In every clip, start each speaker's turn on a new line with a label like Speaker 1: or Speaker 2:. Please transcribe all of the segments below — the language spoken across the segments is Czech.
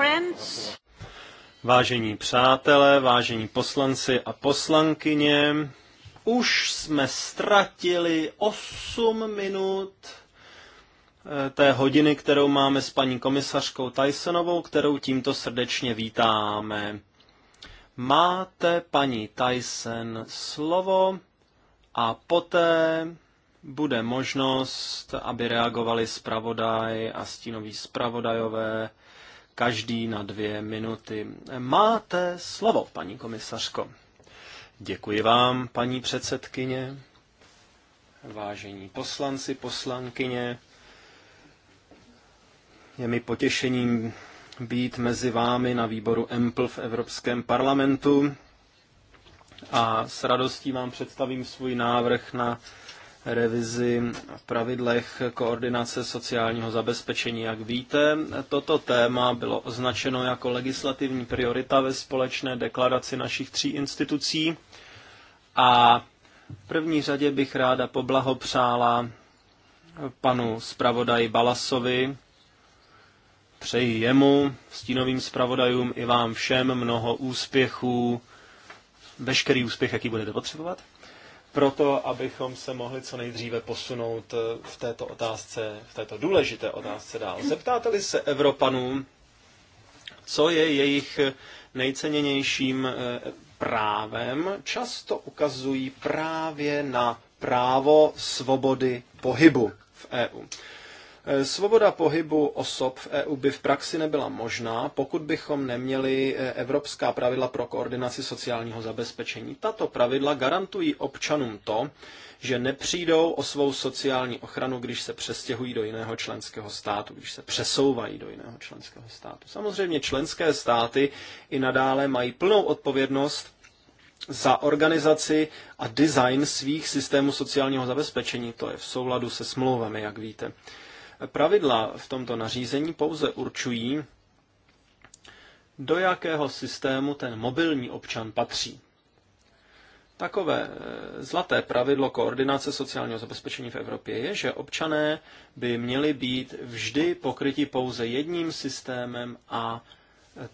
Speaker 1: friends.
Speaker 2: Vážení přátelé, vážení poslanci a poslankyně, už jsme ztratili 8 minut eh, té hodiny, kterou máme s paní komisařkou Tysonovou, kterou tímto srdečně vítáme. Máte, paní Tyson, slovo a poté bude možnost, aby reagovali zpravodaj a stínoví zpravodajové každý na dvě minuty. Máte slovo, paní komisařko. Děkuji vám, paní předsedkyně, vážení poslanci, poslankyně. Je mi potěšením být mezi vámi na výboru EMPL v Evropském parlamentu a s radostí vám představím svůj návrh na revizi v pravidlech koordinace sociálního zabezpečení. Jak víte, toto téma bylo označeno jako legislativní priorita ve společné deklaraci našich tří institucí a v první řadě bych ráda poblahopřála panu zpravodaji Balasovi, přeji jemu, stínovým zpravodajům i vám všem mnoho úspěchů, veškerý úspěch, jaký budete potřebovat proto abychom se mohli co nejdříve posunout eh, v této otázce, v této důležité otázce dál. Zeptáte-li se Evropanů, co je jejich nejceněnějším eh, právem, často ukazují právě na právo svobody pohybu v EU. Eh, svoboda pohybu osob v EU by v praxi nebyla možná, pokud bychom neměli eh, evropská pravidla pro koordinaci sociálního zabezpečení. Tato pravidla garantují občanům to, že nepřijdou o svou sociální ochranu, když se přestěhují do jiného členského státu, když se přesouvají do jiného členského státu. Samozřejmě členské státy i nadále mají plnou odpovědnost za organizaci a design svých systémů sociálního zabezpečení. To je v souladu se smlouvami, jak víte. Pravidla v tomto nařízení pouze určují, do jakého systému ten mobilní občan patří. Takové eh, zlaté pravidlo koordinace sociálního zabezpečení v Evropě je, že občané by měli být vždy pokryti pouze jedním systémem a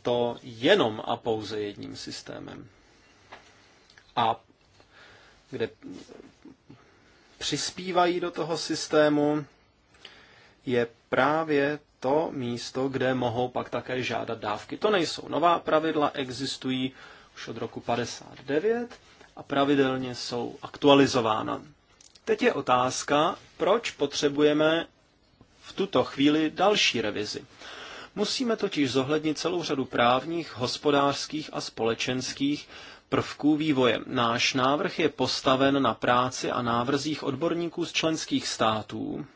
Speaker 2: to jenom a pouze jedním systémem. A kde přispívají do toho systému je právě to místo, kde mohou pak také žádat dávky. To nejsou nová pravidla, existují už od roku 59 a pravidelně jsou aktualizována. Teď je otázka, proč potřebujeme v tuto chvíli další revizi. Musíme totiž zohlednit celou řadu právních, hospodářských a společenských prvků vývoje. Náš návrh je postaven na práci a návrzích odborníků z členských států,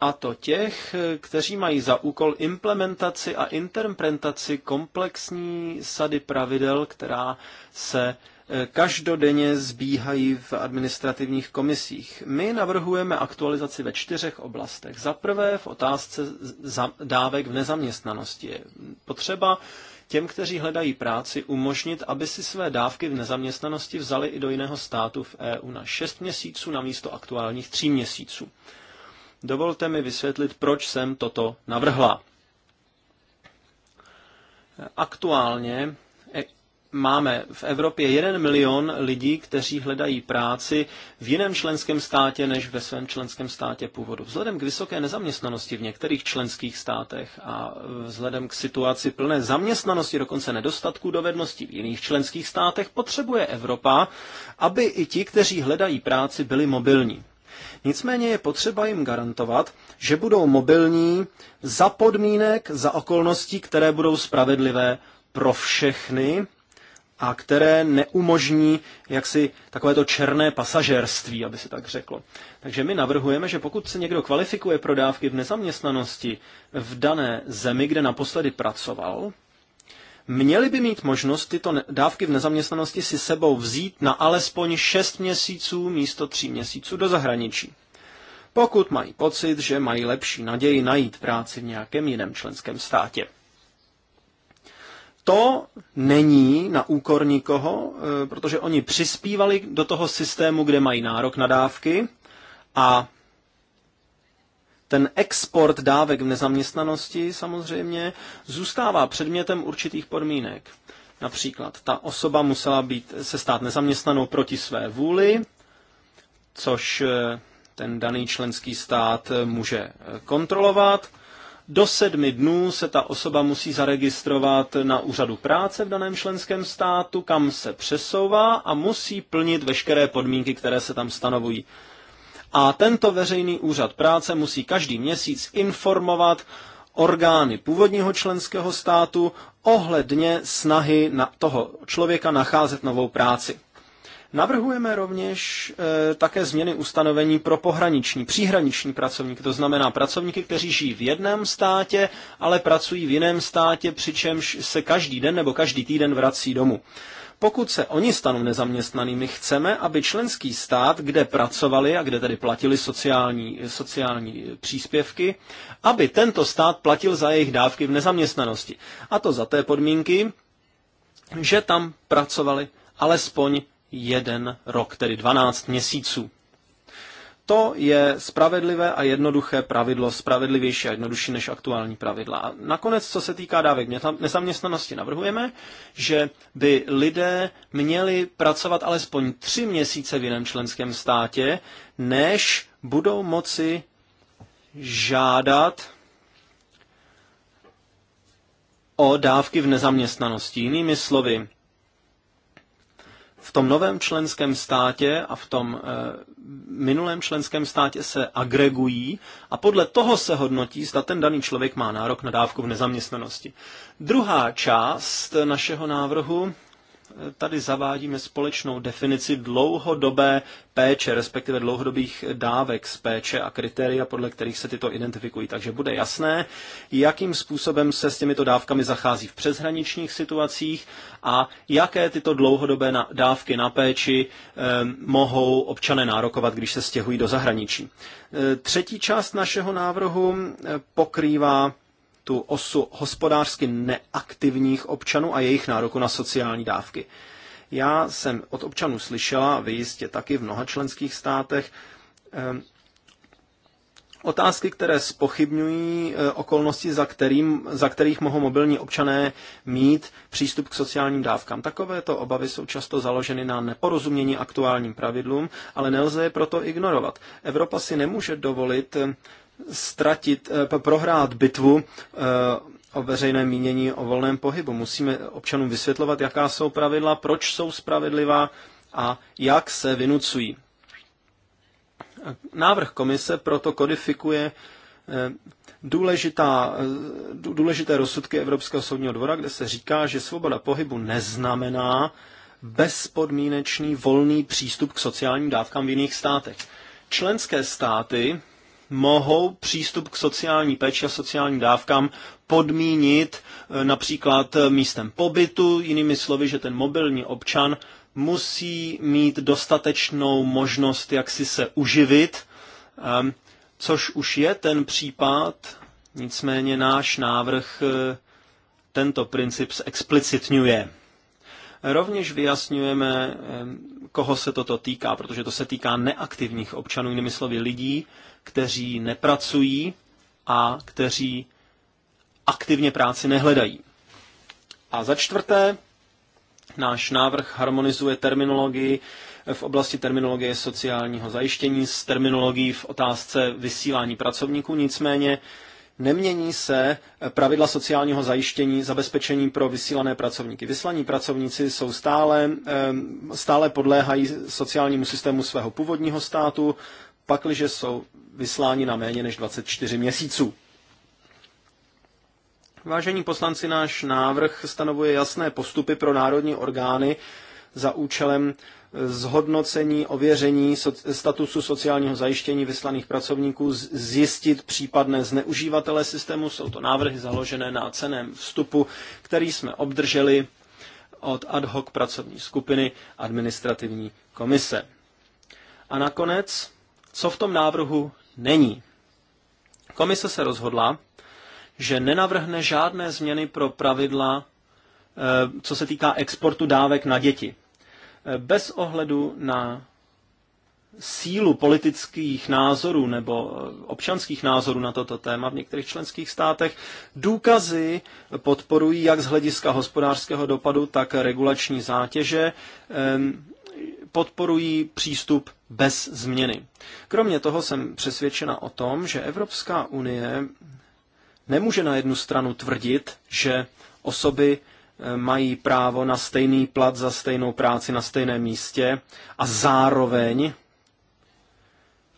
Speaker 2: a to těch, kteří mají za úkol implementaci a interpretaci komplexní sady pravidel, která se eh, každodenně zbíhají v administrativních komisích. My navrhujeme aktualizaci ve čtyřech oblastech. Za prvé v otázce dávek v nezaměstnanosti. potřeba těm, kteří hledají práci, umožnit, aby si své dávky v nezaměstnanosti vzali i do jiného státu v EU na 6 měsíců na místo aktuálních 3 měsíců. Dovolte mi vysvětlit, proč jsem toto navrhla. Aktuálně eh, máme v Evropě 1 milion lidí, kteří hledají práci v jiném členském státě než ve svém členském státě původu. Vzhledem k vysoké nezaměstnanosti v některých členských státech a vzhledem k situaci plné zaměstnanosti, dokonce nedostatku dovedností v jiných členských státech, potřebuje Evropa, aby i ti, kteří hledají práci, byli mobilní. Nicméně je potřeba jim garantovat, že budou mobilní za podmínek, za okolností, které budou spravedlivé pro všechny a které neumožní jaksi takovéto černé pasažérství, aby se tak řeklo. Takže my navrhujeme, že pokud se někdo kvalifikuje pro dávky v nezaměstnanosti v dané zemi, kde naposledy pracoval, měli by mít možnost tyto dávky v nezaměstnanosti si sebou vzít na alespoň 6 měsíců místo 3 měsíců do zahraničí. Pokud mají pocit, že mají lepší naději najít práci v nějakém jiném členském státě. To není na úkor nikoho, eh, protože oni přispívali do toho systému, kde mají nárok na dávky a ten export dávek v nezaměstnanosti samozřejmě zůstává předmětem určitých podmínek. Například ta osoba musela být, se stát nezaměstnanou proti své vůli, což eh, ten daný členský stát eh, může eh, kontrolovat. Do sedmi dnů se ta osoba musí zaregistrovat na úřadu práce v daném členském státu, kam se přesouvá a musí plnit veškeré podmínky, které se tam stanovují. A tento veřejný úřad práce musí každý měsíc informovat orgány původního členského státu ohledně snahy na toho člověka nacházet novou práci. Navrhujeme rovněž e, také změny ustanovení pro pohraniční, příhraniční pracovníky, to znamená pracovníky, kteří žijí v jednom státě, ale pracují v jiném státě, přičemž se každý den nebo každý týden vrací domů. Pokud se oni stanou nezaměstnanými, chceme, aby členský stát, kde pracovali a kde tedy platili sociální, sociální příspěvky, aby tento stát platil za jejich dávky v nezaměstnanosti. A to za té podmínky, že tam pracovali alespoň jeden rok, tedy 12 měsíců. To je spravedlivé a jednoduché pravidlo, spravedlivější a jednodušší než aktuální pravidla. A nakonec, co se týká dávek nezaměstnanosti, navrhujeme, že by lidé měli pracovat alespoň tři měsíce v jiném členském státě, než budou moci žádat o dávky v nezaměstnanosti. Jinými slovy, v tom novém členském státě a v tom eh, minulém členském státě se agregují a podle toho se hodnotí, zda ten daný člověk má nárok na dávku v nezaměstnanosti. Druhá část našeho návrhu tady zavádíme společnou definici dlouhodobé péče, respektive dlouhodobých dávek z péče a kritéria, podle kterých se tyto identifikují. Takže bude jasné, jakým způsobem se s těmito dávkami zachází v přeshraničních situacích a jaké tyto dlouhodobé dávky na péči eh, mohou občané nárokovat, když se stěhují do zahraničí. Eh, třetí část našeho návrhu eh, pokrývá tu osu hospodářsky neaktivních občanů a jejich nároku na sociální dávky. Já jsem od občanů slyšela, vy jistě taky v mnoha členských státech, ehm, Otázky, které spochybňují e, okolnosti, za, kterým, za kterých mohou mobilní občané mít přístup k sociálním dávkám. Takovéto obavy jsou často založeny na neporozumění aktuálním pravidlům, ale nelze je proto ignorovat. Evropa si nemůže dovolit e, ztratit, eh, prohrát bitvu eh, o veřejné mínění o volném pohybu. Musíme občanům vysvětlovat, jaká jsou pravidla, proč jsou spravedlivá a jak se vynucují. Návrh komise proto kodifikuje eh, důležitá, důležité rozsudky Evropského soudního dvora, kde se říká, že svoboda pohybu neznamená bezpodmínečný volný přístup k sociálním dávkám v jiných státech. Členské státy mohou přístup k sociální péči a sociálním dávkám podmínit eh, například eh, místem pobytu, jinými slovy, že ten mobilní občan musí mít dostatečnou možnost, jak si se uživit, ehm, což už je ten případ, nicméně náš návrh eh, tento princip explicitňuje. Rovněž vyjasňujeme, ehm, koho se toto týká, protože to se týká neaktivních občanů, jinými slovy lidí, kteří nepracují a kteří aktivně práci nehledají. A za čtvrté, náš návrh harmonizuje terminologii v oblasti terminologie sociálního zajištění s terminologií v otázce vysílání pracovníků, nicméně nemění se pravidla sociálního zajištění, zabezpečení pro vysílané pracovníky. Vyslaní pracovníci jsou stále, eh, stále podléhají sociálnímu systému svého původního státu pakliže jsou vysláni na méně než 24 měsíců. Vážení poslanci, náš návrh stanovuje jasné postupy pro národní orgány za účelem zhodnocení, ověření statusu sociálního zajištění vyslaných pracovníků, zjistit případné zneužívatele systému. Jsou to návrhy založené na ceném vstupu, který jsme obdrželi od ad hoc pracovní skupiny administrativní komise. A nakonec co v tom návrhu není? Komise se rozhodla, že nenavrhne žádné změny pro pravidla, eh, co se týká exportu dávek na děti. Eh, bez ohledu na sílu politických názorů nebo eh, občanských názorů na toto téma v některých členských státech. Důkazy podporují jak z hlediska hospodářského dopadu, tak regulační zátěže ehm, podporují přístup bez změny. Kromě toho jsem přesvědčena o tom, že Evropská unie nemůže na jednu stranu tvrdit, že osoby eh, mají právo na stejný plat za stejnou práci na stejném místě a zároveň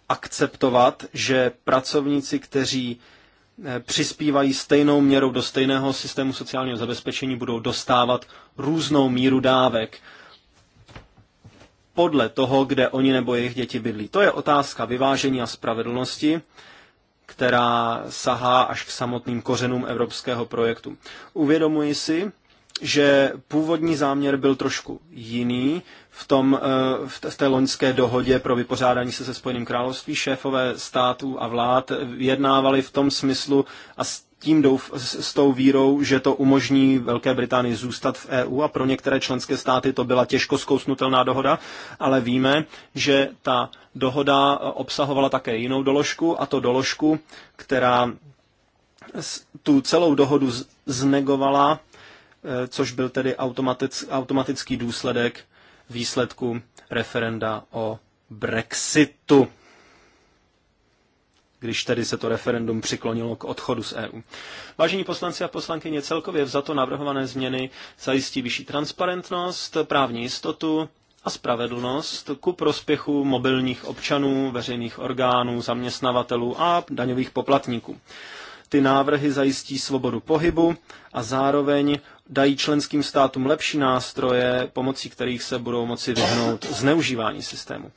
Speaker 2: akceptovat, že pracovníci, kteří eh, přispívají stejnou měrou do stejného systému sociálního zabezpečení, budou dostávat různou míru dávek podle toho, kde oni nebo jejich děti bydlí. To je otázka vyvážení a spravedlnosti, která sahá až k samotným kořenům evropského projektu. Uvědomuji si, že původní záměr byl trošku jiný v, tom, eh, v té loňské dohodě pro vypořádání se se Spojeným království. Šéfové států a vlád vyjednávali v tom smyslu a tím douf, s tou vírou, že to umožní Velké Británii zůstat v EU a pro některé členské státy to byla těžko zkousnutelná dohoda, ale víme, že ta dohoda e, obsahovala také jinou doložku a to doložku, která tu celou dohodu znegovala, e, což byl tedy automatický důsledek výsledku referenda o Brexitu když tedy se to referendum přiklonilo k odchodu z EU. Vážení poslanci a poslankyně, celkově za to navrhované změny zajistí vyšší transparentnost, právní jistotu a spravedlnost ku prospěchu mobilních občanů, veřejných orgánů, zaměstnavatelů a daňových poplatníků. Ty návrhy zajistí svobodu pohybu a zároveň dají členským státům lepší nástroje, pomocí kterých se budou moci vyhnout zneužívání systému.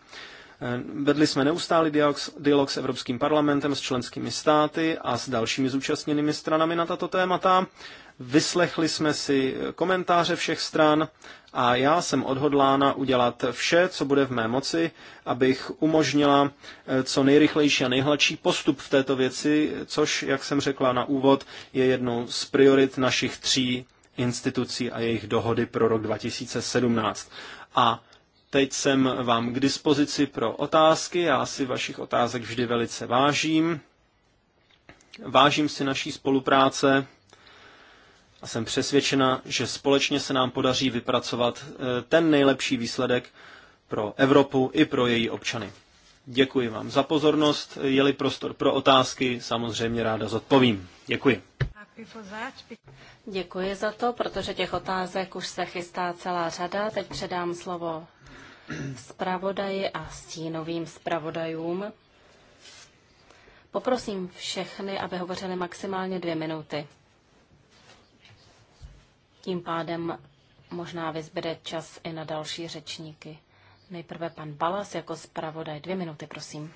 Speaker 2: Eh, vedli jsme neustálý dialog s Evropským parlamentem, s členskými státy a s dalšími zúčastněnými stranami na tato témata. Vyslechli jsme si komentáře všech stran a já jsem odhodlána udělat vše, co bude v mé moci, abych umožnila eh, co nejrychlejší a nejhladší postup v této věci, což, jak jsem řekla na úvod, je jednou z priorit našich tří institucí a jejich dohody pro rok 2017. A Teď jsem vám k dispozici pro otázky, já si vašich otázek vždy velice vážím. Vážím si naší spolupráce a jsem přesvědčena, že společně se nám podaří vypracovat eh, ten nejlepší výsledek pro Evropu i pro její občany. Děkuji vám za pozornost. Je-li prostor pro otázky, samozřejmě ráda zodpovím. Děkuji.
Speaker 3: Děkuji za to, protože těch otázek už se chystá celá řada. Teď předám slovo zpravodaji a stínovým zpravodajům. Poprosím všechny, aby hovořili maximálně dvě minuty. Tím pádem možná vyzbere čas i na další řečníky. Nejprve pan Balas jako zpravodaj. Dvě minuty, prosím.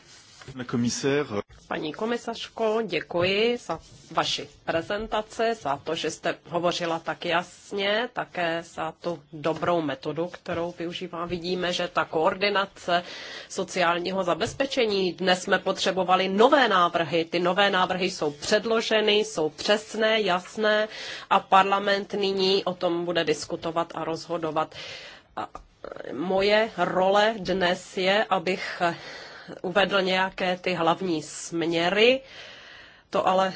Speaker 3: Paní komisařko, děkuji za
Speaker 4: vaši prezentaci, za to, že jste hovořila tak jasně, také za tu dobrou metodu, kterou využívá. Vidíme, že ta koordinace sociálního zabezpečení, dnes jsme potřebovali nové návrhy. Ty nové návrhy jsou předloženy, jsou přesné, jasné a parlament nyní o tom bude diskutovat a rozhodovat. moje role dnes je, abych uvedl nějaké ty hlavní směry. To ale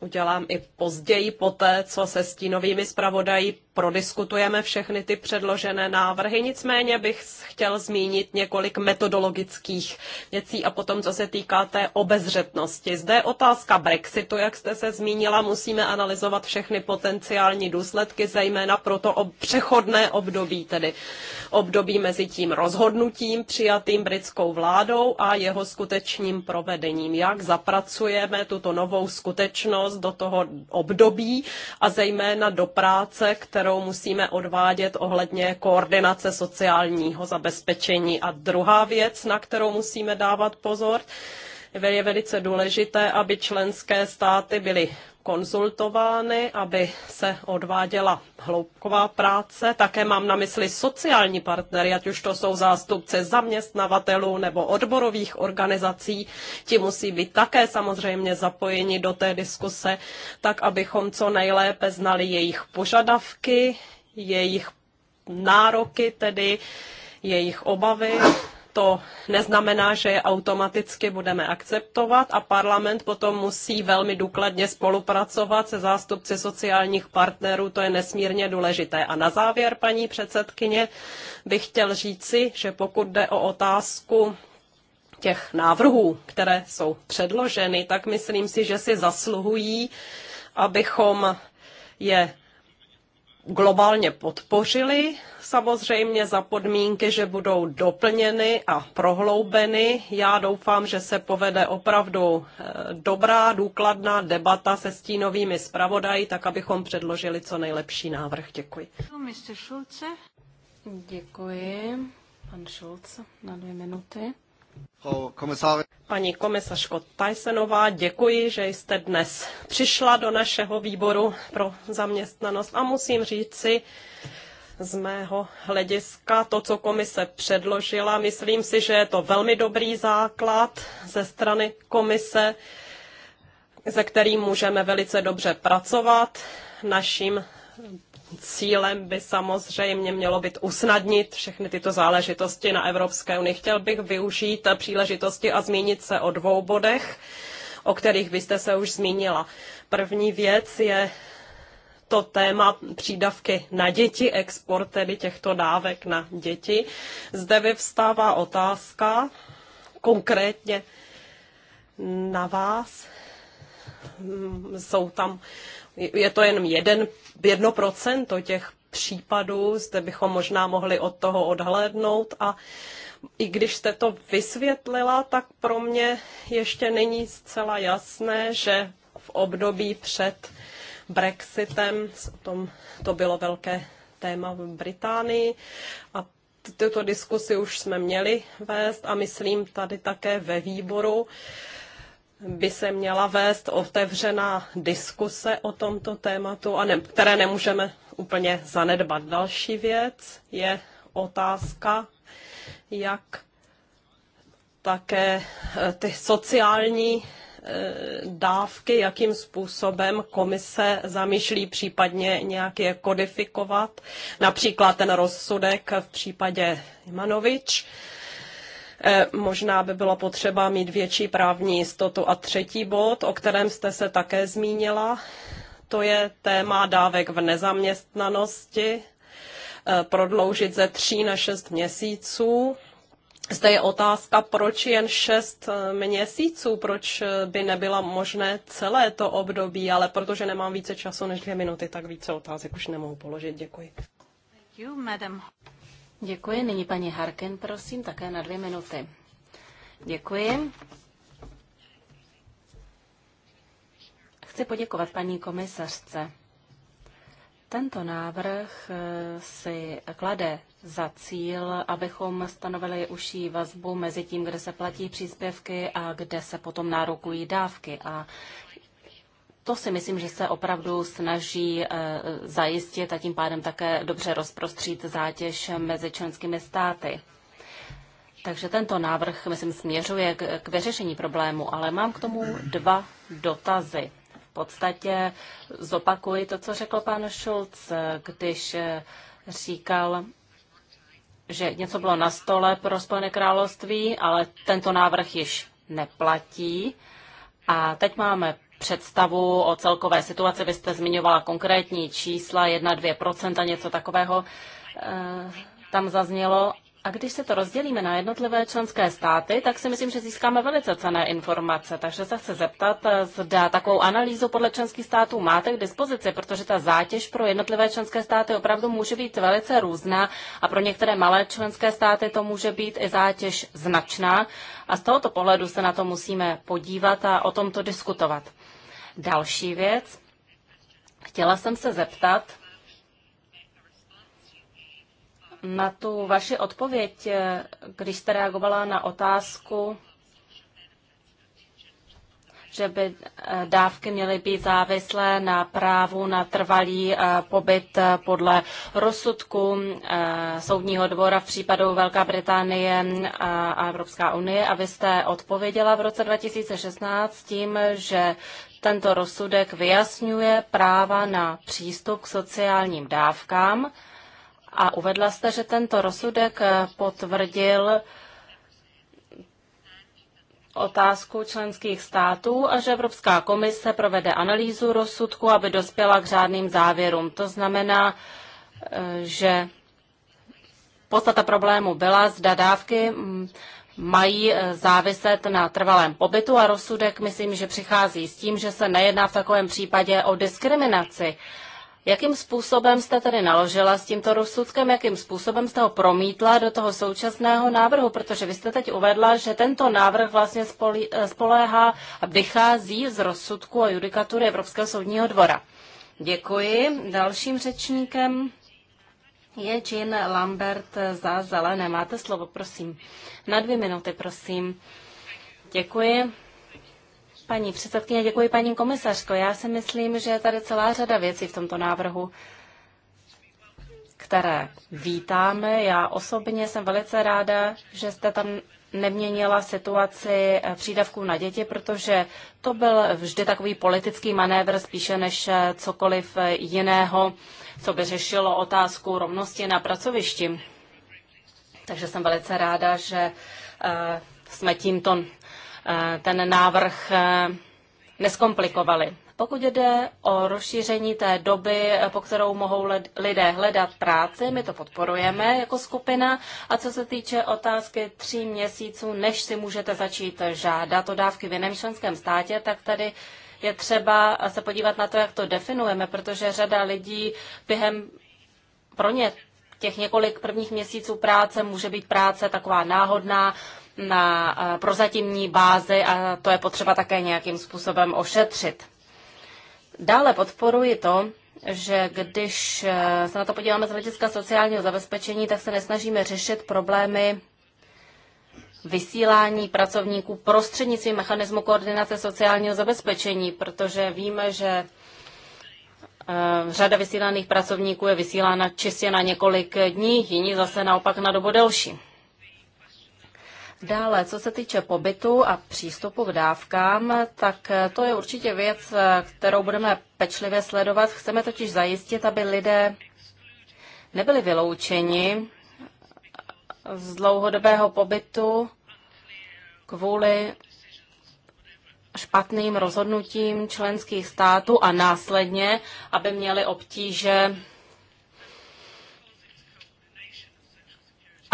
Speaker 4: udělám i později, poté, co se stínovými zpravodají prodiskutujeme všechny ty předložené návrhy. Nicméně bych chtěl zmínit několik metodologických věcí a potom, co se týká té obezřetnosti. Zde je otázka Brexitu, jak jste se zmínila, musíme analyzovat všechny potenciální důsledky, zejména pro to ob přechodné období, tedy období mezi tím rozhodnutím přijatým britskou vládou a jeho skutečným provedením. Jak zapracujeme tuto novou skutečnost do toho období a zejména do práce, která kterou musíme odvádět ohledně koordinace sociálního zabezpečení. A druhá věc, na kterou musíme dávat pozor, je velice důležité, aby členské státy byly konzultovány, aby se odváděla hloubková práce. Také mám na mysli sociální partnery, ať už to jsou zástupce zaměstnavatelů nebo odborových organizací. Ti musí být také samozřejmě zapojeni do té diskuse, tak abychom co nejlépe znali jejich požadavky, jejich nároky, tedy jejich obavy to neznamená, že je automaticky budeme akceptovat a parlament potom musí velmi důkladně spolupracovat se zástupci sociálních partnerů, to je nesmírně důležité. A na závěr, paní předsedkyně, bych chtěl říci, že pokud jde o otázku těch návrhů, které jsou předloženy, tak myslím si, že si zasluhují, abychom je globálně podpořili, samozřejmě za podmínky, že budou doplněny a prohloubeny. Já doufám, že se povede opravdu eh, dobrá, důkladná debata se stínovými zpravodaji, tak abychom předložili co nejlepší návrh. Děkuji.
Speaker 3: Děkuji. Pan Schulz na dvě minuty.
Speaker 4: Paní komisařko Tysenová, děkuji, že jste dnes přišla do našeho výboru pro zaměstnanost a musím říci, z mého hlediska to, co komise předložila. Myslím si, že je to velmi dobrý základ ze strany komise, se kterým můžeme velice dobře pracovat. Naším cílem by samozřejmě mělo být usnadnit všechny tyto záležitosti na Evropské unii. Chtěl bych využít příležitosti a zmínit se o dvou bodech, o kterých byste se už zmínila. První věc je to téma přídavky na děti, export tedy těchto dávek na děti. Zde vyvstává otázka konkrétně na vás. Jsou tam, je to jen jeden, jedno procento těch případů, zde bychom možná mohli od toho odhlédnout a i když jste to vysvětlila, tak pro mě ještě není zcela jasné, že v období před Brexitem, o tom to bylo velké téma v Británii a tuto diskusi už jsme měli vést a myslím tady také ve výboru by se měla vést otevřená diskuse o tomto tématu, a ne, které nemůžeme úplně zanedbat. Další věc je otázka, jak také eh, ty sociální Eh, dávky, jakým způsobem komise zamýšlí případně nějak je kodifikovat, například ten rozsudek v případě Imanovič. Eh, možná by bylo potřeba mít větší právní jistotu. A třetí bod, o kterém jste se také zmínila, to je téma dávek v nezaměstnanosti, eh, prodloužit ze tří na šest měsíců zde je otázka, proč jen šest eh, měsíců, proč eh, by nebyla možné celé to období, ale protože nemám více času než dvě minuty, tak více otázek už nemohu položit. Děkuji.
Speaker 3: You, madam. Děkuji. Nyní paní Harkin, prosím, také na dvě minuty. Děkuji. Chci poděkovat paní komisařce. Tento návrh eh, si klade za cíl, abychom stanovili užší vazbu mezi tím, kde se platí příspěvky a kde se potom nárokují dávky. A to si myslím, že se opravdu snaží eh, zajistit a tím pádem také dobře rozprostřít zátěž mezi členskými státy. Takže tento návrh, myslím, směřuje k, k vyřešení problému, ale mám k tomu dva dotazy podstatě zopakuji to, co řekl pan Schulz, když říkal, že něco bylo na stole pro Spojené království, ale tento návrh již neplatí. A teď máme představu o celkové situaci. Vy jste zmiňovala konkrétní čísla, 1-2% a něco takového eh, tam zaznělo, a když se to rozdělíme na jednotlivé členské státy, tak si myslím, že získáme velice cené informace. Takže se chci zeptat, zda takovou analýzu podle členských států máte k dispozici, protože ta zátěž pro jednotlivé členské státy opravdu může být velice různá a pro některé malé členské státy to může být i zátěž značná. A z tohoto pohledu se na to musíme podívat a o tomto diskutovat. Další věc. Chtěla jsem se zeptat, na tu vaši odpověď, eh, když jste reagovala na otázku, že by eh, dávky měly být závislé na právu na trvalý eh, pobyt podle rozsudku Soudního dvora v případu Velká Británie a Evropská unie. A vy jste odpověděla v roce 2016 tím, že tento rozsudek vyjasňuje práva na přístup k sociálním dávkám a uvedla jste, že tento rozsudek eh, potvrdil otázku členských států a že Evropská komise provede analýzu rozsudku, aby dospěla k řádným závěrům. To znamená, eh, že podstata problému byla, zda dávky mm, mají eh, záviset na trvalém pobytu a rozsudek myslím, že přichází s tím, že se nejedná v takovém případě o diskriminaci. Jakým způsobem jste tedy naložila s tímto rozsudkem, jakým způsobem jste ho promítla do toho současného návrhu, protože vy jste teď uvedla, že tento návrh vlastně eh, spoléhá a vychází z rozsudku a judikatury Evropského soudního dvora. Děkuji. Dalším řečníkem je Jean Lambert za zelené. Máte slovo, prosím. Na dvě minuty, prosím. Děkuji. Paní předsedkyně, děkuji paní komisařko. Já si myslím, že je tady celá řada věcí v tomto návrhu, které vítáme. Já osobně jsem velice ráda, že jste tam neměnila situaci přídavků na děti, protože to byl vždy takový politický manévr spíše než cokoliv jiného, co by řešilo otázku rovnosti na pracovišti. Takže jsem velice ráda, že eh, jsme tímto Eh, ten návrh eh, neskomplikovali. Pokud jde o rozšíření té doby, eh, po kterou mohou lidé hledat práci, my to podporujeme jako skupina. A co se týče otázky tří měsíců, než si můžete začít žádat o dávky v jiném členském státě, tak tady je třeba se podívat na to, jak to definujeme, protože řada lidí během pro ně těch několik prvních měsíců práce může být práce taková náhodná, na eh, prozatímní bázi a to je potřeba také nějakým způsobem ošetřit. Dále podporuji to, že když eh, se na to podíváme z hlediska sociálního zabezpečení, tak se nesnažíme řešit problémy vysílání pracovníků prostřednictvím mechanismu koordinace sociálního zabezpečení, protože víme, že eh, řada vysílaných pracovníků je vysílána čistě na několik dní, jiní zase naopak na dobu delší. Dále, co se týče pobytu a přístupu k dávkám, tak to je určitě věc, kterou budeme pečlivě sledovat. Chceme totiž zajistit, aby lidé nebyli vyloučeni z dlouhodobého pobytu kvůli špatným rozhodnutím členských států a následně, aby měli obtíže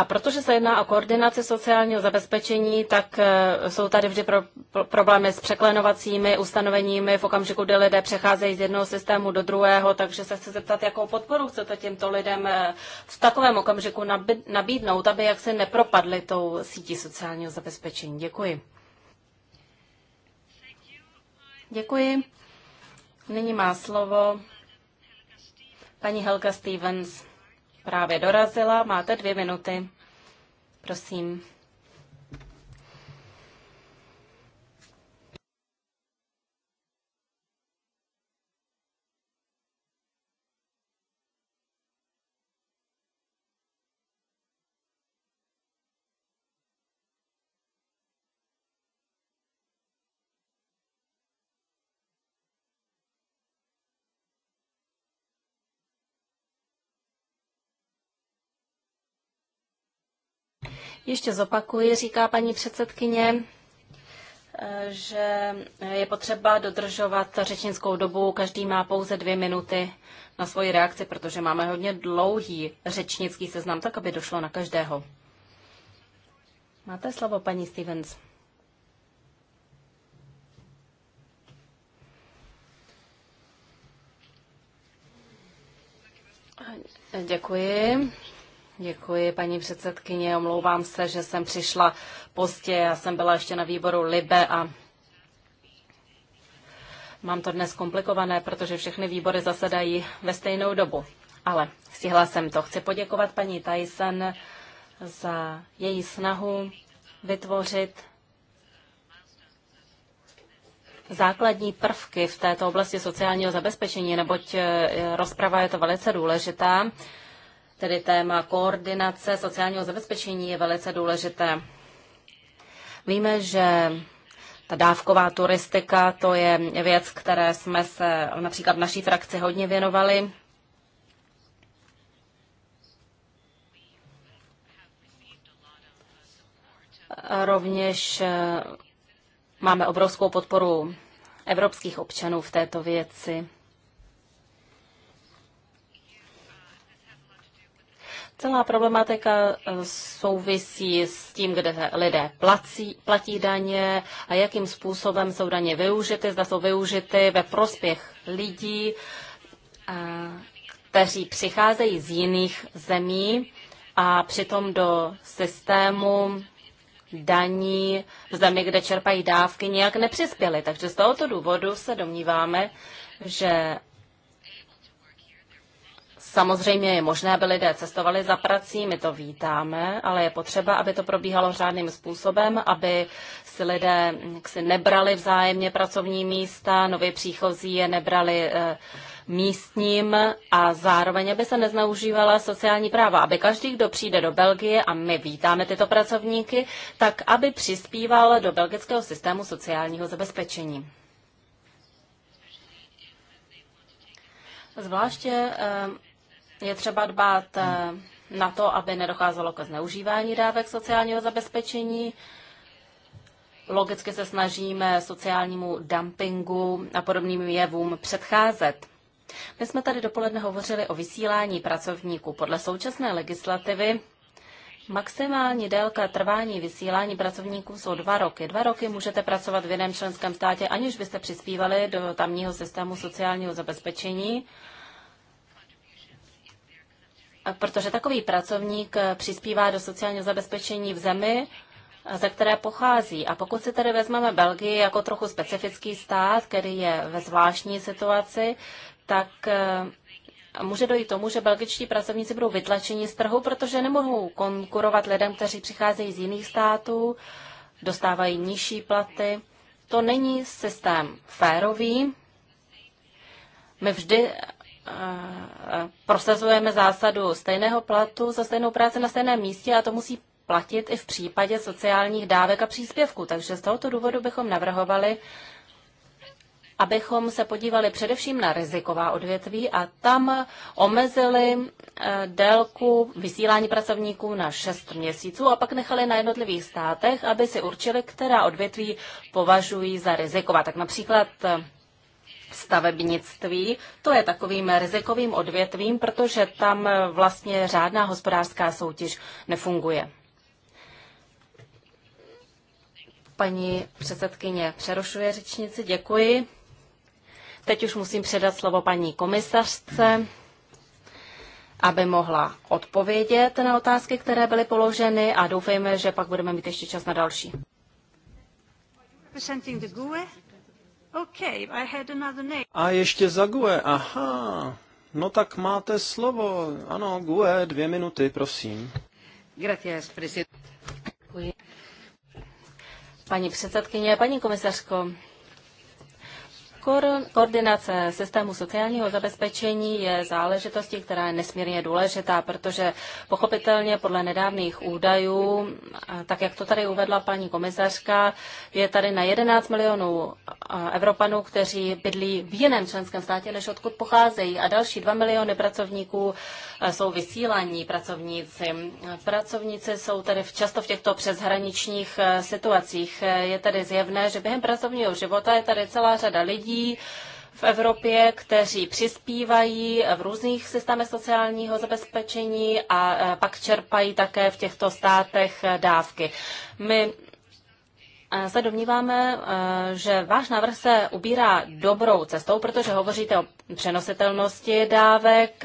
Speaker 3: A protože se jedná o koordinaci sociálního zabezpečení, tak e, jsou tady vždy pro, pro, problémy s překlenovacími ustanoveními v okamžiku, kdy lidé přecházejí z jednoho systému do druhého, takže se chci zeptat, jakou podporu chcete těmto lidem e, v takovém okamžiku nabídnout, aby jak se nepropadli tou sítí sociálního zabezpečení. Děkuji. Děkuji. Nyní má slovo paní Helga Stevens právě dorazila. Máte dvě minuty. Prosím. Ještě zopakuji, říká paní předsedkyně, eh, že je potřeba dodržovat řečnickou dobu. Každý má pouze dvě minuty na svoji reakci, protože máme hodně dlouhý řečnický seznam, tak aby došlo na každého. Máte slovo, paní Stevens. Děkuji. Děkuji, paní předsedkyně. Omlouvám se, že jsem přišla pozdě. Já jsem byla ještě na výboru Libe a mám to dnes komplikované, protože všechny výbory zasedají ve stejnou dobu. Ale stihla jsem to. Chci poděkovat paní Tyson za její snahu vytvořit základní prvky v této oblasti sociálního zabezpečení, neboť eh, rozprava je to velice důležitá. Tedy téma koordinace sociálního zabezpečení je velice důležité. Víme, že ta dávková turistika, to je věc, které jsme se například v naší frakci hodně věnovali. Rovněž eh, máme obrovskou podporu evropských občanů v této věci. Celá problematika eh, souvisí s tím, kde lidé platí, platí daně a jakým způsobem jsou daně využity, zda jsou využity ve prospěch lidí, kteří přicházejí z jiných zemí a přitom do systému daní v zemi, kde čerpají dávky, nějak nepřispěli. Takže z tohoto důvodu se domníváme, že Samozřejmě je možné, aby lidé cestovali za prací, my to vítáme, ale je potřeba, aby to probíhalo řádným způsobem, aby si lidé si nebrali vzájemně pracovní místa, nově příchozí je nebrali eh, místním a zároveň, aby se nezneužívala sociální práva, aby každý, kdo přijde do Belgie a my vítáme tyto pracovníky, tak aby přispíval do belgického systému sociálního zabezpečení. Zvláště eh, je třeba dbát eh, na to, aby nedocházelo ke zneužívání dávek sociálního zabezpečení. Logicky se snažíme sociálnímu dumpingu a podobným jevům předcházet. My jsme tady dopoledne hovořili o vysílání pracovníků. Podle současné legislativy Maximální délka trvání vysílání pracovníků jsou dva roky. Dva roky můžete pracovat v jiném členském státě, aniž byste přispívali do tamního systému sociálního zabezpečení protože takový pracovník eh, přispívá do sociálního zabezpečení v zemi, eh, ze které pochází. A pokud si tedy vezmeme Belgii jako trochu specifický stát, který je ve zvláštní situaci, tak eh, může dojít tomu, že belgičtí pracovníci budou vytlačeni z trhu, protože nemohou konkurovat lidem, kteří přicházejí z jiných států, dostávají nižší platy. To není systém férový. My vždy prosazujeme zásadu stejného platu za stejnou práci na stejném místě a to musí platit i v případě sociálních dávek a příspěvků. Takže z tohoto důvodu bychom navrhovali, abychom se podívali především na riziková odvětví a tam omezili eh, délku vysílání pracovníků na 6 měsíců a pak nechali na jednotlivých státech, aby si určili, která odvětví považují za riziková. Tak například eh, stavebnictví. To je takovým rizikovým odvětvím, protože tam vlastně řádná hospodářská soutěž nefunguje. Paní předsedkyně přerušuje řečnici, děkuji. Teď už musím předat slovo paní komisařce, aby mohla odpovědět na otázky, které byly položeny a doufejme, že pak budeme mít ještě čas na další.
Speaker 1: Okay, I had another name.
Speaker 2: A ještě za GUE, aha. No tak máte slovo. Ano, GUE, dvě minuty, prosím.
Speaker 3: Gracias, prezident. Děkuji. Paní předsedkyně, paní komisařko, Koordinace systému sociálního zabezpečení je záležitostí, která je nesmírně důležitá, protože pochopitelně podle nedávných údajů, tak jak to tady uvedla paní komisařka, je tady na 11 milionů Evropanů, kteří bydlí v jiném členském státě, než odkud pocházejí, a další 2 miliony pracovníků jsou vysílaní pracovníci. Pracovníci jsou tady často v těchto přeshraničních situacích. Je tady zjevné, že během pracovního života je tady celá řada lidí, lidí v Evropě, kteří přispívají v různých systémech sociálního zabezpečení a e, pak čerpají také v těchto státech e, dávky. My e, se domníváme, že váš návrh se ubírá dobrou cestou, protože hovoříte o přenositelnosti dávek,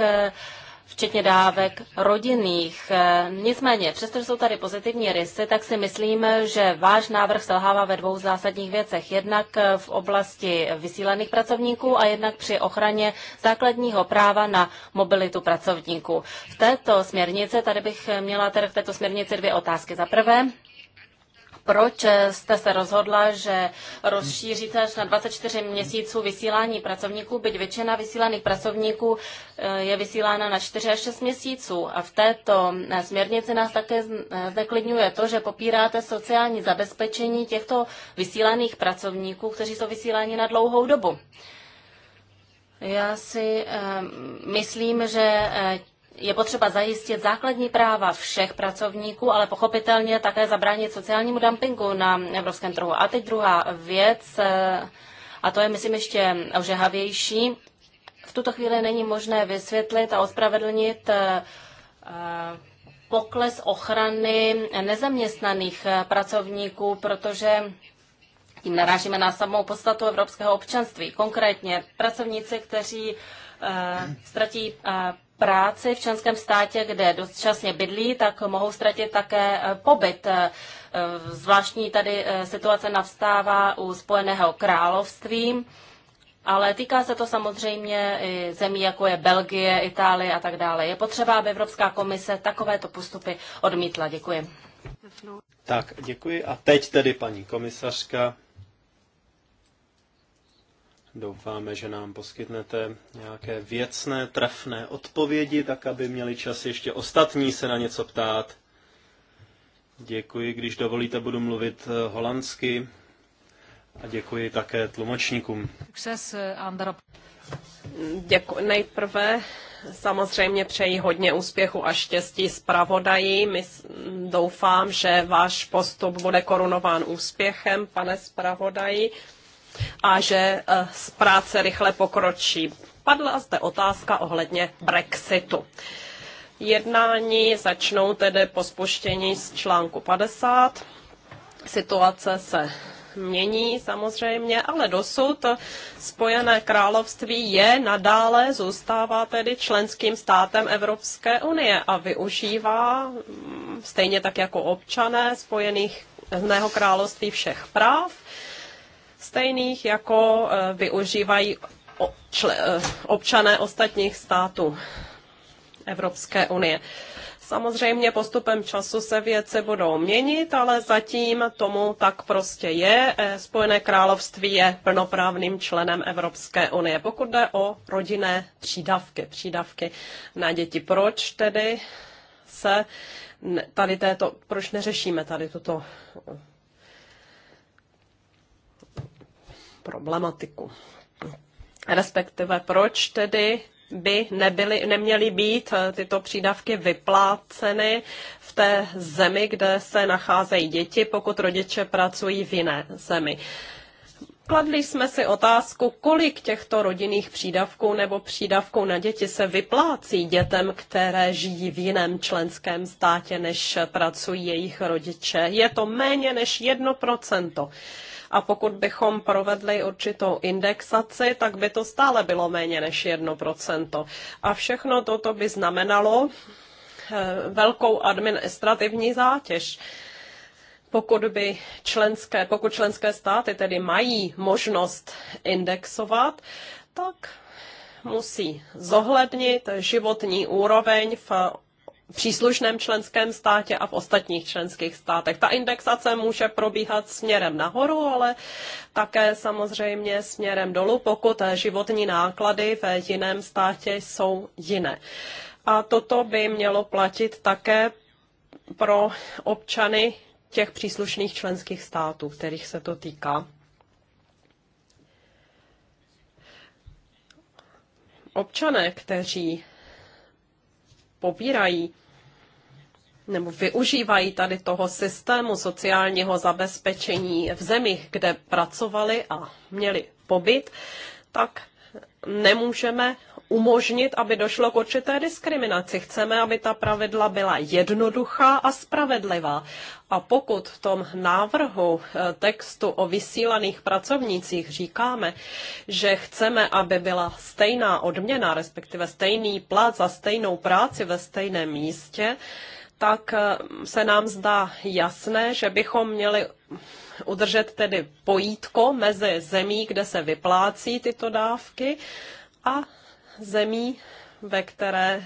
Speaker 3: včetně dávek rodinných. Eh, nicméně, přestože jsou tady pozitivní rysy, tak si myslím, že váš návrh selhává ve dvou zásadních věcech. Jednak eh, v oblasti vysílených pracovníků a jednak při ochraně základního práva na mobilitu pracovníků. V této směrnici, tady bych měla tedy v této směrnici dvě otázky. Za prvé, proč jste se rozhodla, že rozšíříte až na 24 měsíců vysílání pracovníků, byť většina vysílaných pracovníků eh, je vysílána na 4 až 6 měsíců? A v této eh, směrnici nás také eh, zneklidňuje to, že popíráte sociální zabezpečení těchto vysílaných pracovníků, kteří jsou vysíláni na dlouhou dobu. Já si myslím, že je potřeba zajistit základní práva všech pracovníků, ale pochopitelně také zabránit sociálnímu dumpingu na evropském trhu. A teď druhá věc, eh, a to je, myslím, ještě ožehavější. V tuto chvíli není možné vysvětlit a ospravedlnit eh, eh, pokles ochrany nezaměstnaných pracovníků, protože tím narážíme na samou podstatu evropského občanství. Konkrétně pracovníci, kteří ztratí práci v členském státě, kde dočasně bydlí, tak mohou ztratit také eh, pobyt. Eh, eh, zvláštní tady situace navstává u Spojeného království, ale týká se to samozřejmě i zemí, jako je Belgie, Itálie a tak dále. Je potřeba, aby Evropská komise takovéto postupy odmítla. Děkuji.
Speaker 2: Tak, děkuji. A teď tedy paní komisařka Doufáme, že nám poskytnete nějaké věcné, trefné odpovědi, tak aby měli čas ještě ostatní se na něco ptát. Děkuji, když dovolíte, budu mluvit eh, holandsky a děkuji také tlumočníkům.
Speaker 4: Eh, děkuji. Nejprve samozřejmě přeji hodně úspěchu a štěstí zpravodaji. My doufám, že váš postup bude korunován úspěchem, pane zpravodaji a že eh, z práce rychle pokročí. Padla zde otázka ohledně Brexitu. Jednání začnou tedy po spuštění z článku 50. Situace se mění samozřejmě, ale dosud Spojené království je nadále, zůstává tedy členským státem Evropské unie a využívá mm, stejně tak jako občané Spojených Mého království všech práv stejných jako eh, využívají eh, občané ostatních států Evropské unie. Samozřejmě postupem času se věci budou měnit, ale zatím tomu tak prostě je. Eh, Spojené království je plnoprávným členem Evropské unie. Pokud jde o rodinné přídavky, přídavky na děti, proč tedy se tady této, proč neřešíme tady tuto problematiku. Respektive proč tedy by nebyly, neměly být eh, tyto přídavky vypláceny v té zemi, kde se nacházejí děti, pokud rodiče pracují v jiné zemi. Kladli jsme si otázku, kolik těchto rodinných přídavků nebo přídavků na děti se vyplácí dětem, které žijí v jiném členském státě, než pracují jejich rodiče. Je to méně než 1%. A pokud bychom provedli určitou indexaci, tak by to stále bylo méně než 1%. A všechno toto by znamenalo eh, velkou administrativní zátěž pokud by členské, pokud členské státy tedy mají možnost indexovat, tak musí zohlednit životní úroveň v příslušném členském státě a v ostatních členských státech. Ta indexace může probíhat směrem nahoru, ale také samozřejmě směrem dolů, pokud životní náklady ve jiném státě jsou jiné. A toto by mělo platit také pro občany těch příslušných členských států, kterých se to týká. Občané, kteří pobírají nebo využívají tady toho systému sociálního zabezpečení v zemích, kde pracovali a měli pobyt, tak nemůžeme umožnit, aby došlo k určité diskriminaci. Chceme, aby ta pravidla byla jednoduchá a spravedlivá. A pokud v tom návrhu eh, textu o vysílaných pracovnících říkáme, že chceme, aby byla stejná odměna, respektive stejný plat za stejnou práci ve stejném místě, tak eh, se nám zdá jasné, že bychom měli udržet tedy pojítko mezi zemí, kde se vyplácí tyto dávky a zemí, ve které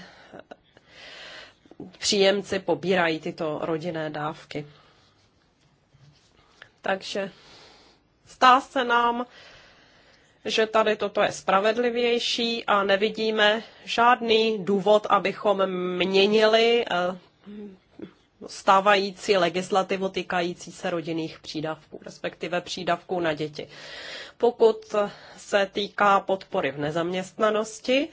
Speaker 4: příjemci pobírají tyto rodinné dávky. Takže stá se nám, že tady toto je spravedlivější a nevidíme žádný důvod, abychom měnili eh, stávající legislativu týkající se rodinných přídavků, respektive přídavků na děti. Pokud se týká podpory v nezaměstnanosti,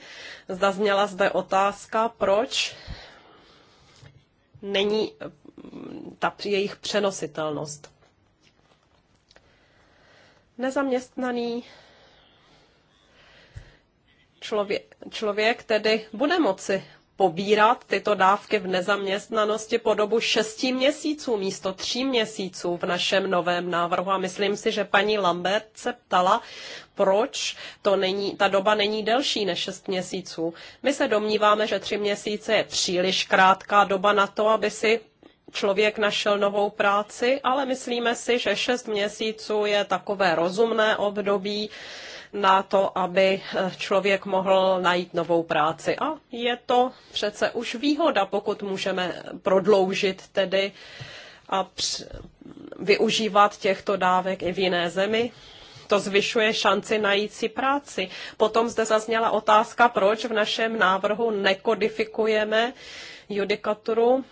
Speaker 4: zazněla zde otázka, proč není mm, ta jejich přenositelnost. Nezaměstnaný člověk, člověk tedy bude moci pobírat tyto dávky v nezaměstnanosti po dobu šesti měsíců místo tří měsíců v našem novém návrhu. A myslím si, že paní Lambert se ptala, proč to není, ta doba není delší než šest měsíců. My se domníváme, že tři měsíce je příliš krátká doba na to, aby si člověk našel novou práci, ale myslíme si, že šest měsíců je takové rozumné období, na to, aby eh, člověk mohl najít novou práci. A je to přece už výhoda, pokud můžeme prodloužit tedy a využívat těchto dávek i v jiné zemi. To zvyšuje šanci najít si práci. Potom zde zazněla otázka, proč v našem návrhu nekodifikujeme judikaturu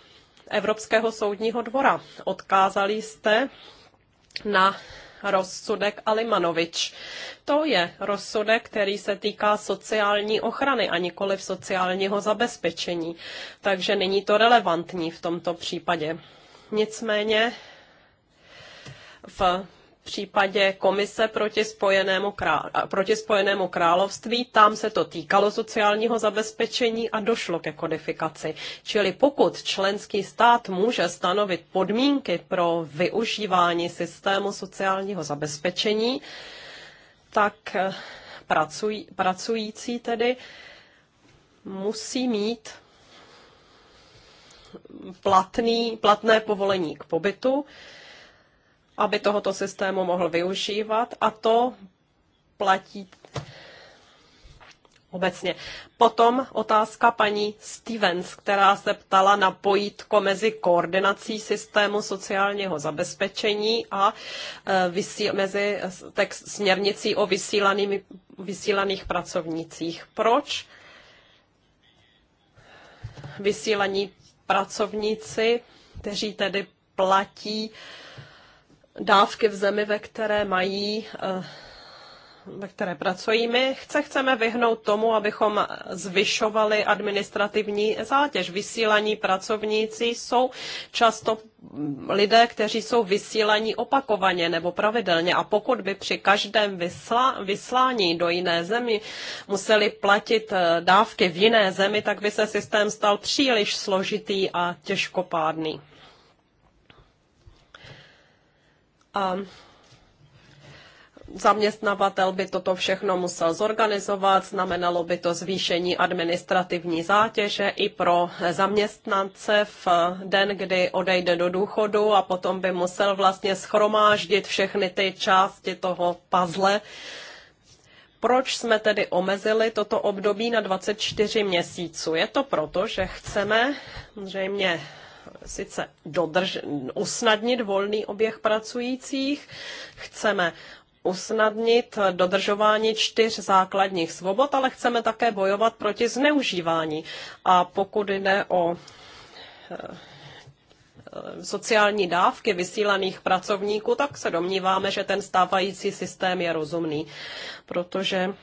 Speaker 4: Evropského soudního dvora. Odkázali jste na rozsudek Alimanovič. To je rozsudek, který se týká sociální ochrany a nikoli v sociálního zabezpečení, takže není to relevantní v tomto případě. Nicméně v případě Komise proti spojenému, král, proti spojenému království, tam se to týkalo sociálního zabezpečení a došlo ke kodifikaci. Čili pokud členský stát může stanovit podmínky pro využívání systému sociálního zabezpečení, tak eh, pracuj, pracující tedy musí mít platný, platné povolení k pobytu, aby tohoto systému mohl využívat a to platí obecně. Potom otázka paní Stevens, která se ptala na pojítko mezi koordinací systému sociálního zabezpečení a e, vysí, mezi text, směrnicí o vysílaných pracovnících. Proč vysílaní pracovníci, kteří tedy platí dávky v zemi, ve které mají eh, ve které pracují. My chce, chceme vyhnout tomu, abychom zvyšovali administrativní zátěž. Vysílaní pracovníci jsou často lidé, kteří jsou vysílaní opakovaně nebo pravidelně a pokud by při každém vysla, vyslání do jiné zemi museli platit eh, dávky v jiné zemi, tak by se systém stal příliš složitý a těžkopádný. A zaměstnavatel by toto všechno musel zorganizovat, znamenalo by to zvýšení administrativní zátěže i pro zaměstnance v den, kdy odejde do důchodu a potom by musel vlastně schromáždit všechny ty části toho puzzle. Proč jsme tedy omezili toto období na 24 měsíců? Je to proto, že chceme zřejmě sice dodrž, usnadnit volný oběh pracujících, chceme usnadnit dodržování čtyř základních svobod, ale chceme také bojovat proti zneužívání. A pokud jde o eh, eh, sociální dávky vysílaných pracovníků, tak se domníváme, že ten stávající systém je rozumný, protože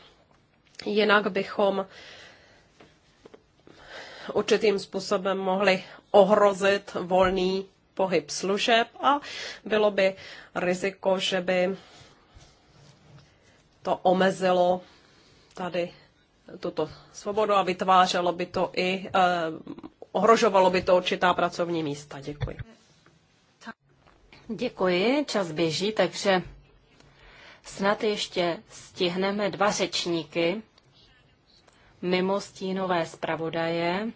Speaker 4: jinak bychom určitým způsobem mohli ohrozit volný pohyb služeb a bylo by riziko, že by to omezilo tady tuto svobodu a vytvářelo by to i, eh, ohrožovalo by to určitá pracovní místa. Děkuji.
Speaker 3: Děkuji, čas běží, takže snad ještě stihneme dva řečníky mimo stínové zpravodaje.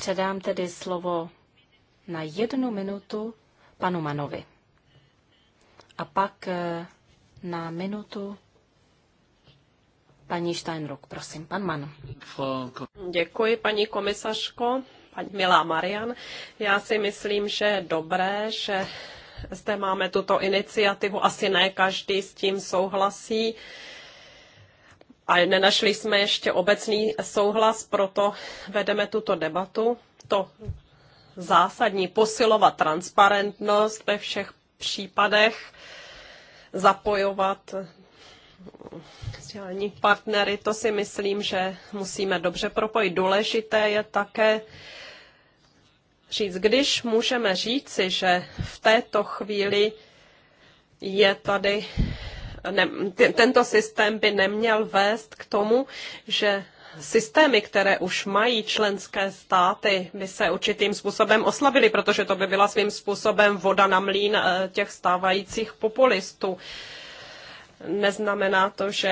Speaker 3: Předám tedy slovo na jednu minutu panu Manovi. A pak eh, na minutu paní Steinruck. Prosím, pan Man.
Speaker 4: Děkuji, paní komisařko, paní milá Marian. Já si myslím, že je dobré, že zde máme tuto iniciativu. Asi ne každý s tím souhlasí a nenašli jsme ještě obecný souhlas, proto vedeme tuto debatu. To zásadní posilovat transparentnost ve všech případech, zapojovat sociální partnery, to si myslím, že musíme dobře propojit. Důležité je také říct, když můžeme říci, že v této chvíli je tady ne, tento systém by neměl vést k tomu, že systémy, které už mají členské státy, by se určitým způsobem oslabily, protože to by byla svým způsobem voda na mlín eh, těch stávajících populistů. Neznamená to, že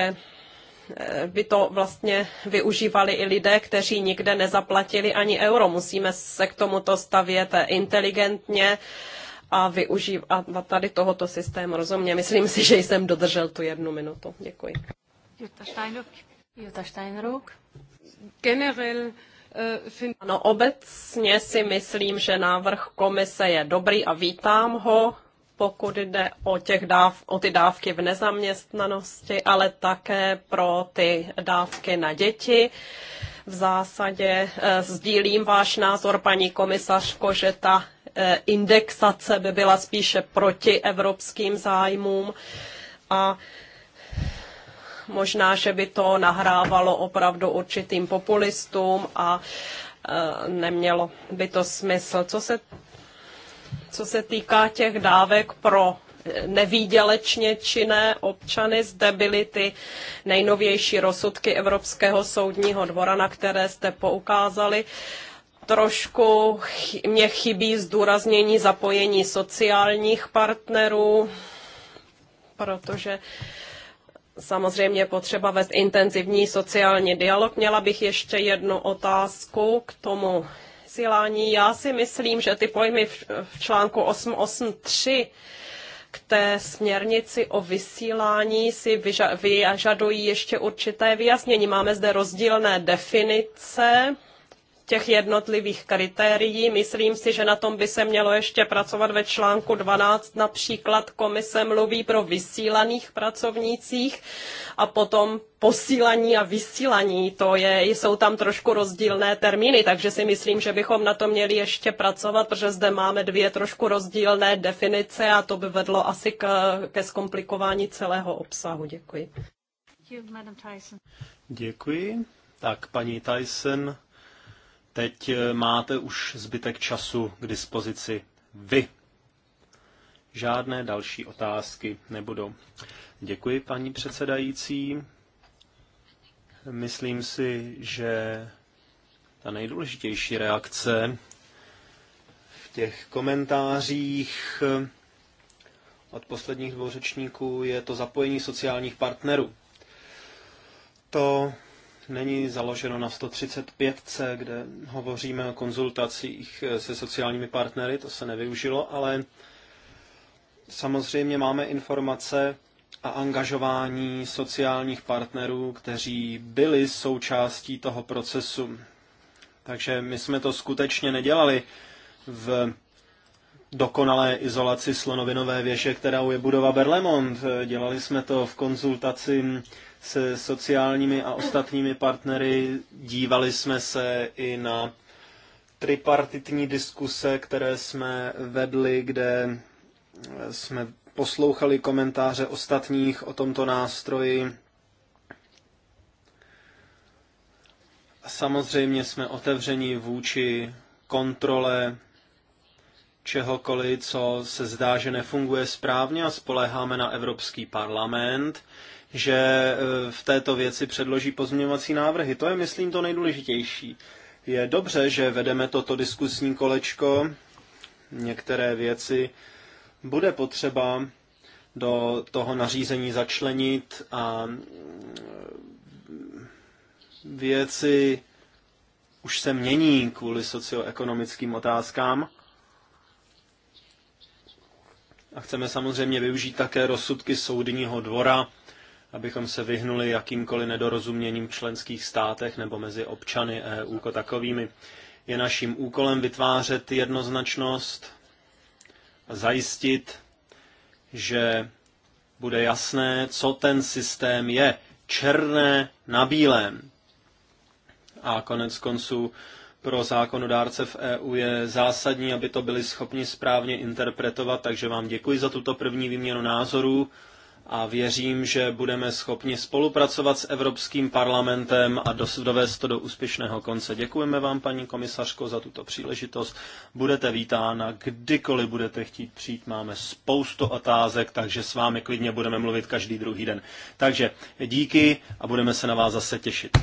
Speaker 4: eh, by to vlastně využívali i lidé, kteří nikde nezaplatili ani euro. Musíme se k tomuto stavět inteligentně a využívat tady tohoto systému. Rozumně, myslím si, že jsem dodržel tu jednu minutu. Děkuji.
Speaker 3: Jutta Steinruck. Jutta Steinruck.
Speaker 4: Generell äh, ano, obecně si myslím, že návrh komise je dobrý a vítám ho, pokud jde o, těch dáv, o ty dávky v nezaměstnanosti, ale také pro ty dávky na děti. V zásadě eh, sdílím váš názor, paní komisařko, že ta Eh, indexace by byla spíše proti evropským zájmům a možná, že by to nahrávalo opravdu určitým populistům a eh, nemělo by to smysl. Co se, co se týká těch dávek pro eh, nevýdělečně činné občany. Zde byly ty nejnovější rozsudky Evropského soudního dvora, na které jste poukázali. Uh, trošku mě chybí zdůraznění zapojení sociálních partnerů, protože samozřejmě potřeba vést intenzivní sociální dialog. Měla bych ještě jednu otázku k tomu silání. Já si myslím, že ty pojmy v, v článku 883 k té směrnici o vysílání si vyžadují ještě určité vyjasnění. Máme zde rozdílné definice těch jednotlivých kritérií. Myslím si, že na tom by se mělo ještě pracovat ve článku 12. Například komise mluví pro vysílaných pracovnících a potom posílaní a vysílaní, to je, jsou tam trošku rozdílné termíny, takže si myslím, že bychom na to měli ještě pracovat, protože zde máme dvě trošku rozdílné definice a to by vedlo asi k, ke zkomplikování celého obsahu. Děkuji.
Speaker 2: Děkuji. Tak, paní Tyson, Teď eh, máte už zbytek času k dispozici vy. Žádné další otázky nebudou. Děkuji, paní předsedající. Myslím si, že ta nejdůležitější reakce v těch komentářích eh, od posledních dvou řečníků je to zapojení sociálních partnerů. To není založeno na 135, kde hovoříme o konzultacích eh, se sociálními partnery, to se nevyužilo, ale samozřejmě máme informace a angažování sociálních partnerů, kteří byli součástí toho procesu. Takže my jsme to skutečně nedělali v dokonalé izolaci slonovinové věže, která je budova Berlemont. Dělali jsme to v konzultaci se sociálními a ostatními partnery. Dívali jsme se i na tripartitní diskuse, které jsme vedli, kde jsme poslouchali komentáře ostatních o tomto nástroji. Samozřejmě jsme otevření vůči kontrole čehokoliv, co se zdá, že nefunguje správně a spoléháme na Evropský parlament, že e, v této věci předloží pozměňovací návrhy. To je, myslím, to nejdůležitější. Je dobře, že vedeme toto diskusní kolečko. Některé věci bude potřeba do toho nařízení začlenit a mm, věci už se mění kvůli socioekonomickým otázkám. A chceme samozřejmě využít také rozsudky soudního dvora abychom se vyhnuli jakýmkoliv nedorozuměním v členských státech nebo mezi občany EU jako takovými. Je naším úkolem vytvářet jednoznačnost a zajistit, že bude jasné, co ten systém je. Černé na bílém. A konec konců pro zákonodárce v EU je zásadní, aby to byli schopni správně interpretovat, takže vám děkuji za tuto první výměnu názorů a věřím, že budeme schopni spolupracovat s Evropským parlamentem a dovést to do úspěšného konce. Děkujeme vám, paní komisařko, za tuto příležitost. Budete vítána, kdykoliv budete chtít přijít. Máme spoustu otázek, takže s vámi klidně budeme mluvit každý druhý den. Takže díky a budeme se na vás zase těšit.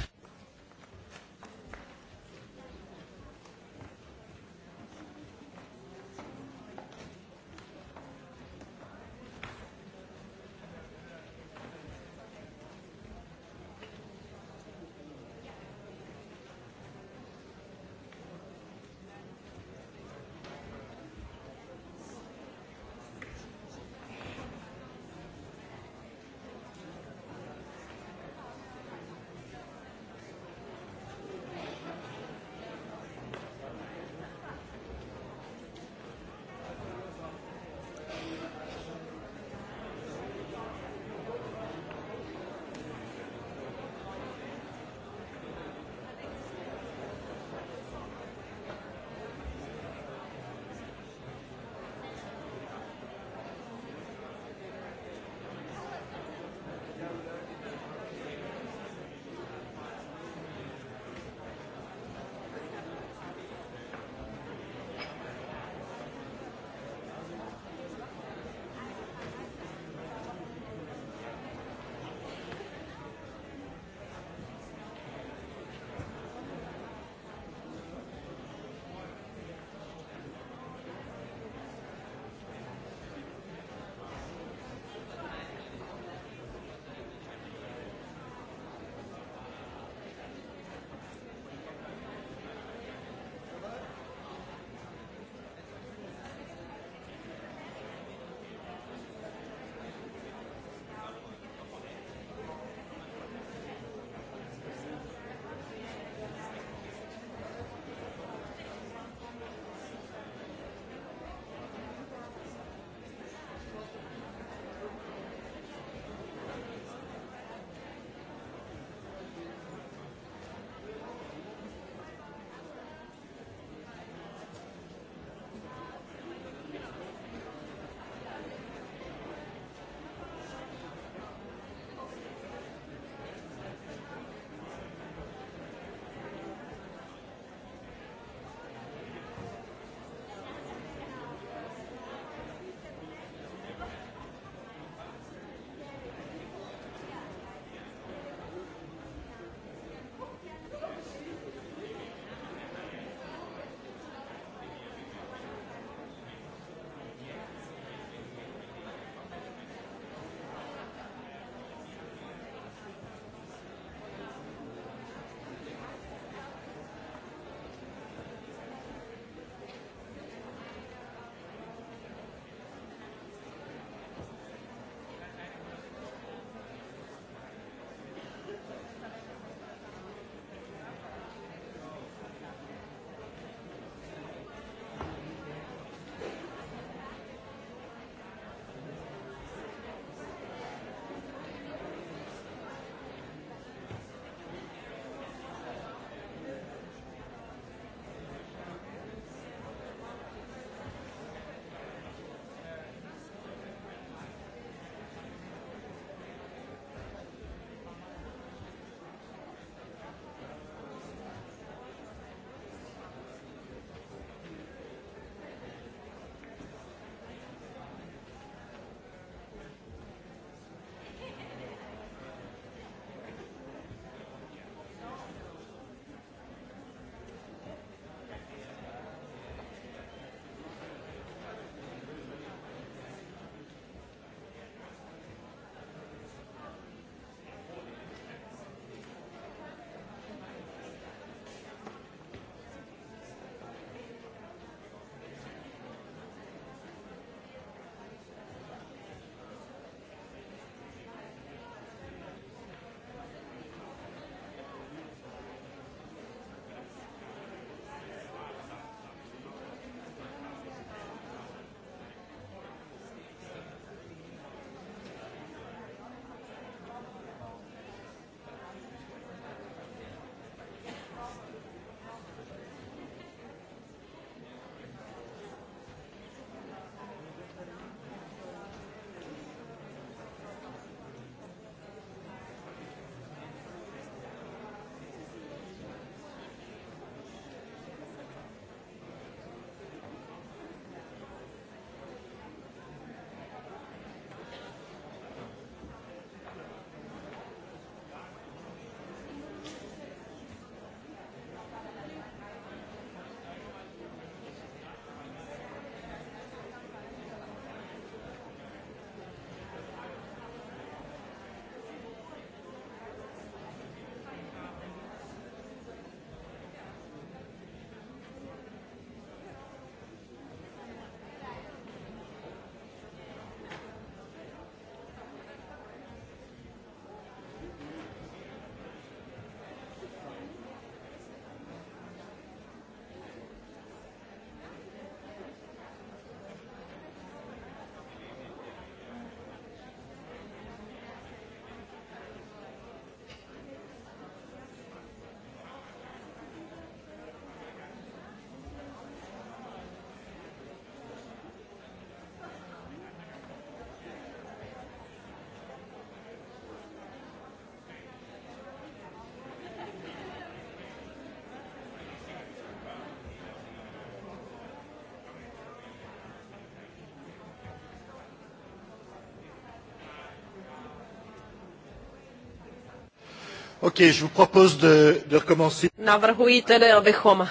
Speaker 4: Navrhuji tedy, abychom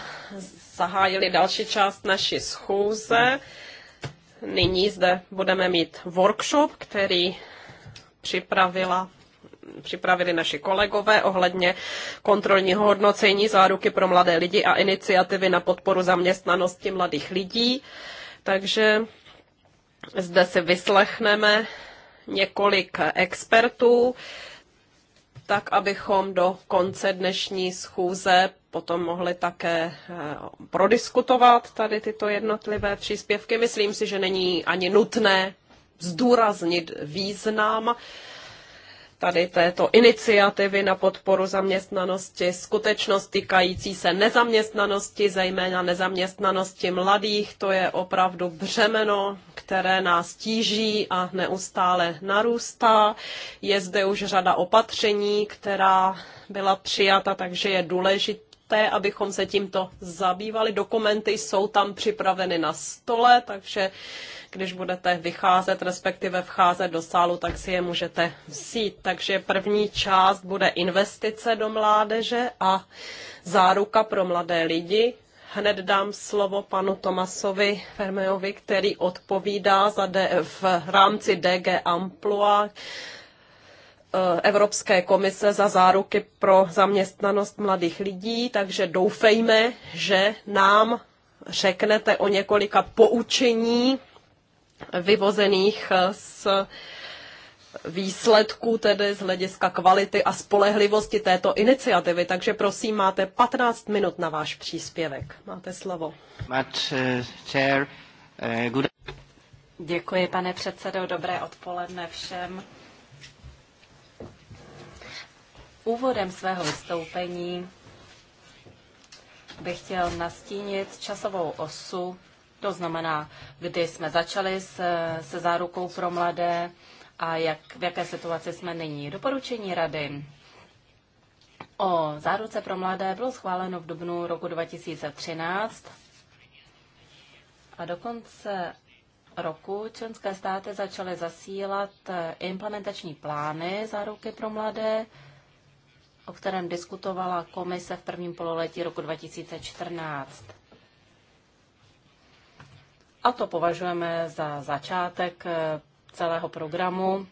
Speaker 4: zahájili další část naší schůze. Nyní zde budeme mít workshop, který připravila připravili naši kolegové ohledně kontrolního hodnocení záruky pro mladé lidi a iniciativy na podporu zaměstnanosti mladých lidí. Takže zde si vyslechneme několik expertů, tak abychom do konce dnešní schůze potom mohli také eh, prodiskutovat tady tyto jednotlivé příspěvky. Myslím si, že není ani nutné zdůraznit význam tady této iniciativy na podporu zaměstnanosti, skutečnost týkající se nezaměstnanosti, zejména nezaměstnanosti mladých, to je opravdu břemeno, které nás tíží a neustále narůstá. Je zde už řada opatření, která byla přijata, takže je důležité, té, abychom se tímto zabývali. Dokumenty jsou tam připraveny na stole, takže když budete vycházet, respektive vcházet do sálu, tak si je můžete vzít. Takže první část bude investice do mládeže a záruka pro mladé lidi. Hned dám slovo panu Tomasovi Fermejovi, který odpovídá za v rámci DG Amplua E, Evropské komise za záruky pro zaměstnanost mladých lidí, takže doufejme, že nám řeknete o několika poučení vyvozených e, z výsledků, tedy z hlediska kvality a spolehlivosti této iniciativy. Takže prosím, máte 15 minut na váš příspěvek. Máte slovo.
Speaker 2: Eh, eh,
Speaker 3: Děkuji, pane předsedo. Dobré odpoledne všem. Úvodem svého vystoupení bych chtěl nastínit časovou osu, to znamená, kdy jsme začali se, se zárukou pro mladé a jak, v jaké situaci jsme nyní. Doporučení rady o záruce pro mladé bylo schváleno v dubnu roku 2013 a do konce roku členské státy začaly zasílat implementační plány záruky pro mladé o kterém diskutovala komise v prvním pololetí roku 2014. A to považujeme za začátek eh, celého programu,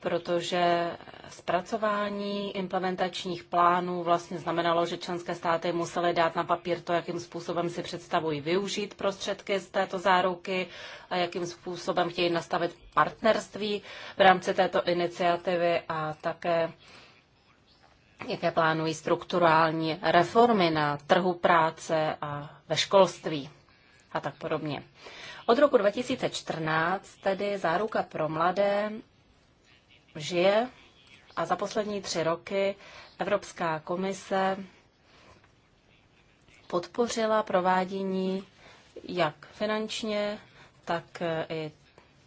Speaker 3: protože zpracování implementačních plánů vlastně znamenalo, že členské státy musely dát na papír to, jakým způsobem si představují využít prostředky z této záruky a jakým způsobem chtějí nastavit partnerství v rámci této iniciativy a také jaké plánují strukturální reformy na trhu práce a ve školství a tak podobně. Od roku 2014 tedy záruka pro mladé žije a za poslední tři roky Evropská komise podpořila provádění jak finančně, tak i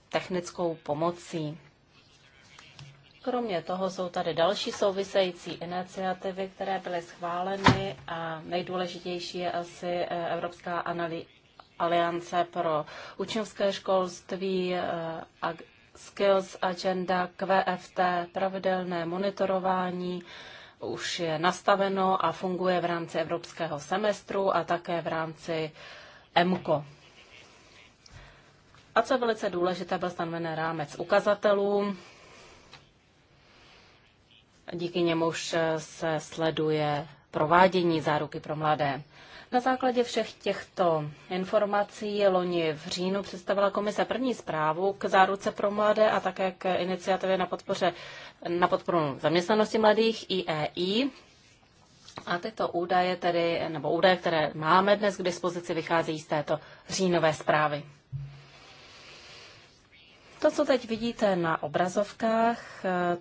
Speaker 3: technickou pomocí. Kromě toho jsou tady další související iniciativy, které byly schváleny a nejdůležitější je asi eh, Evropská aliance pro učňovské školství eh, a Skills Agenda, QFT, pravidelné monitorování už je nastaveno a funguje v rámci evropského semestru a také v rámci EMCO. A co je velice důležité, byl stanoven rámec ukazatelů, díky němuž se sleduje provádění záruky pro mladé. Na základě všech těchto informací loni v říjnu představila komise první zprávu k záruce pro mladé a také k iniciativě na, podpoře, na podporu zaměstnanosti mladých IEI. E a tyto údaje, tedy, nebo údaje, které máme dnes k dispozici, vycházejí z této říjnové zprávy. To, co teď vidíte na obrazovkách,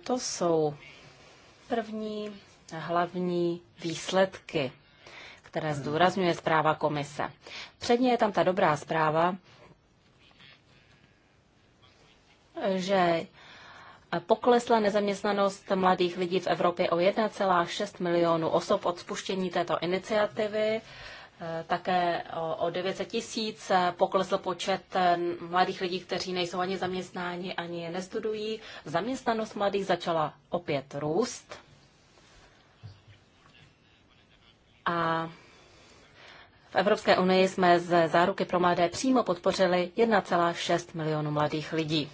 Speaker 3: to jsou První hlavní výsledky, které zdůrazňuje zpráva komise. Předně je tam ta dobrá zpráva, že poklesla nezaměstnanost mladých lidí v Evropě o 1,6 milionu osob od spuštění této iniciativy. Eh, také o 900 tisíc eh, poklesl počet eh, mladých lidí, kteří nejsou ani zaměstnáni, ani je nestudují. Zaměstnanost mladých začala opět růst. A v Evropské unii jsme ze záruky pro mladé přímo podpořili 1,6 milionu mladých lidí.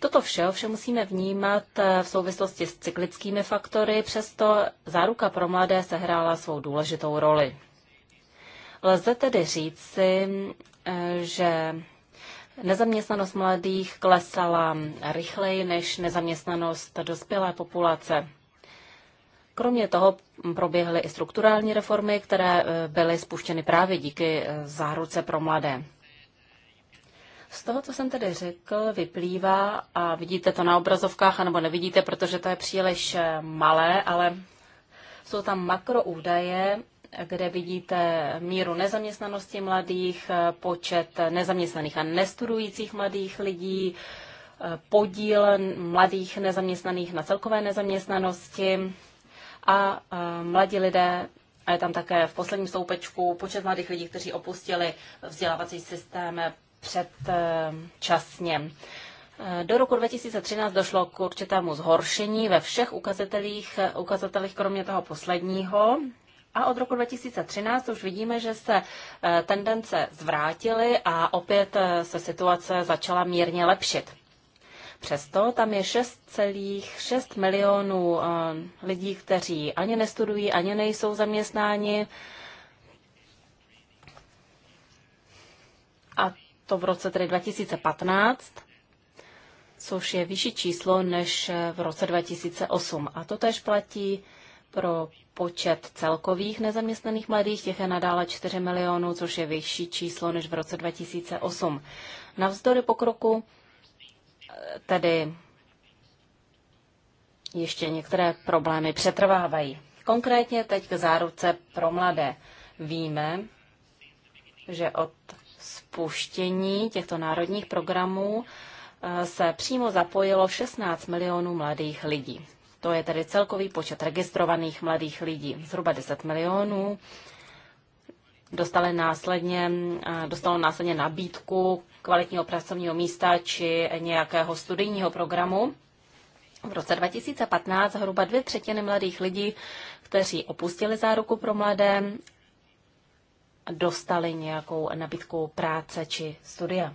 Speaker 3: Toto vše ovšem musíme vnímat v souvislosti s cyklickými faktory, přesto záruka pro mladé sehrála svou důležitou roli. Lze tedy říci, eh, že nezaměstnanost mladých klesala rychleji než nezaměstnanost dospělé populace. Kromě toho proběhly i strukturální reformy, které eh, byly spuštěny právě díky eh, záruce pro mladé. Z toho, co jsem tedy řekl, vyplývá, a vidíte to na obrazovkách, anebo nevidíte, protože to je příliš malé, ale jsou tam makroúdaje kde vidíte míru nezaměstnanosti mladých, počet nezaměstnaných a nestudujících mladých lidí, podíl mladých nezaměstnaných na celkové nezaměstnanosti a eh, mladí lidé, a je tam také v posledním soupečku počet mladých lidí, kteří opustili vzdělávací systém předčasně. Eh, do roku 2013 došlo k určitému zhoršení ve všech ukazatelích, ukazatelích kromě toho posledního, a od roku 2013 už vidíme, že se eh, tendence zvrátily a opět eh, se situace začala mírně lepšit. Přesto tam je 6,6 milionů eh, lidí, kteří ani nestudují, ani nejsou zaměstnáni. A to v roce tedy 2015 což je vyšší číslo než v roce 2008. A to tež platí pro počet celkových nezaměstnaných mladých, těch je nadále 4 milionů, což je vyšší číslo než v roce 2008. Navzdory pokroku eh, tedy ještě některé problémy přetrvávají. Konkrétně teď k záruce pro mladé. Víme, že od spuštění těchto národních programů eh, se přímo zapojilo 16 milionů mladých lidí. To je tedy celkový počet registrovaných mladých lidí, zhruba 10 milionů. Dostali následně, dostalo následně nabídku kvalitního pracovního místa či nějakého studijního programu. V roce 2015 zhruba dvě třetiny mladých lidí, kteří opustili záruku pro mladé, dostali nějakou nabídku práce či studia.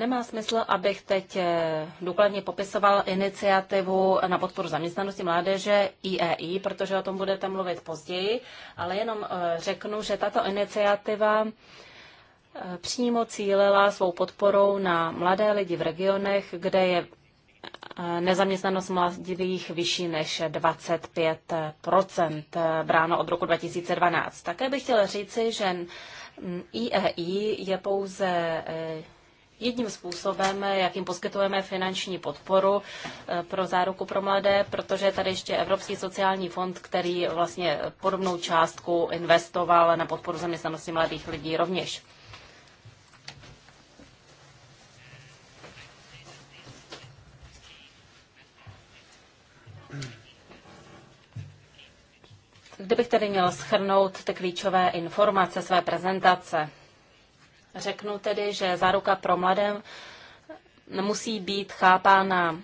Speaker 3: Nemá smysl, abych teď eh, důkladně popisoval iniciativu na podporu zaměstnanosti mládeže IEI, e protože o tom budete mluvit později, ale jenom eh, řeknu, že tato iniciativa eh, přímo cílila svou podporou na mladé lidi v regionech, kde je nezaměstnanost mladých vyšší než 25 bráno od roku 2012. Také bych chtěla říci, že IEI e je pouze jedním způsobem, jakým poskytujeme finanční podporu eh, pro záruku pro mladé, protože je tady ještě Evropský sociální fond, který vlastně podobnou částku investoval na podporu zaměstnanosti mladých lidí rovněž. Kdybych tedy měl schrnout ty klíčové informace své prezentace. Řeknu tedy, že záruka pro mladé musí být chápána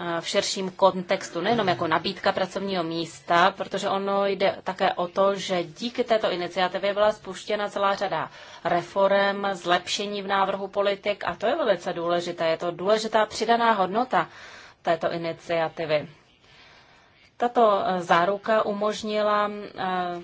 Speaker 3: eh, v širším kontextu, nejenom jako nabídka pracovního místa, protože ono jde také o to, že díky této iniciativě byla spuštěna celá řada reform, zlepšení v návrhu politik a to je velice důležité. Je to důležitá přidaná hodnota této iniciativy. Tato eh, záruka umožnila eh,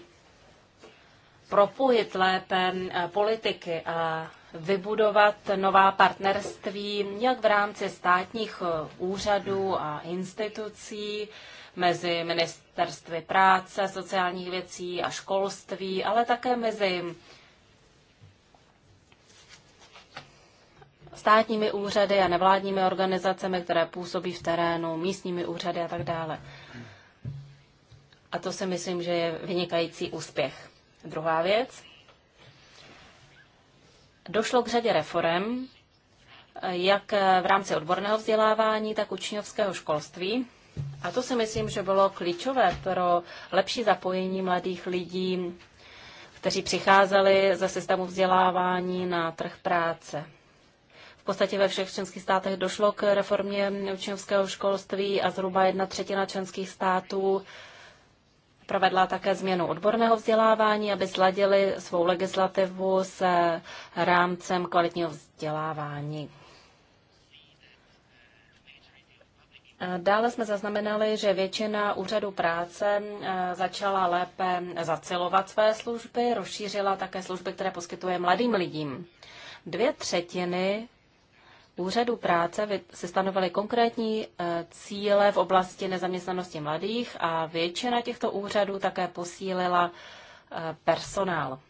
Speaker 3: propojit lépe eh, politiky a vybudovat nová partnerství jak v rámci státních eh, úřadů a institucí mezi ministerstvy práce, sociálních věcí a školství, ale také mezi státními úřady a nevládními organizacemi, které působí v terénu, místními úřady a tak dále. A to si myslím, že je vynikající úspěch. Druhá věc. Došlo k řadě reform, jak v rámci odborného vzdělávání, tak učňovského školství. A to si myslím, že bylo klíčové pro lepší zapojení mladých lidí, kteří přicházeli ze systému vzdělávání na trh práce. V podstatě ve všech členských státech došlo k reformě učňovského školství a zhruba jedna třetina členských států provedla také změnu odborného vzdělávání, aby zladili svou legislativu s rámcem kvalitního vzdělávání. Dále jsme zaznamenali, že většina úřadů práce eh, začala lépe zacilovat své služby, rozšířila také služby, které poskytuje mladým lidím. Dvě třetiny úřadu práce se stanovily konkrétní eh, cíle v oblasti nezaměstnanosti mladých a většina těchto úřadů také posílila eh, personál.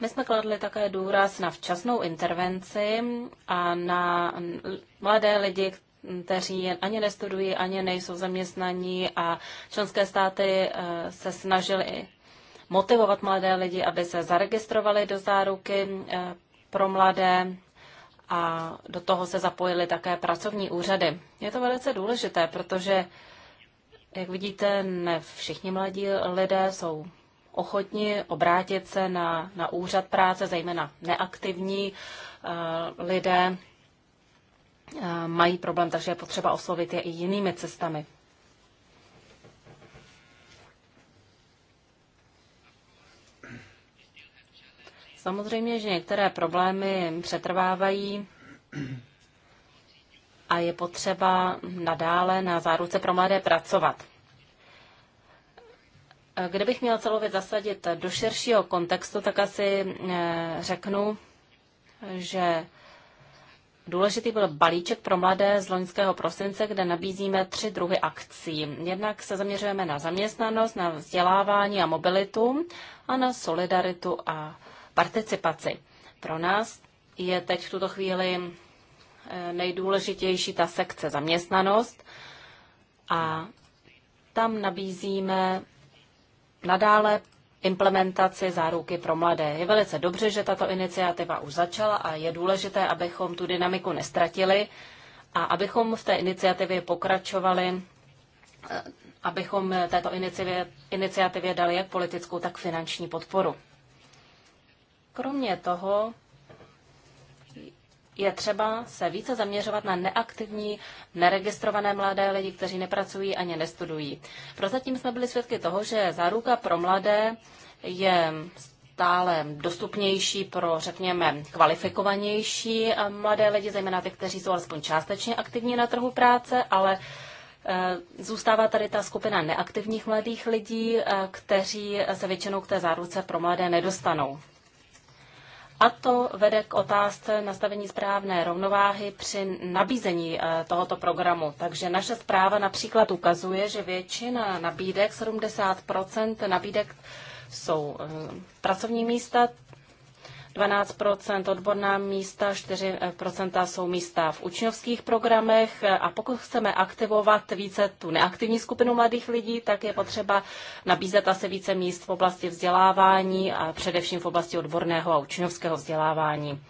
Speaker 3: My jsme kladli také důraz na včasnou intervenci a na mladé lidi, kteří ani nestudují, ani nejsou zaměstnaní a členské státy eh, se snažily motivovat mladé lidi, aby se zaregistrovali do záruky eh, pro mladé a do toho se zapojily také pracovní úřady. Je to velice důležité, protože, jak vidíte, ne všichni mladí lidé jsou ochotni obrátit se na, na úřad práce, zejména neaktivní eh, lidé eh, mají problém, takže je potřeba oslovit je i jinými cestami. Samozřejmě, že některé problémy přetrvávají a je potřeba nadále na záruce pro mladé pracovat. Kdybych měl celou věc zasadit do širšího kontextu, tak asi eh, řeknu, že Důležitý byl balíček pro mladé z loňského prosince, kde nabízíme tři druhy akcí. Jednak se zaměřujeme na zaměstnanost, na vzdělávání a mobilitu a na solidaritu a participaci. Pro nás je teď v tuto chvíli eh, nejdůležitější ta sekce zaměstnanost a tam nabízíme nadále implementaci záruky pro mladé. Je velice dobře, že tato iniciativa už začala a je důležité, abychom tu dynamiku nestratili a abychom v té iniciativě pokračovali, eh, abychom této iniciativě, iniciativě dali jak politickou, tak finanční podporu. Kromě toho je třeba se více zaměřovat na neaktivní, neregistrované mladé lidi, kteří nepracují ani nestudují. Prozatím jsme byli svědky toho, že záruka pro mladé je stále dostupnější pro, řekněme, kvalifikovanější eh, mladé lidi, zejména ty, kteří jsou alespoň částečně aktivní na trhu práce, ale eh, Zůstává tady ta skupina neaktivních mladých lidí, eh, kteří se většinou k té záruce pro mladé nedostanou. A to vede k otázce nastavení správné rovnováhy při nabízení eh, tohoto programu. Takže naše zpráva například ukazuje, že většina nabídek, 70 nabídek jsou eh, pracovní místa, 12 odborná místa, 4 eh, jsou místa v učňovských programech eh, a pokud chceme aktivovat více tu neaktivní skupinu mladých lidí, tak je potřeba nabízet asi více míst v oblasti vzdělávání a především v oblasti odborného a učňovského vzdělávání.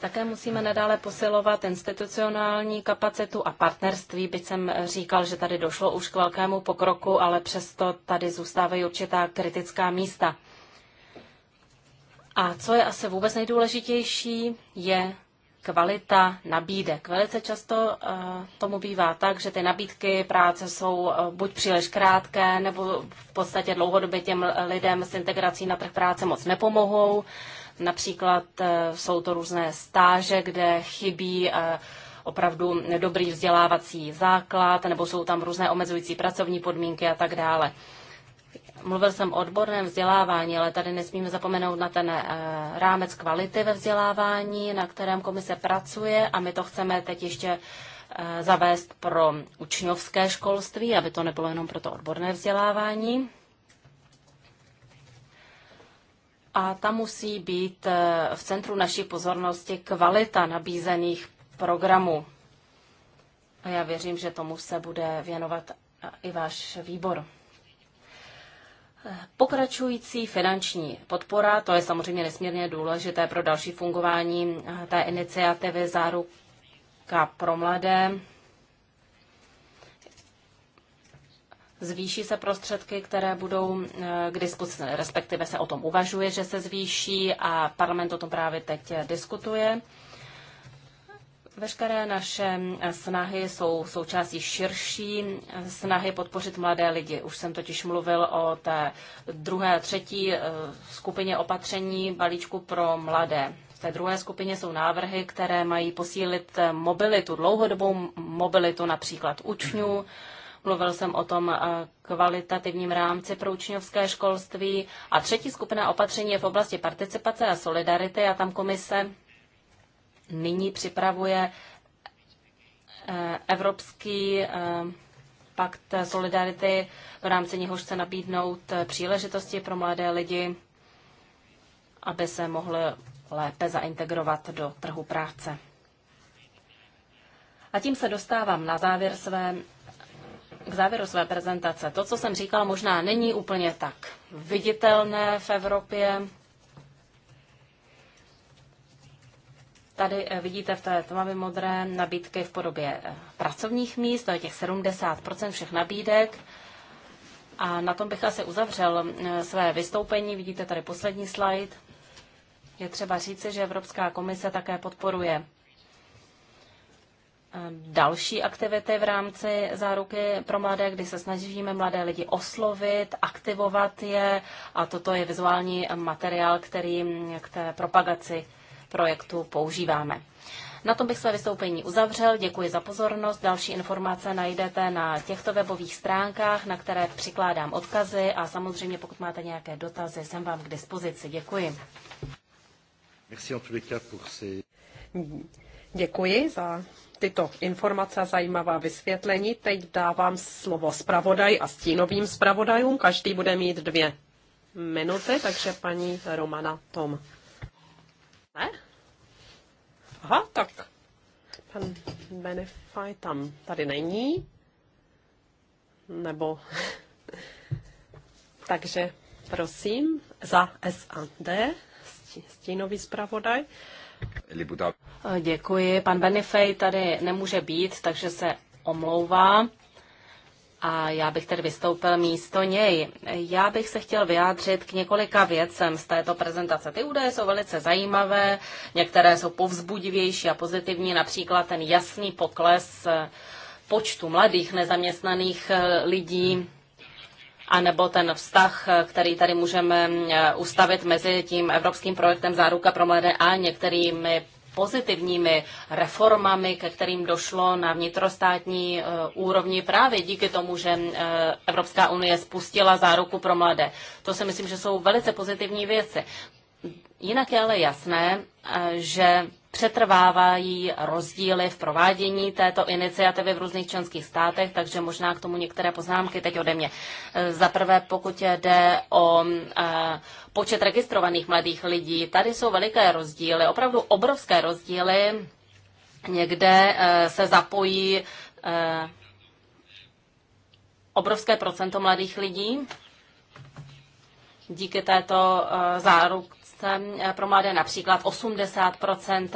Speaker 3: Také musíme nadále posilovat institucionální kapacitu a partnerství. Byť jsem říkal, že tady došlo už k velkému pokroku, ale přesto tady zůstávají určitá kritická místa. A co je asi vůbec nejdůležitější, je kvalita nabídek. Velice často eh, tomu bývá tak, že ty nabídky práce jsou eh, buď příliš krátké, nebo v podstatě dlouhodobě těm lidem s integrací na trh práce moc nepomohou. Například eh, jsou to různé stáže, kde chybí opravdu dobrý vzdělávací základ, nebo jsou tam různé omezující pracovní podmínky a tak dále. Mluvil jsem o odborném vzdělávání, ale tady nesmíme zapomenout na ten eh, rámec kvality ve vzdělávání, na kterém komise pracuje a my to chceme teď ještě eh, zavést pro učňovské školství, aby to nebylo jenom pro to odborné vzdělávání. A tam musí být eh, v centru naší pozornosti kvalita nabízených programů. A já věřím, že tomu se bude věnovat i váš výbor. Pokračující finanční podpora, to je samozřejmě nesmírně důležité pro další fungování eh, té iniciativy Záruka pro mladé. Zvýší se prostředky, které budou eh, k dispozici, respektive se o tom uvažuje, že se zvýší a parlament o tom právě teď eh, diskutuje. Veškeré naše eh, snahy jsou součástí širší eh, snahy podpořit mladé lidi. Už jsem totiž mluvil o té druhé, třetí eh, skupině opatření balíčku pro mladé. V té druhé skupině jsou návrhy, které mají posílit mobilitu, dlouhodobou mobilitu například učňů. Mluvil jsem o tom kvalitativním rámci pro učňovské školství. A třetí skupina opatření je v oblasti participace a solidarity a tam komise nyní připravuje eh, Evropský eh, pakt solidarity, v rámci něhož chce nabídnout eh, příležitosti pro mladé lidi, aby se mohli lépe zaintegrovat do trhu práce. A tím se dostávám na závěr své, k závěru své prezentace. To, co jsem říkala, možná není úplně tak viditelné v Evropě, Tady eh, vidíte v té tmavě modré nabídky v podobě eh, pracovních míst, to je těch 70 všech nabídek. A na tom bych asi uzavřel eh, své vystoupení. Vidíte tady poslední slide. Je třeba říci, že Evropská komise také podporuje další aktivity v rámci záruky pro mladé, kdy se snažíme mladé lidi oslovit, aktivovat je a toto je vizuální materiál, který k té propagaci projektu používáme. Na tom bych své vystoupení uzavřel. Děkuji za pozornost. Další informace najdete na těchto webových stránkách, na které přikládám odkazy a samozřejmě pokud máte nějaké dotazy, jsem vám k dispozici. Děkuji. Děkuji za tyto informace a zajímavá
Speaker 4: vysvětlení. Teď dávám slovo zpravodaj a stínovým zpravodajům. Každý bude mít dvě minuty, takže paní Romana Tom. Ne? Aha, tak. Pan Benefaj tam tady není. Nebo...
Speaker 3: Takže prosím, za SAD, stínový zpravodaj. Děkuji, pan Benefej tady nemůže být, takže se omlouvám a já bych tedy vystoupil místo něj. Já bych se chtěl vyjádřit k několika věcem z této prezentace. Ty údaje jsou velice zajímavé, některé jsou povzbudivější a pozitivní, například ten jasný pokles eh, počtu mladých nezaměstnaných eh, lidí, a nebo ten vztah, eh, který tady můžeme ustavit mezi tím evropským projektem Záruka pro mladé a některými pozitivními reformami, ke kterým došlo na vnitrostátní e, úrovni právě díky tomu, že e, Evropská unie spustila záruku pro mladé. To si myslím, že jsou velice pozitivní věci. Jinak je ale jasné, e, že přetrvávají rozdíly v provádění této iniciativy v různých členských státech, takže možná k tomu některé poznámky teď ode mě. Eh, za prvé, pokud jde o eh, počet registrovaných mladých lidí, tady jsou veliké rozdíly, opravdu obrovské rozdíly. Někde eh, se zapojí obrovské procento mladých lidí díky této záruk, Eh, pro mladé například 80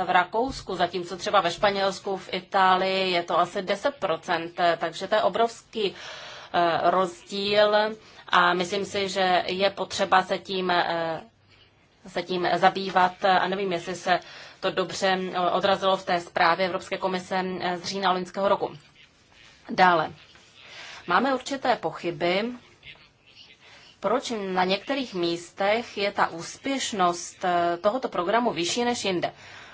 Speaker 3: v Rakousku, zatímco třeba ve Španělsku, v Itálii je to asi 10 eh, takže to je obrovský eh, rozdíl a myslím si, že je potřeba se tím, se tím zabývat a nevím, jestli se to dobře odrazilo v té zprávě Evropské komise z října loňského roku. Dále. Máme určité pochyby proč na některých místech je ta úspěšnost eh, tohoto programu vyšší než jinde.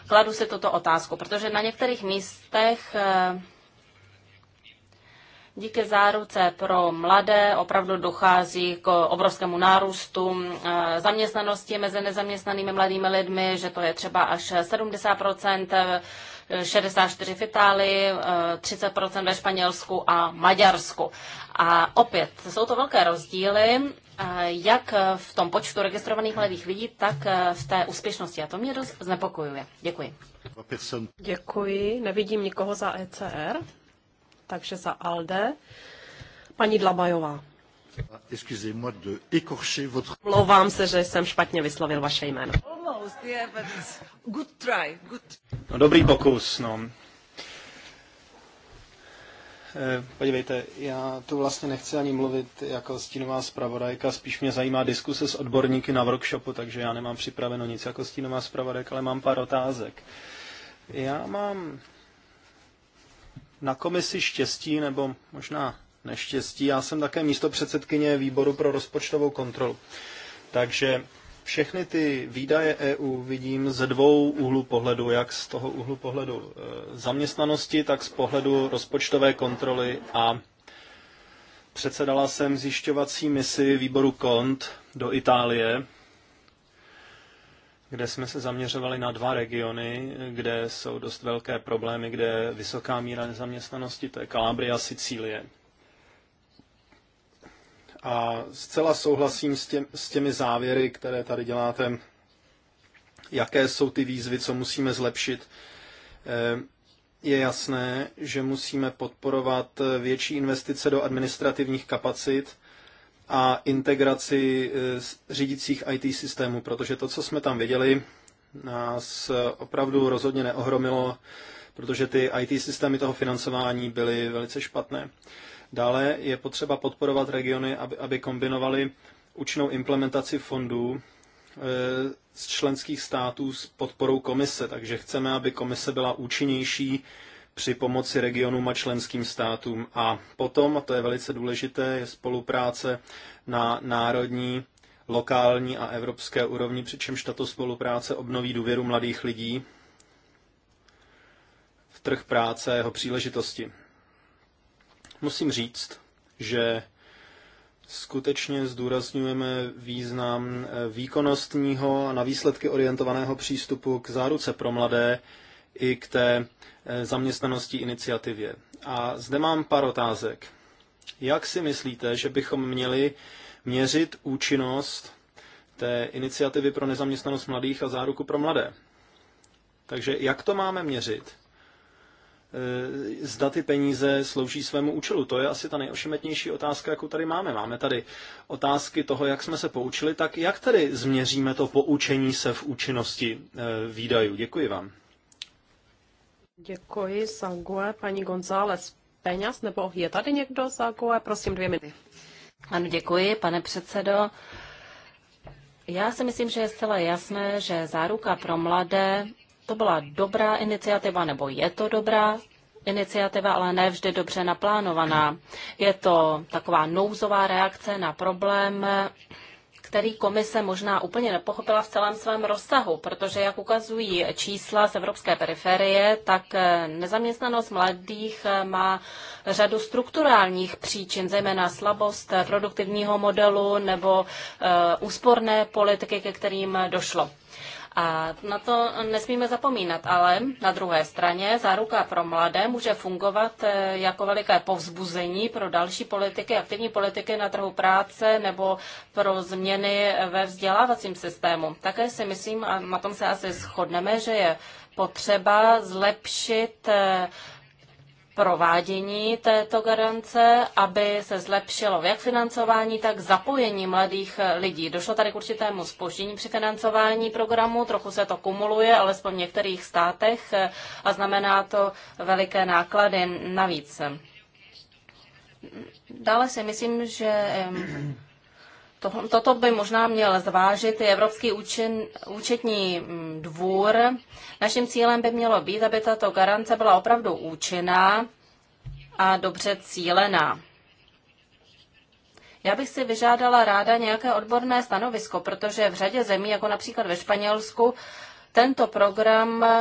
Speaker 3: Kladu si tuto otázku, protože na některých místech eh, díky záruce pro mladé opravdu dochází k obrovskému nárůstu eh, zaměstnanosti mezi nezaměstnanými mladými lidmi, že to je třeba až 70 64 v Itálii, 30% ve Španělsku a Maďarsku. A opět, jsou to velké rozdíly, eh, jak v tom počtu registrovaných mladých lidí, tak eh, v té úspěšnosti. A to mě dost znepokojuje. Děkuji. Děkuji. Nevidím nikoho za ECR,
Speaker 4: takže za ALDE. Paní Dlabajová. Omlouvám se, že jsem špatně vyslovil vaše jméno.
Speaker 2: No, dobrý pokus, no. Eh, podívejte, já tu vlastně nechci ani mluvit jako stínová zpravodajka, spíš mě zajímá diskuse s odborníky na workshopu, takže já nemám připraveno nic jako stínová zpravodajka, ale mám pár otázek. Já mám na komisi štěstí, nebo možná neštěstí. Já jsem také místo předsedkyně výboru pro rozpočtovou kontrolu. Takže všechny ty výdaje EU vidím ze dvou úhlu pohledu, jak z toho úhlu pohledu e, zaměstnanosti, tak z pohledu rozpočtové kontroly a předsedala jsem zjišťovací misi výboru KONT do Itálie, kde jsme se zaměřovali na dva regiony, kde jsou dost velké problémy, kde je vysoká míra nezaměstnanosti, to je Kalábria a Sicílie a zcela souhlasím s, těm, s těmi závěry, které tady děláte, jaké jsou ty výzvy, co musíme zlepšit. Eh, je jasné, že musíme podporovat větší investice do administrativních kapacit a integraci eh, řídících IT systémů, protože to, co jsme tam viděli, nás opravdu rozhodně neohromilo, protože ty IT systémy toho financování byly velice špatné. Dále je potřeba podporovat regiony, aby, aby kombinovaly účinnou implementaci fondů e, z členských států s podporou komise, takže chceme, aby komise byla účinnější při pomoci regionům a členským státům. A potom, a to je velice důležité, je spolupráce na národní, lokální a evropské úrovni, přičemž tato spolupráce obnoví důvěru mladých lidí v trh práce a jeho příležitosti. Musím říct, že skutečně zdůrazňujeme význam eh, výkonnostního a na výsledky orientovaného přístupu k záruce pro mladé i k té eh, zaměstnanosti iniciativě. A zde mám pár otázek. Jak si myslíte, že bychom měli měřit účinnost té iniciativy pro nezaměstnanost mladých a záruku pro mladé? Takže jak to máme měřit? Eh, zda ty peníze slouží svému účelu. To je asi ta nejošemetnější otázka, jakou tady máme. Máme tady otázky toho, jak jsme se poučili, tak jak tady změříme to poučení se v účinnosti eh, výdajů. Děkuji vám.
Speaker 4: Děkuji, Sangue. Paní González
Speaker 3: Peňas, nebo je tady někdo Sangue? Prosím, dvě minuty. Ano, děkuji, pane předsedo. Já si myslím, že je zcela jasné, že záruka pro mladé to byla dobrá iniciativa, nebo je to dobrá iniciativa, ale ne vždy dobře naplánovaná. Je to taková nouzová reakce na problém, který komise možná úplně nepochopila v celém svém rozsahu, protože jak ukazují čísla z evropské periferie, tak eh, nezaměstnanost mladých eh, má řadu strukturálních příčin, zejména slabost produktivního modelu nebo eh, úsporné politiky, ke kterým došlo. A na to nesmíme zapomínat, ale na druhé straně záruka pro mladé může fungovat eh, jako veliké povzbuzení pro další politiky, aktivní politiky na trhu práce nebo pro změny ve vzdělávacím systému. Také si myslím, a na tom se asi shodneme, že je potřeba zlepšit eh, provádění této garance, aby se zlepšilo jak financování, tak zapojení mladých lidí. Došlo tady k určitému spoždění při financování programu, trochu se to kumuluje, alespoň v některých státech, a znamená to veliké náklady navíc. Dále si myslím, že to, toto by možná měl zvážit i Evropský účin, účetní mm, dvůr. Naším cílem by mělo být, aby tato garance byla opravdu účinná a dobře cílená. Já bych si vyžádala ráda nějaké odborné stanovisko, protože v řadě zemí, jako například ve Španělsku, tento program eh,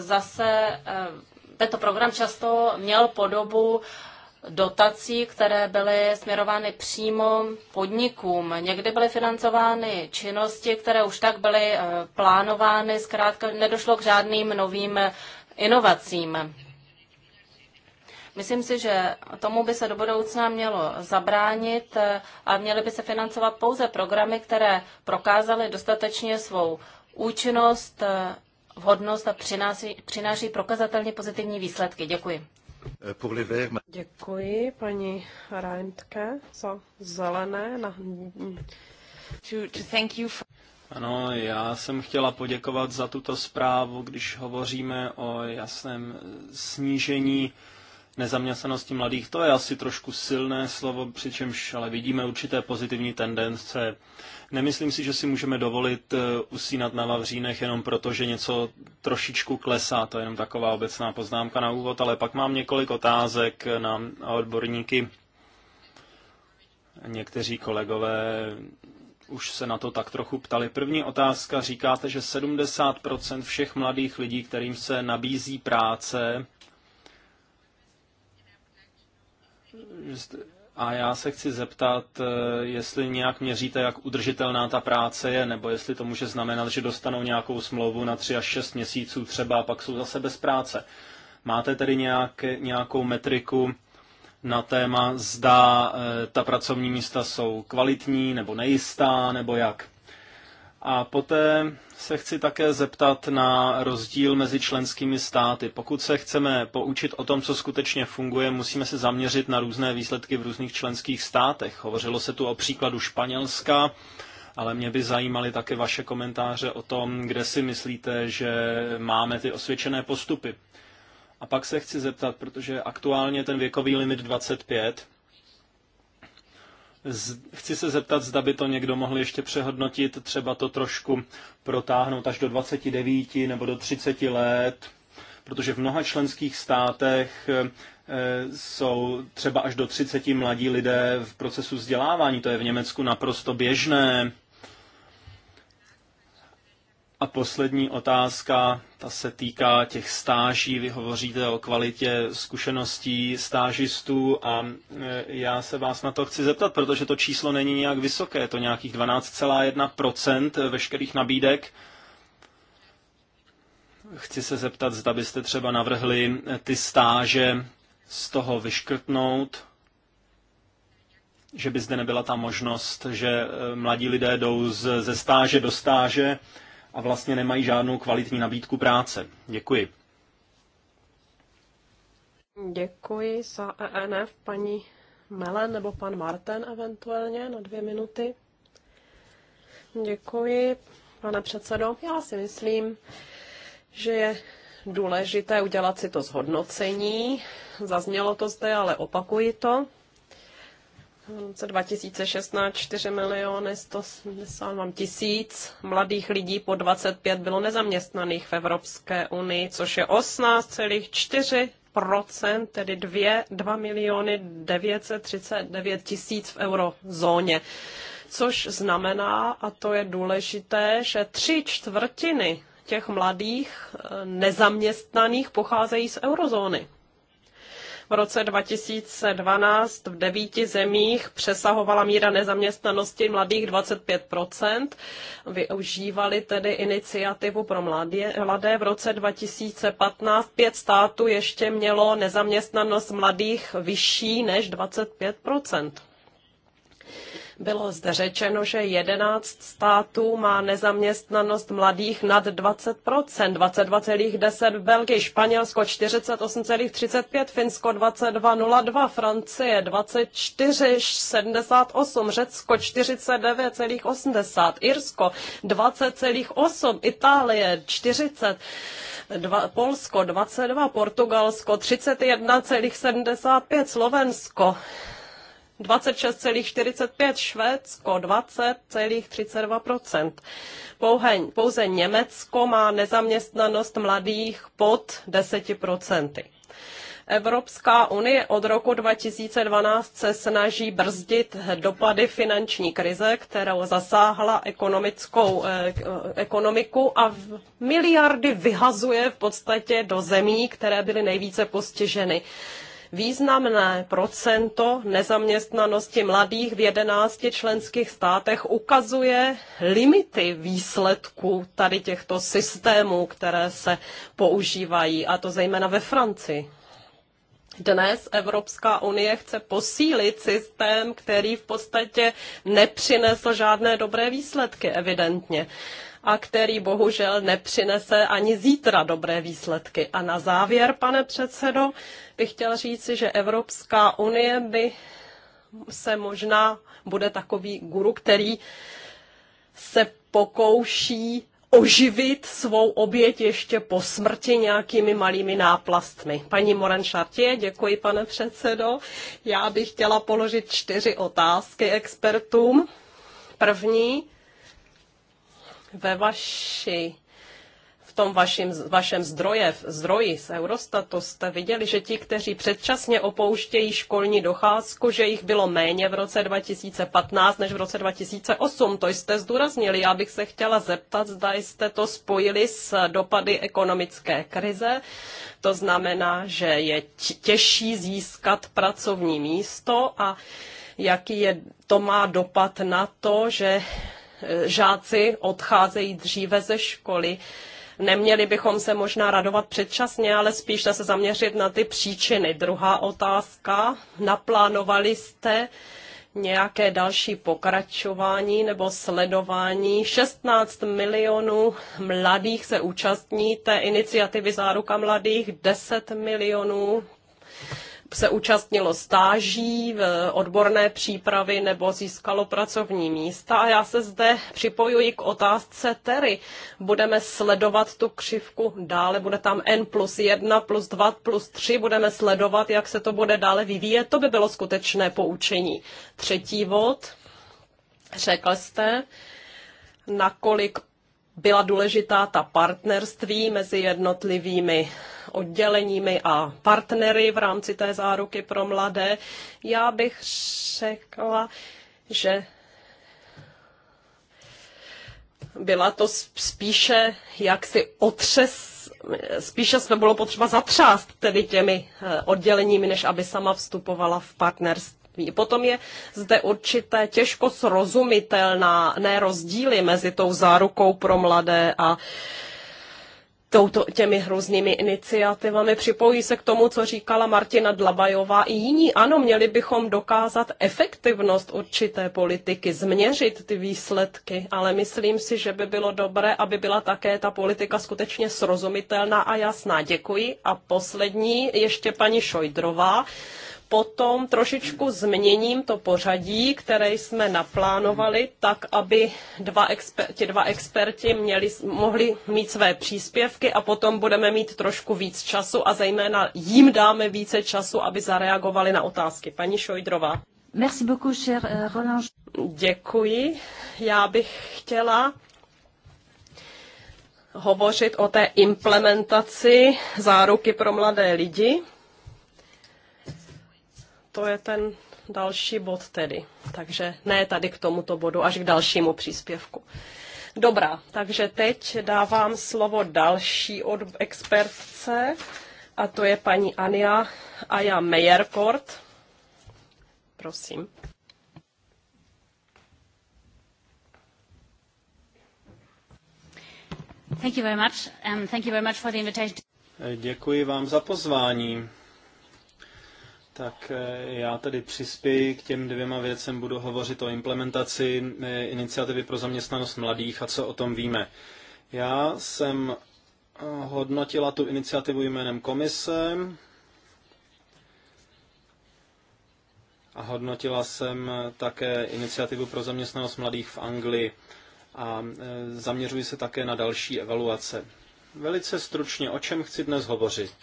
Speaker 3: zase eh, tento program často měl podobu dotací, které byly směrovány přímo podnikům. Někdy byly financovány činnosti, které už tak byly eh, plánovány, zkrátka nedošlo k žádným novým eh, inovacím. Myslím si, že tomu by se do budoucna mělo zabránit eh, a měly by se financovat pouze programy, které prokázaly dostatečně svou účinnost, vhodnost a přináší, přináší prokazatelně pozitivní výsledky. Děkuji. Děkuji paní Reintke Co
Speaker 4: zelené. Na... To, to thank you for...
Speaker 2: Ano, já jsem chtěla poděkovat za tuto zprávu, když hovoříme o jasném snížení nezaměstnanosti mladých. To je asi trošku silné slovo, přičemž ale vidíme určité pozitivní tendence. Nemyslím si, že si můžeme dovolit eh, usínat na Vavřínech jenom proto, že něco trošičku klesá. To je jenom taková obecná poznámka na úvod, ale pak mám několik otázek eh, na odborníky. Někteří kolegové už se na to tak trochu ptali. První otázka, říkáte, že 70% všech mladých lidí, kterým se nabízí práce, A já se chci zeptat, eh, jestli nějak měříte, jak udržitelná ta práce je, nebo jestli to může znamenat, že dostanou nějakou smlouvu na 3 až 6 měsíců třeba a pak jsou zase bez práce. Máte tedy nějak, nějakou metriku na téma, zda eh, ta pracovní místa jsou kvalitní nebo nejistá, nebo jak? A poté se chci také zeptat na rozdíl mezi členskými státy. Pokud se chceme poučit o tom, co skutečně funguje, musíme se zaměřit na různé výsledky v různých členských státech. Hovořilo se tu o příkladu Španělska, ale mě by zajímaly také vaše komentáře o tom, kde si myslíte, že máme ty osvědčené postupy. A pak se chci zeptat, protože aktuálně ten věkový limit 25, Chci se zeptat, zda by to někdo mohl ještě přehodnotit, třeba to trošku protáhnout až do 29 nebo do 30 let, protože v mnoha členských státech eh, jsou třeba až do 30 mladí lidé v procesu vzdělávání. To je v Německu naprosto běžné. A poslední otázka, ta se týká těch stáží. Vy hovoříte o kvalitě zkušeností stážistů a e, já se vás na to chci zeptat, protože to číslo není nějak vysoké, je to nějakých 12,1% veškerých nabídek. Chci se zeptat, zda byste třeba navrhli ty stáže z toho vyškrtnout, že by zde nebyla ta možnost, že e, mladí lidé jdou ze stáže do stáže, a vlastně nemají žádnou kvalitní nabídku práce. Děkuji.
Speaker 4: Děkuji za ENF paní Melen nebo pan Marten eventuálně na dvě minuty. Děkuji, pane předsedo. Já si myslím, že je důležité udělat si to zhodnocení. Zaznělo to zde, ale opakuji to v roce 2016 4 miliony 172 tisíc mladých lidí po 25 bylo nezaměstnaných v Evropské unii, což je 18,4 tedy 2, 2 miliony 939 tisíc v eurozóně. Což znamená, a to je důležité, že tři čtvrtiny těch mladých eh, nezaměstnaných pocházejí z eurozóny. V roce 2012 v devíti zemích přesahovala míra nezaměstnanosti mladých 25 Využívali tedy iniciativu pro mladé. mladé. V roce 2015 pět států ještě mělo nezaměstnanost mladých vyšší než 25 bylo zde řečeno, že 11 států má nezaměstnanost mladých nad 20%, 22,10 v Belgii, Španělsko 48,35, Finsko 22,02, Francie 24,78, Řecko 49,80, Irsko 20,8, Itálie 40 dva, Polsko 22, Portugalsko 31,75, Slovensko 26,45, Švédsko 20,32%. Pouze, pouze Německo má nezaměstnanost mladých pod 10%. Evropská unie od roku 2012 se snaží brzdit dopady finanční krize, kterou zasáhla ekonomickou eh, ekonomiku a miliardy vyhazuje v podstatě do zemí, které byly nejvíce postiženy. Významné procento nezaměstnanosti mladých v 11 členských státech ukazuje limity výsledků tady těchto systémů, které se používají, a to zejména ve Francii. Dnes Evropská unie chce posílit systém, který v podstatě nepřinesl žádné dobré výsledky, evidentně. Uh, a který bohužel nepřinese ani zítra dobré výsledky. A na závěr, pane předsedo, bych chtěl říci, že Evropská unie by se možná bude takový guru, který se pokouší oživit svou oběť ještě po smrti nějakými malými náplastmi. Paní Moran Šartě, děkuji pane předsedo. Já bych chtěla položit čtyři otázky expertům. První, ve vaši, v tom vašim, vašem zdroje, v zdroji z Eurostatu jste viděli, že ti, kteří předčasně opouštějí školní docházku, že jich bylo méně v roce 2015 než v roce 2008. To jste zdůraznili. Já bych se chtěla zeptat, zda jste to spojili s dopady ekonomické krize. To znamená, že je těžší získat pracovní místo a jaký je, to má dopad na to, že žáci odcházejí dříve ze školy. Neměli bychom se možná radovat předčasně, ale spíš se zaměřit na ty příčiny. Druhá otázka. Naplánovali jste nějaké další pokračování nebo sledování. 16 milionů mladých se účastní té iniciativy Záruka mladých, 10 milionů se účastnilo stáží, odborné přípravy nebo získalo pracovní místa. A já se zde připojuji k otázce Terry. Budeme sledovat tu křivku dále, bude tam N plus 1, plus 2, plus 3, budeme sledovat, jak se to bude dále vyvíjet. To by bylo skutečné poučení. Třetí vod, řekl jste, nakolik byla důležitá ta partnerství mezi jednotlivými odděleními a partnery v rámci té záruky pro mladé. Já bych řekla, že byla to spíše jaksi otřes spíše jsme bylo potřeba zatřást tedy těmi eh, odděleními, než aby sama vstupovala v partnerství Potom je zde určité těžko srozumitelná rozdíly mezi tou zárukou pro mladé a touto, těmi hrůznými iniciativami. Připojí se k tomu, co říkala Martina Dlabajová i jiní. Ano, měli bychom dokázat efektivnost určité politiky, změřit ty výsledky, ale myslím si, že by bylo dobré, aby byla také ta politika skutečně srozumitelná a jasná. Děkuji. A poslední ještě paní Šojdrová potom trošičku změním to pořadí, které jsme naplánovali, tak, aby dva exper- ti dva experti měli, mohli mít své příspěvky a potom budeme mít trošku víc času a zejména jim dáme více času, aby zareagovali na otázky. Paní Šojdrova.
Speaker 1: Merci beaucoup, cher eh, Roland.
Speaker 4: Děkuji.
Speaker 1: Já bych chtěla
Speaker 4: hovořit o té implementaci záruky pro mladé lidi to je ten další bod tedy. Takže ne tady k tomuto bodu, až k dalšímu příspěvku. Dobrá, takže teď dávám slovo další od expertce, a to je paní Anja Aja Meyerkort. Prosím.
Speaker 3: Thank you very much. Um, thank you very much for the invitation.
Speaker 2: Děkuji vám za pozvání. Tak eh, já tedy přispěji k těm dvěma věcem. Budu hovořit o implementaci eh, iniciativy pro zaměstnanost mladých a co o tom víme. Já jsem eh, hodnotila tu iniciativu jménem komise a hodnotila jsem také iniciativu pro zaměstnanost mladých v Anglii a zaměřuji se také na další evaluace. Velice stručně, o čem chci dnes hovořit?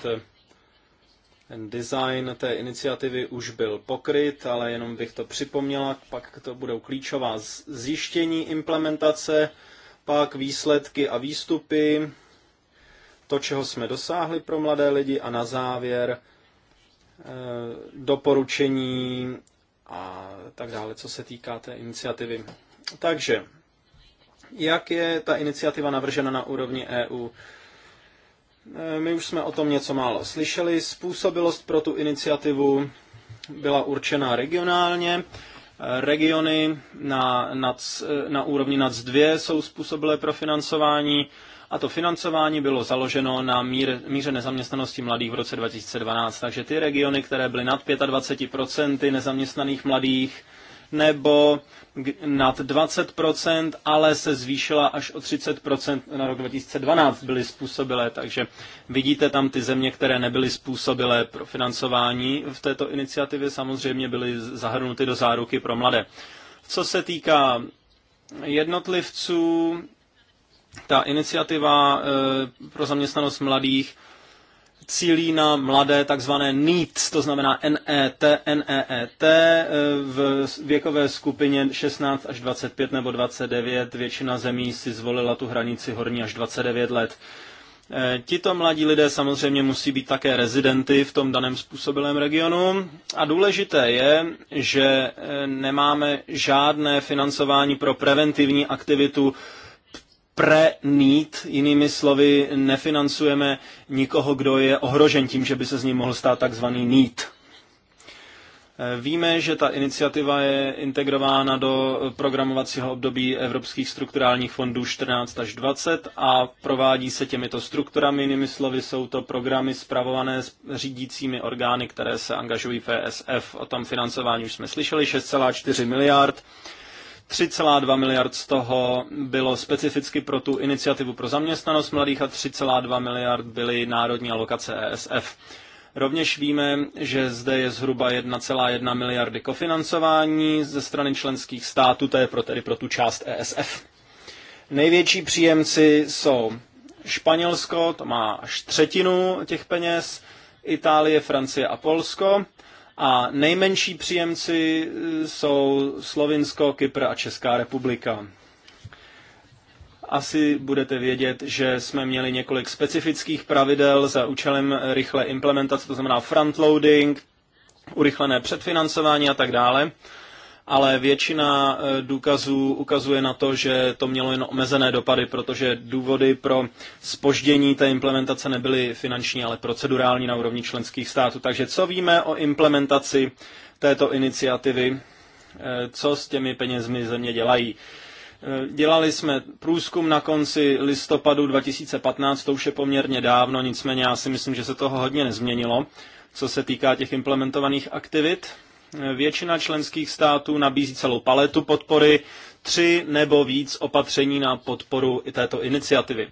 Speaker 2: Ten design té iniciativy už byl pokryt, ale jenom bych to připomněla, pak to budou klíčová zjištění implementace, pak výsledky a výstupy, to, čeho jsme dosáhli pro mladé lidi a na závěr eh, doporučení a tak dále, co se týká té iniciativy. Takže, jak je ta iniciativa navržena na úrovni EU? Eh, my už jsme o tom něco málo slyšeli. Způsobilost pro tu iniciativu byla určena regionálně. Eh, regiony na, NAC, na úrovni NAC 2 jsou způsobilé pro financování a to financování bylo založeno na mír, míře nezaměstnanosti mladých v roce 2012. Takže ty regiony, které byly nad 25% nezaměstnaných mladých nebo nad 20%, ale se zvýšila až o 30% na rok 2012 byly způsobilé, takže vidíte tam ty země, které nebyly způsobilé pro financování v této iniciativě, samozřejmě byly zahrnuty do záruky pro mladé. Co se týká jednotlivců, ta iniciativa eh, pro zaměstnanost mladých cílí na mladé takzvané NEET, to znamená NET, NEET eh, v věkové skupině 16 až 25 nebo 29. Většina zemí si zvolila tu hranici horní až 29 let. Eh, tito mladí lidé samozřejmě musí být také rezidenty v tom daném způsobilém regionu. A důležité je, že eh, nemáme žádné financování pro preventivní aktivitu pre-need, jinými slovy, nefinancujeme nikoho, kdo je ohrožen tím, že by se z ním mohl stát takzvaný need. Víme, že ta iniciativa je integrována do programovacího období evropských strukturálních fondů 14 až 20 a provádí se těmito strukturami, jinými slovy jsou to programy spravované s řídícími orgány, které se angažují v ESF. O tom financování už jsme slyšeli, 6,4 miliard 3,2 miliard z toho bylo specificky pro tu iniciativu pro zaměstnanost mladých a 3,2 miliard byly národní alokace ESF. Rovněž víme, že zde je zhruba 1,1 miliardy kofinancování ze strany členských států, to je pro, tedy pro tu část ESF. Největší příjemci jsou Španělsko, to má až třetinu těch peněz, Itálie, Francie a Polsko a nejmenší příjemci eh, jsou Slovinsko, Kypr a Česká republika. Asi budete vědět, že jsme měli několik specifických pravidel za účelem rychlé implementace, to znamená frontloading, urychlené předfinancování a tak dále ale většina eh, důkazů ukazuje na to, že to mělo jen omezené dopady, protože důvody pro spoždění té implementace nebyly finanční, ale procedurální na úrovni členských států. Takže co víme o implementaci této iniciativy, eh, co s těmi penězmi země dělají? Eh, dělali jsme průzkum na konci listopadu 2015, to už je poměrně dávno, nicméně já si myslím, že se toho hodně nezměnilo, co se týká těch implementovaných aktivit. Většina členských států nabízí celou paletu podpory, tři nebo víc opatření na podporu i této iniciativy.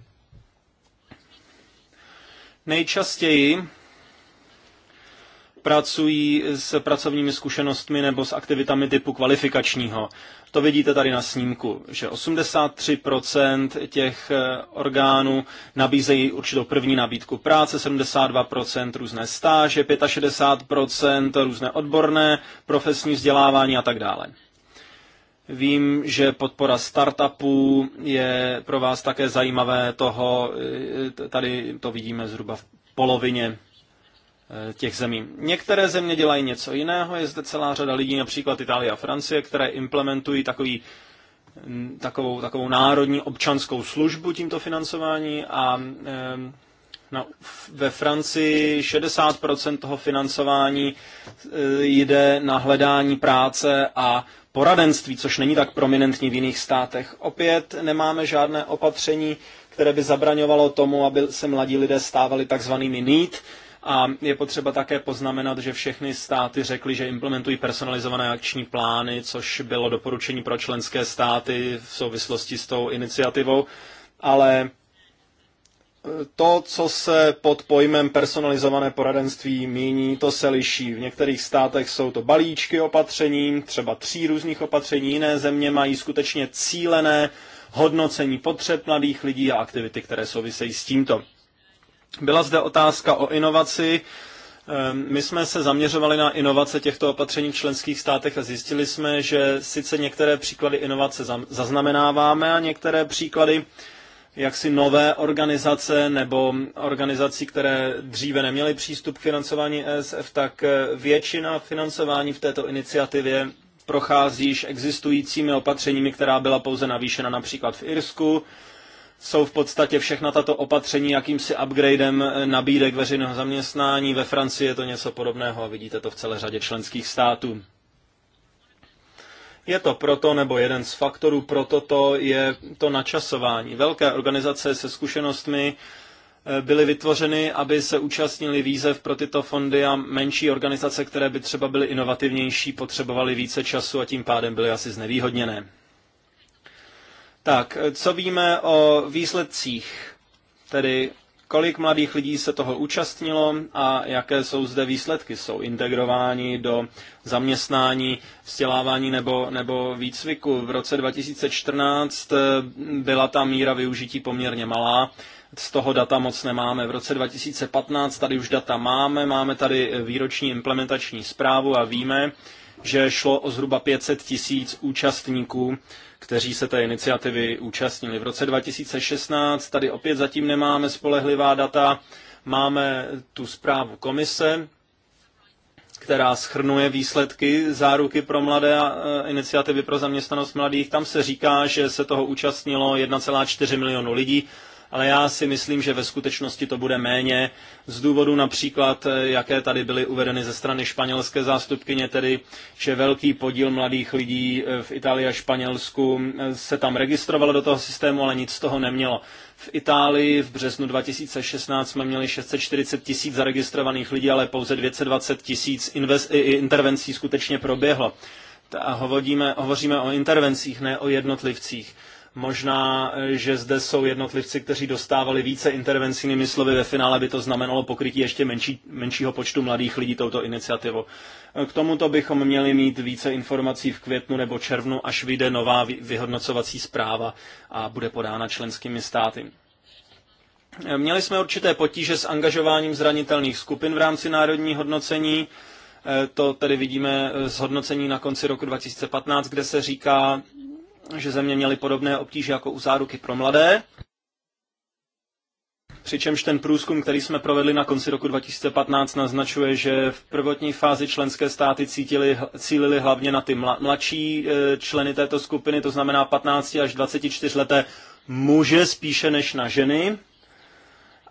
Speaker 2: Nejčastěji pracují s pracovními zkušenostmi nebo s aktivitami typu kvalifikačního. To vidíte tady na snímku, že 83% těch eh, orgánů nabízejí určitou první nabídku práce, 72% různé stáže, 65% různé odborné, profesní vzdělávání a tak dále. Vím, že podpora startupů je pro vás také zajímavé toho, eh, tady to vidíme zhruba v polovině Eh, těch zemí. Některé země dělají něco jiného, je zde celá řada lidí, například Itálie a Francie, které implementují takový, takovou, takovou národní občanskou službu tímto financování a eh, na, ve Francii 60% toho financování eh, jde na hledání práce a poradenství, což není tak prominentní v jiných státech. Opět nemáme žádné opatření, které by zabraňovalo tomu, aby se mladí lidé stávali takzvanými need, a je potřeba také poznamenat, že všechny státy řekly, že implementují personalizované akční plány, což bylo doporučení pro členské státy v souvislosti s tou iniciativou. Ale eh, to, co se pod pojmem personalizované poradenství míní, to se liší. V některých státech jsou to balíčky opatření, třeba tří různých opatření, jiné země mají skutečně cílené hodnocení potřeb mladých lidí a aktivity, které souvisejí s tímto. Byla zde otázka o inovaci. Ehm, my jsme se zaměřovali na inovace těchto opatření v členských státech a zjistili jsme, že sice některé příklady inovace zaznamenáváme a některé příklady jaksi nové organizace nebo organizací, které dříve neměly přístup k financování ESF, tak eh, většina financování v této iniciativě prochází již existujícími opatřeními, která byla pouze navýšena například v Irsku, jsou v podstatě všechna tato opatření jakýmsi upgradem eh, nabídek veřejného zaměstnání. Ve Francii je to něco podobného a vidíte to v celé řadě členských států. Je to proto, nebo jeden z faktorů pro toto je to načasování. Velké organizace se zkušenostmi eh, byly vytvořeny, aby se účastnili výzev pro tyto fondy a menší organizace, které by třeba byly inovativnější, potřebovaly více času a tím pádem byly asi znevýhodněné. Tak, eh, co víme o výsledcích? Tedy kolik mladých lidí se toho účastnilo a jaké jsou zde výsledky? Jsou integrováni do zaměstnání, vzdělávání nebo, nebo výcviku? V roce 2014 eh, byla ta míra využití poměrně malá, z toho data moc nemáme. V roce 2015 tady už data máme, máme tady eh, výroční implementační zprávu a víme, že šlo o zhruba 500 tisíc účastníků kteří se té iniciativy účastnili. V roce 2016 tady opět zatím nemáme spolehlivá data, máme tu zprávu komise, která schrnuje výsledky záruky pro mladé a e, iniciativy pro zaměstnanost mladých. Tam se říká, že se toho účastnilo 1,4 milionu lidí ale já si myslím, že ve skutečnosti to bude méně z důvodu například, eh, jaké tady byly uvedeny ze strany španělské zástupkyně, tedy, že velký podíl mladých lidí eh, v Itálii a Španělsku eh, se tam registrovalo do toho systému, ale nic z toho nemělo. V Itálii v březnu 2016 jsme měli 640 tisíc zaregistrovaných lidí, ale pouze 220 tisíc intervencí skutečně proběhlo. A hovoříme, hovoříme o intervencích, ne o jednotlivcích. Možná, eh, že zde jsou jednotlivci, kteří dostávali více intervencí, nimi slovy ve finále by to znamenalo pokrytí ještě menší, menšího počtu mladých lidí touto iniciativou. Eh, k tomuto bychom měli mít více informací v květnu nebo červnu, až vyjde nová vyhodnocovací zpráva a bude podána členskými státy. Eh, měli jsme určité potíže s angažováním zranitelných skupin v rámci národní hodnocení. To tedy vidíme z hodnocení na konci roku 2015, kde se říká, že země měly podobné obtíže jako u záruky pro mladé. Přičemž ten průzkum, který jsme provedli na konci roku 2015, naznačuje, že v prvotní fázi členské státy cítili, cílili hlavně na ty mladší e, členy této skupiny, to znamená 15 až 24 leté muže spíše než na ženy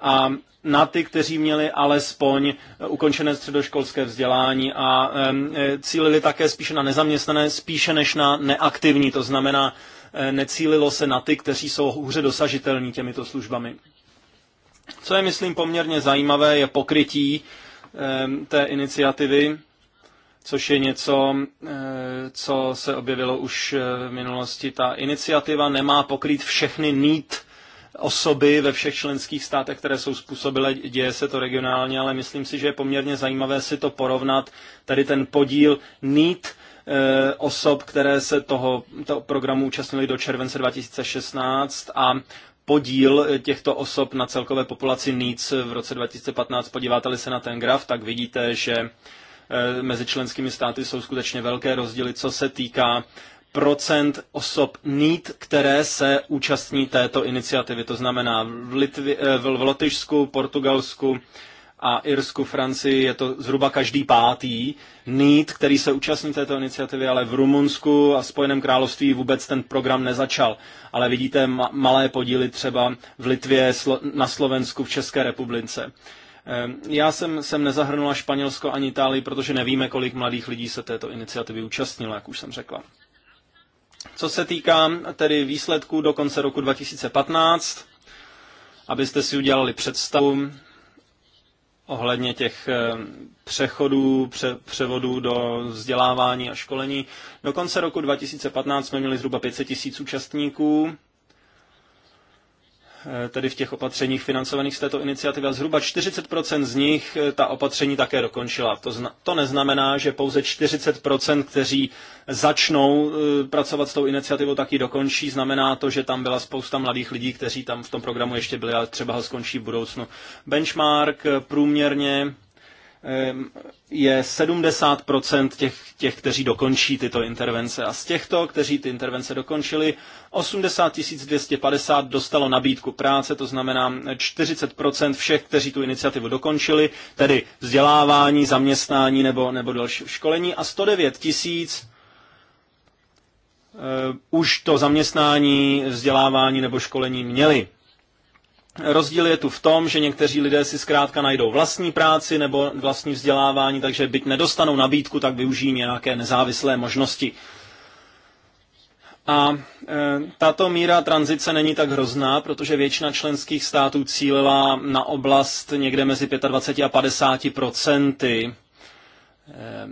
Speaker 2: a na ty, kteří měli alespoň eh, ukončené středoškolské vzdělání a eh, cílili také spíše na nezaměstnané, spíše než na neaktivní. To znamená, eh, necílilo se na ty, kteří jsou hůře dosažitelní těmito službami. Co je, myslím, poměrně zajímavé, je pokrytí té iniciativy, což je něco, co se objevilo už v minulosti. Ta iniciativa nemá pokrýt všechny need osoby ve všech členských státech, které jsou způsobile, děje se to regionálně, ale myslím si, že je poměrně zajímavé si to porovnat, tady ten podíl NEET, eh, osob, které se toho, toho programu účastnili do července 2016 a podíl eh, těchto osob na celkové populaci NEEDS v roce 2015. Podíváte-li se na ten graf, tak vidíte, že eh, mezi členskými státy jsou skutečně velké rozdíly, co se týká procent osob NEED, které se účastní této iniciativy. To znamená v, Litvi, eh, v, v Lotyšsku, Portugalsku a Irsku, Francii je to zhruba každý pátý NEED, který se účastní této iniciativy, ale v Rumunsku a Spojeném království vůbec ten program nezačal. Ale vidíte ma, malé podíly třeba v Litvě, slo, na Slovensku, v České republice. Eh, já jsem, jsem nezahrnula Španělsko ani Itálii, protože nevíme, kolik mladých lidí se této iniciativy účastnilo, jak už jsem řekla. Co se týká tedy výsledků do konce roku 2015, abyste si udělali představu ohledně těch eh, přechodů, pře- převodů do vzdělávání a školení. Do konce roku 2015 jsme měli zhruba 500 tisíc účastníků Eh, tedy v těch opatřeních financovaných z této iniciativy, a zhruba 40% z nich eh, ta opatření také dokončila. To, zna, to neznamená, že pouze 40%, kteří začnou eh, pracovat s tou iniciativou, tak ji dokončí. Znamená to, že tam byla spousta mladých lidí, kteří tam v tom programu ještě byli a třeba ho skončí v budoucnu. Benchmark průměrně je 70% těch, těch, kteří dokončí tyto intervence. A z těchto, kteří ty intervence dokončili, 80 250 dostalo nabídku práce, to znamená 40% všech, kteří tu iniciativu dokončili, tedy vzdělávání, zaměstnání nebo, nebo další školení. A 109 tisíc eh, už to zaměstnání, vzdělávání nebo školení měli. Rozdíl je tu v tom, že někteří lidé si zkrátka najdou vlastní práci nebo vlastní vzdělávání, takže byť nedostanou nabídku, tak využijí nějaké nezávislé možnosti. A e, tato míra tranzice není tak hrozná, protože většina členských států cílila na oblast někde mezi 25 a 50 procenty. E,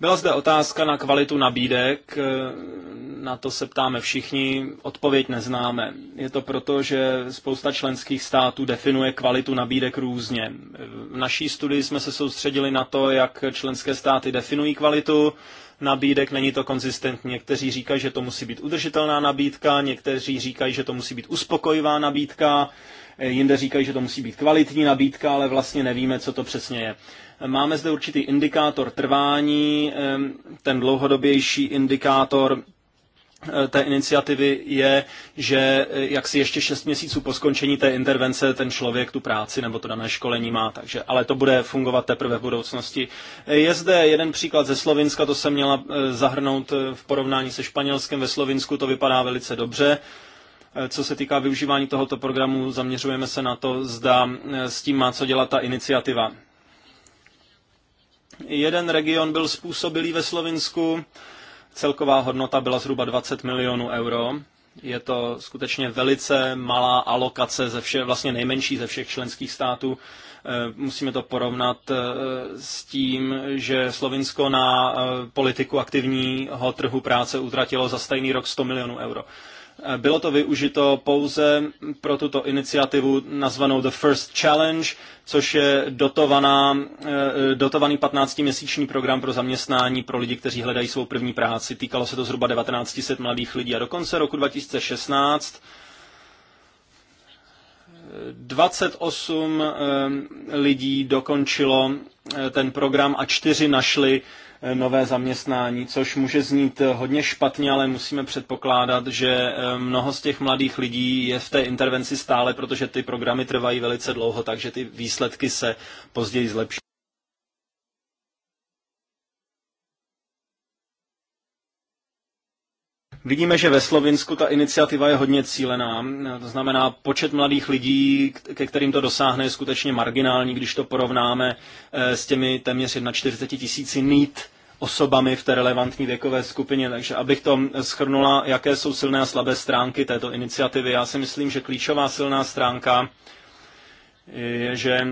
Speaker 2: Byla zde otázka na kvalitu nabídek, eh, na to se ptáme všichni, odpověď neznáme. Je to proto, že spousta členských států definuje kvalitu nabídek různě. V naší studii jsme se soustředili na to, jak členské státy definují kvalitu nabídek, není to konzistentní. Někteří říkají, že to musí být udržitelná nabídka, někteří říkají, že to musí být uspokojivá nabídka, Eh, jinde říkají, že to musí být kvalitní nabídka, ale vlastně nevíme, co to přesně je. Máme zde určitý indikátor trvání, ten dlouhodobější indikátor eh, té iniciativy je, že eh, jak si ještě 6 měsíců po skončení té intervence ten člověk tu práci nebo to dané školení má, takže, ale to bude fungovat teprve v budoucnosti. Je zde jeden příklad ze Slovinska, to se měla zahrnout v porovnání se Španělskem. Ve Slovinsku to vypadá velice dobře. Eh, co se týká využívání tohoto programu, zaměřujeme se na to, zda eh, s tím má co dělat ta iniciativa. Jeden region byl způsobilý ve Slovinsku, celková hodnota byla zhruba 20 milionů euro. Je to skutečně velice malá alokace, ze vše, vlastně nejmenší ze všech členských států. Eh, musíme to porovnat s tím, že Slovinsko na politiku aktivního trhu práce utratilo za stejný rok 100 milionů euro. Eh, bylo to využito pouze pro tuto iniciativu nazvanou The First Challenge, což je dotovaná, eh, dotovaný 15-měsíční program pro zaměstnání pro lidi, kteří hledají svou první práci. Týkalo se to zhruba 1900 mladých lidí a do konce roku 2016 28 eh, lidí dokončilo ten program a čtyři našli Eh, nové zaměstnání, což může znít eh, hodně špatně, ale musíme předpokládat, že eh, mnoho z těch mladých lidí je v té intervenci stále, protože ty programy trvají velice dlouho, takže ty výsledky se později zlepší. Vidíme, že ve Slovinsku ta iniciativa je hodně cílená. To znamená, počet mladých lidí, ke kterým to dosáhne, je skutečně marginální, když to porovnáme eh, s těmi téměř 41 tisíci nít osobami v té relevantní věkové skupině. Takže abych to eh, schrnula, jaké jsou silné a slabé stránky této iniciativy. Já si myslím, že klíčová silná stránka je, že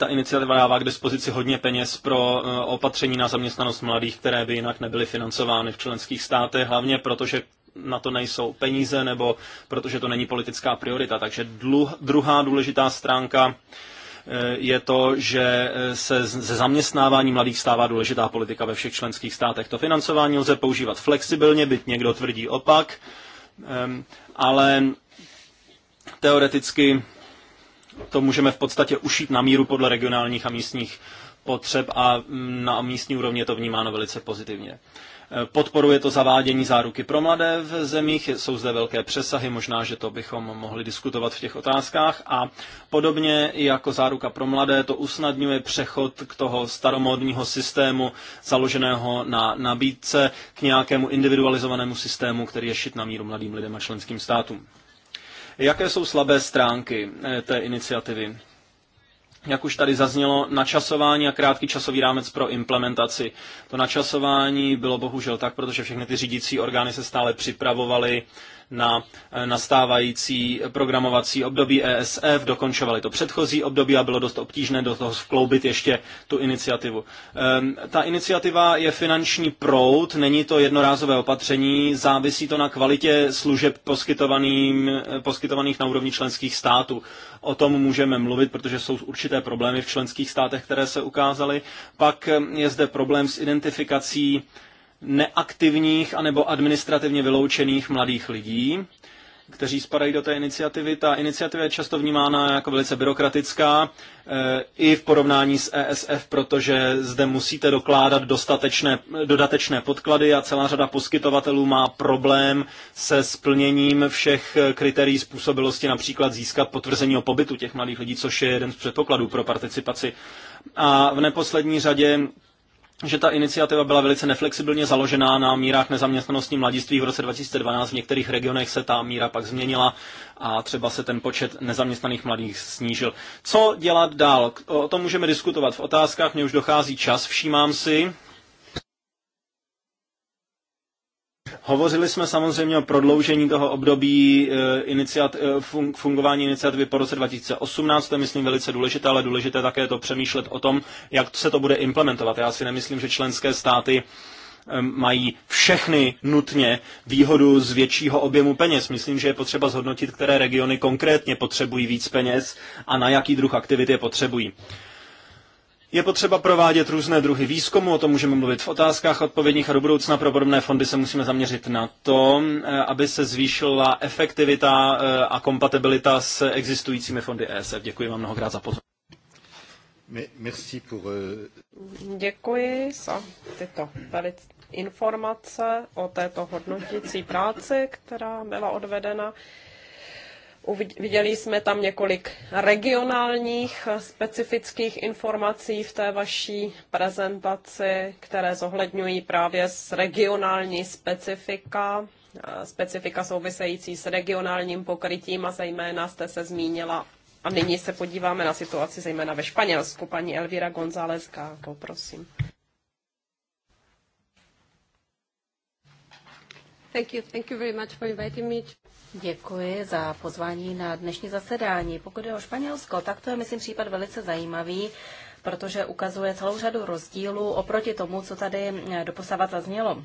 Speaker 2: ta iniciativa dává k dispozici hodně peněz pro eh, opatření na zaměstnanost mladých, které by jinak nebyly financovány v členských státech, hlavně protože na to nejsou peníze nebo protože to není politická priorita. Takže druhá důležitá stránka eh, je to, že eh, se ze zaměstnávání mladých stává důležitá politika ve všech členských státech. To financování lze používat flexibilně, byť někdo tvrdí opak, ehm, ale teoreticky to můžeme v podstatě ušít na míru podle regionálních a místních potřeb a mm, na místní úrovni je to vnímáno velice pozitivně. E, podporuje to zavádění záruky pro mladé v zemích, jsou zde velké přesahy, možná, že to bychom mohli diskutovat v těch otázkách a podobně jako záruka pro mladé to usnadňuje přechod k toho staromodního systému založeného na nabídce k nějakému individualizovanému systému, který je šit na míru mladým lidem a členským státům. Jaké jsou slabé stránky eh, té iniciativy? Jak už tady zaznělo, načasování a krátký časový rámec pro implementaci. To načasování bylo bohužel tak, protože všechny ty řídící orgány se stále připravovaly na eh, nastávající programovací období ESF, dokončovali to předchozí období a bylo dost obtížné do toho vkloubit ještě tu iniciativu. Ehm, ta iniciativa je finanční prout, není to jednorázové opatření, závisí to na kvalitě služeb eh, poskytovaných na úrovni členských států. O tom můžeme mluvit, protože jsou určité problémy v členských státech, které se ukázaly. Pak ehm, je zde problém s identifikací neaktivních anebo administrativně vyloučených mladých lidí, kteří spadají do té iniciativy. Ta iniciativa je často vnímána jako velice byrokratická eh, i v porovnání s ESF, protože zde musíte dokládat dostatečné, dodatečné podklady a celá řada poskytovatelů má problém se splněním všech kritérií způsobilosti, například získat potvrzení o pobytu těch mladých lidí, což je jeden z předpokladů pro participaci. A v neposlední řadě že ta iniciativa byla velice neflexibilně založená na mírách nezaměstnanosti mladiství v roce 2012. V některých regionech se ta míra pak změnila a třeba se ten počet nezaměstnaných mladých snížil. Co dělat dál? O tom můžeme diskutovat v otázkách, mně už dochází čas, všímám si, Hovořili jsme samozřejmě o prodloužení toho období eh, iniciat, eh, fungování iniciativy po roce 2018, to je myslím velice důležité, ale důležité také to přemýšlet o tom, jak se to bude implementovat. Já si nemyslím, že členské státy ehm, mají všechny nutně výhodu z většího objemu peněz. Myslím, že je potřeba zhodnotit, které regiony konkrétně potřebují víc peněz a na jaký druh aktivit je potřebují. Je potřeba provádět různé druhy výzkumu, o tom můžeme mluvit v otázkách odpovědních a do budoucna pro podobné fondy se musíme zaměřit na to, eh, aby se zvýšila efektivita eh, a kompatibilita s existujícími fondy ESF. Děkuji vám mnohokrát za pozornost. Merci pour...
Speaker 4: Eh, Děkuji za tyto informace o této hodnotící práci, která byla odvedena. Viděli jsme tam několik regionálních eh, specifických informací v té vaší prezentaci, které zohledňují právě s regionální specifika, eh, specifika související s regionálním pokrytím a zejména jste se zmínila. A nyní se podíváme na situaci zejména ve Španělsku. Paní Elvira González poprosím. prosím.
Speaker 1: Thank you. Thank you very much for inviting me. Děkuji
Speaker 3: za pozvání na dnešní zasedání. Pokud je o Španělsko, tak to je, myslím, případ velice zajímavý, protože ukazuje celou řadu rozdílů oproti tomu, co tady eh, doposavat zaznělo.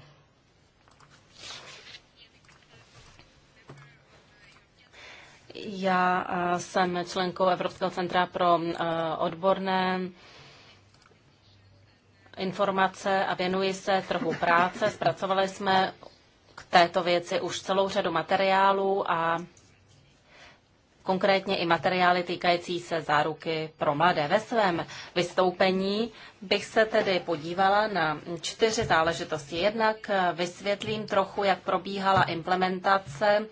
Speaker 3: Já eh, jsem členkou Evropského centra pro eh, odborné informace a věnuji se trhu práce. Zpracovali jsme k této věci už celou řadu materiálů a konkrétně i materiály týkající se záruky pro mladé. Ve svém vystoupení bych se tedy podívala na čtyři záležitosti. Jednak vysvětlím trochu, jak probíhala implementace,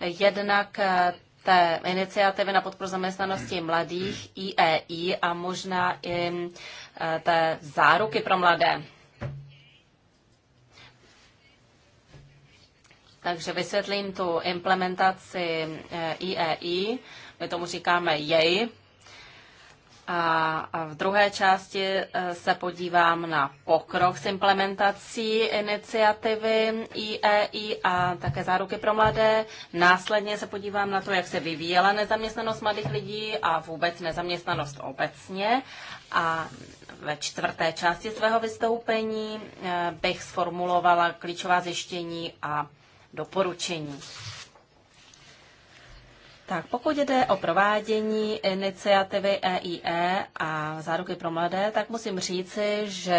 Speaker 3: jednak té iniciativy na podporu zaměstnanosti mladých IEI e a možná i té záruky pro mladé. Takže vysvětlím tu implementaci IEI, eh, e my tomu říkáme jej. E a v druhé části eh, se podívám na pokrok s implementací iniciativy IEI e a také záruky pro mladé. Následně se podívám na to, jak se vyvíjela nezaměstnanost mladých lidí a vůbec nezaměstnanost obecně. A ve čtvrté části svého vystoupení eh, bych sformulovala klíčová zjištění a doporučení. Tak pokud jde o provádění iniciativy EIE e a záruky pro mladé, tak musím říci, že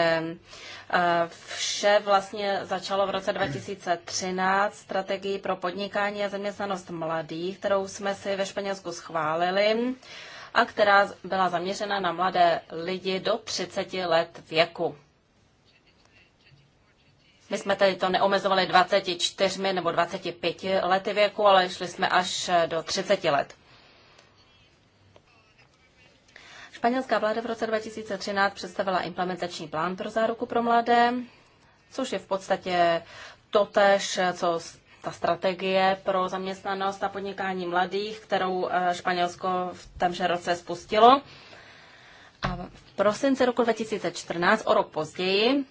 Speaker 3: eh, vše vlastně začalo v roce 2013 strategii pro podnikání a zaměstnanost mladých, kterou jsme si ve Španělsku schválili a která byla zaměřena na mladé lidi do 30 let věku. My jsme tady to neomezovali 24 nebo 25 lety věku, ale šli jsme až eh, do 30 let. Španělská vláda v roce 2013 představila implementační plán pro záruku pro mladé, což je v podstatě totež, eh, co ta strategie pro zaměstnanost a podnikání mladých, kterou eh, Španělsko v témže roce spustilo. A v prosinci roku 2014, o rok později,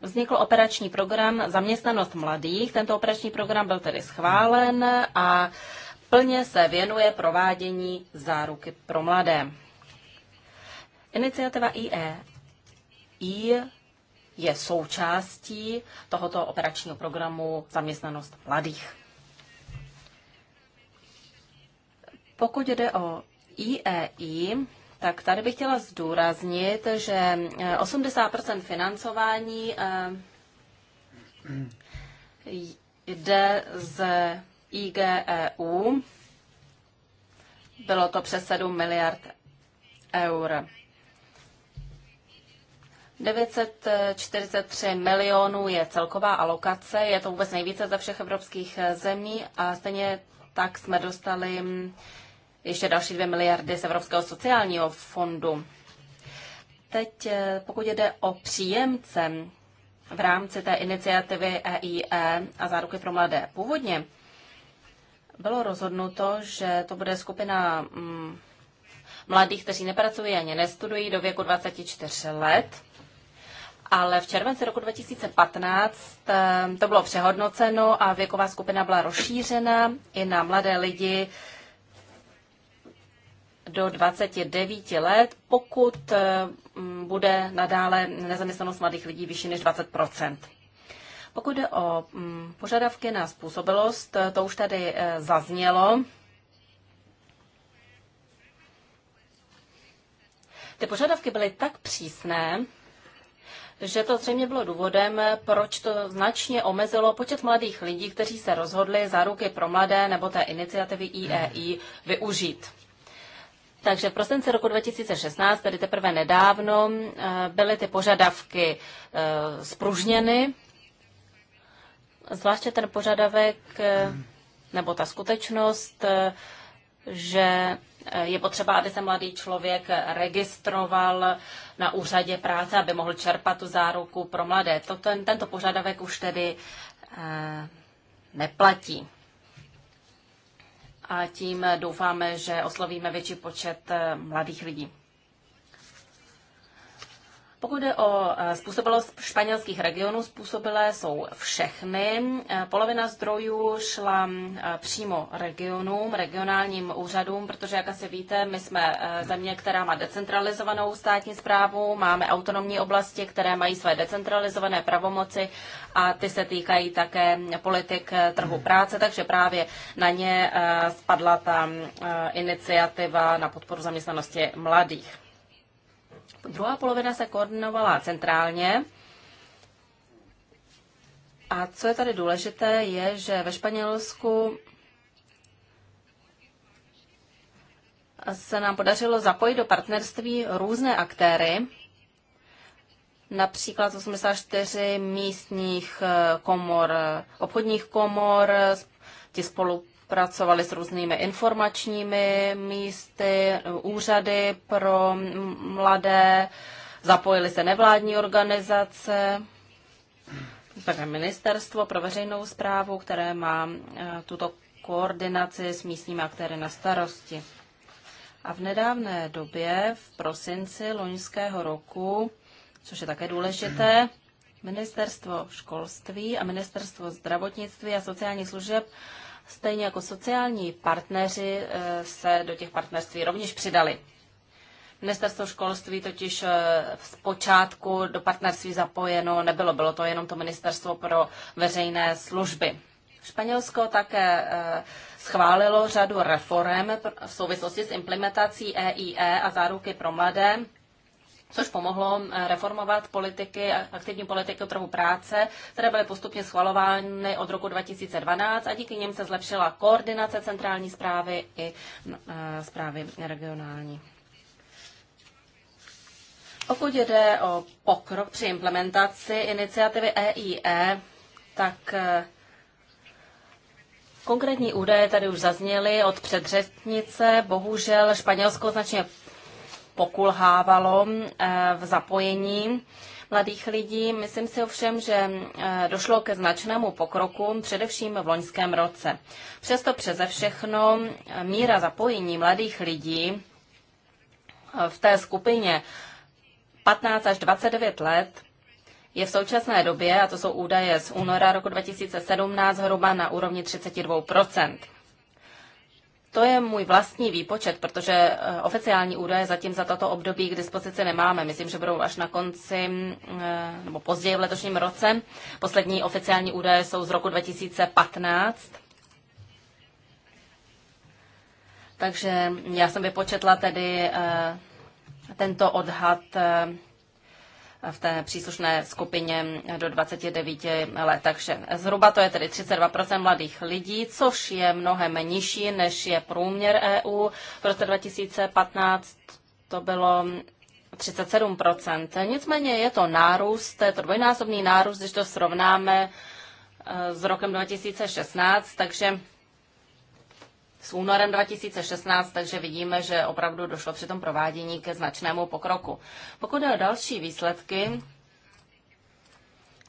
Speaker 3: vznikl operační program Zaměstnanost mladých. Tento operační program byl tedy schválen a plně se věnuje provádění záruky pro mladé. Iniciativa IE I je součástí tohoto operačního programu Zaměstnanost mladých. Pokud jde o IEI, e tak tady bych chtěla zdůraznit, že 80% eh, financování eh, jde z IGEU. Bylo to přes 7 miliard eur. 943 milionů je celková alokace, je to vůbec nejvíce ze všech evropských eh, zemí a stejně tak jsme dostali mm, ještě další 2 miliardy z Evropského sociálního fondu. Teď, eh, pokud jde o příjemce v rámci té iniciativy EIE e a záruky pro mladé, původně bylo rozhodnuto, že to bude skupina mm, mladých, kteří nepracují ani nestudují do věku 24 let. Ale v červenci roku 2015 eh, to bylo přehodnoceno a věková skupina byla rozšířena i na mladé lidi do 29 let, pokud eh, bude nadále nezaměstnanost mladých lidí vyšší než 20 Pokud jde o požadavky na způsobilost, eh, to už tady eh, zaznělo. Ty požadavky byly tak přísné, že to zřejmě bylo důvodem, proč to značně omezilo počet mladých lidí, kteří se rozhodli za ruky pro mladé nebo té iniciativy IEI e využít. Takže v prosinci roku 2016, tedy teprve nedávno, eh, byly ty požadavky eh, spružněny. Zvláště ten požadavek eh, nebo ta skutečnost, že je potřeba, aby se mladý člověk registroval na úřadě práce, aby mohl čerpat tu záruku pro mladé. Toto, tento požadavek už tedy neplatí a tím doufáme, že oslovíme větší počet eh, mladých lidí. Pokud je o e, způsobilost španělských regionů, způsobilé jsou všechny. E, polovina zdrojů šla e, přímo regionům, regionálním úřadům, protože, jak asi víte, my jsme země, která má decentralizovanou státní zprávu, máme autonomní oblasti, které mají své decentralizované pravomoci a ty se týkají také politik trhu práce, takže právě na ně spadla ta iniciativa na podporu zaměstnanosti mladých. Druhá polovina se koordinovala centrálně. A co je tady důležité, je, že ve Španělsku se nám podařilo zapojit do partnerství různé aktéry, například 84 místních eh, komor, obchodních komor, ti spolu pracovali s různými informačními místy, úřady pro mladé, zapojili se nevládní organizace, také ministerstvo pro veřejnou zprávu, které má e, tuto koordinaci s místními aktéry na starosti. A v nedávné době, v prosinci loňského roku, což je také důležité, Ministerstvo školství a Ministerstvo zdravotnictví a sociálních služeb stejně jako sociální partneři eh, se do těch partnerství rovněž přidali. Ministerstvo školství totiž eh, zpočátku do partnerství zapojeno nebylo, bylo to jenom to Ministerstvo pro veřejné služby. Španělsko také eh, schválilo řadu reform v souvislosti s implementací EIE e a záruky pro mladé, což pomohlo eh, reformovat politiky, aktivní politiky trhu práce, které byly postupně schvalovány od roku 2012 a díky něm se zlepšila koordinace centrální zprávy i zprávy no, eh, regionální. Pokud jde o pokrok při implementaci iniciativy EIE, e, tak eh, Konkrétní údaje tady už zazněly od předřetnice. Bohužel Španělsko značně pokulhávalo eh, v zapojení mladých lidí. Myslím si ovšem, že eh, došlo ke značnému pokroku, především v loňském roce. Přesto přeze všechno eh, míra zapojení mladých lidí v té skupině 15 až 29 let je v současné době, a to jsou údaje z února roku 2017, hruba na úrovni 32 to je můj vlastní výpočet, protože eh, oficiální údaje zatím za toto období k dispozici nemáme. Myslím, že budou až na konci eh, nebo později v letošním roce. Poslední oficiální údaje jsou z roku 2015. Takže já jsem vypočetla tedy eh, tento odhad v té příslušné skupině do 29 let. Takže zhruba to je tedy 32 mladých lidí, což je mnohem nižší, než je průměr EU. V roce 2015 to bylo 37 Nicméně je to nárůst, je to dvojnásobný nárůst, když to srovnáme eh, s rokem 2016, takže s únorem 2016, takže vidíme, že opravdu došlo při tom provádění ke značnému pokroku. Pokud je o další výsledky,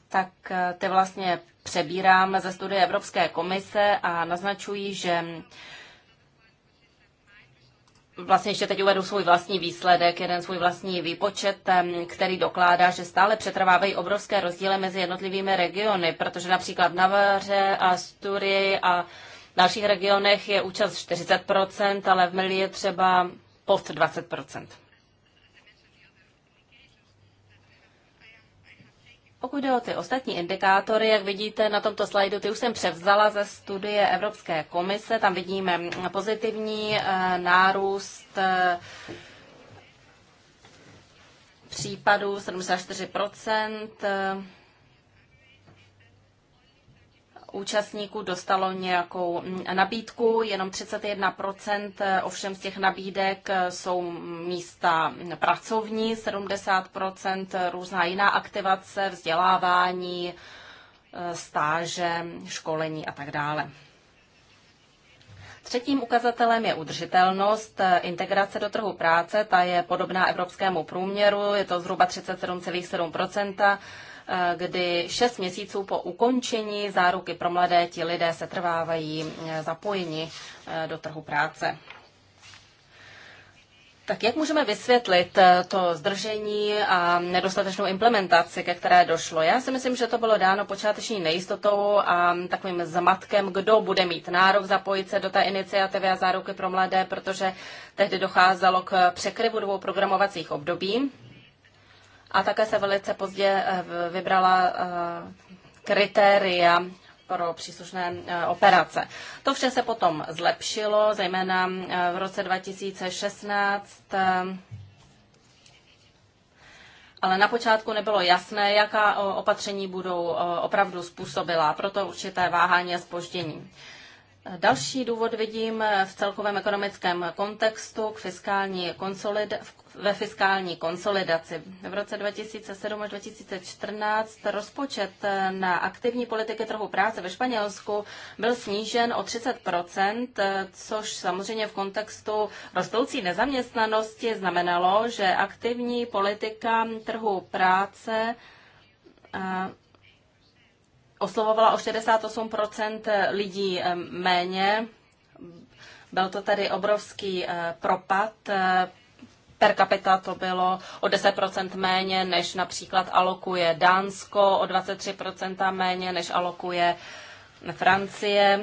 Speaker 3: tak eh, ty vlastně přebírám ze studie Evropské komise a naznačují, že Vlastně ještě teď uvedu svůj vlastní výsledek, jeden svůj vlastní výpočet, který dokládá, že stále přetrvávají obrovské rozdíly mezi jednotlivými regiony, protože například v Navaře, Asturii a v dalších regionech je účast 40 ale v Mili je třeba pod 20 Pokud jde o ty ostatní indikátory, jak vidíte na tomto slajdu, ty už jsem převzala ze studie Evropské komise. Tam vidíme pozitivní eh, nárůst eh, případů 74 účastníků dostalo nějakou nabídku, jenom 31% eh, ovšem z těch nabídek eh, jsou místa pracovní, 70% eh, různá jiná aktivace, vzdělávání, stáže, školení a tak dále. Třetím ukazatelem je udržitelnost. Integrace do trhu práce, ta je podobná evropskému průměru, je to zhruba 37,7 kdy šest měsíců po ukončení záruky pro mladé ti lidé se trvávají eh, zapojeni eh, do trhu práce. Tak jak můžeme vysvětlit eh, to zdržení a nedostatečnou implementaci, ke které došlo? Já si myslím, že to bylo dáno počáteční nejistotou a takovým zmatkem, kdo bude mít nárok zapojit se do té iniciativy a záruky pro mladé, protože tehdy docházelo k překryvu dvou programovacích období a také se velice pozdě eh, vybrala eh, kritéria pro příslušné eh, operace. To vše se potom zlepšilo, zejména v roce 2016 ale na počátku nebylo jasné, jaká opatření budou opravdu způsobila, proto určité váhání a spoždění. Další důvod vidím v celkovém ekonomickém kontextu k fiskální konsolid, v ve fiskální konsolidaci. V roce 2007 až 2014 rozpočet na aktivní politiky trhu práce ve Španělsku byl snížen o 30 což samozřejmě v kontextu rostoucí nezaměstnanosti znamenalo, že aktivní politika trhu práce eh, oslovovala o 68 lidí eh, méně. Byl to tady obrovský eh, propad per capita to bylo o 10% méně, než například alokuje Dánsko, o 23% méně, než alokuje Francie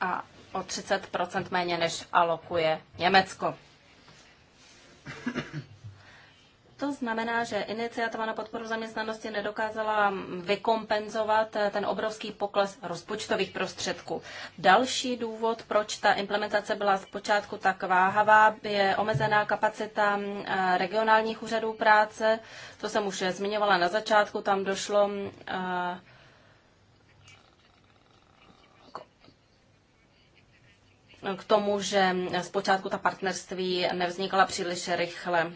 Speaker 3: a o 30% méně, než alokuje Německo. To znamená, že iniciativa na podporu zaměstnanosti nedokázala vykompenzovat ten obrovský pokles rozpočtových prostředků. Další důvod, proč ta implementace byla zpočátku tak váhavá, je omezená kapacita eh, regionálních úřadů práce. To jsem už zmiňovala na začátku, tam došlo eh, k tomu, že zpočátku ta partnerství nevznikala příliš rychle.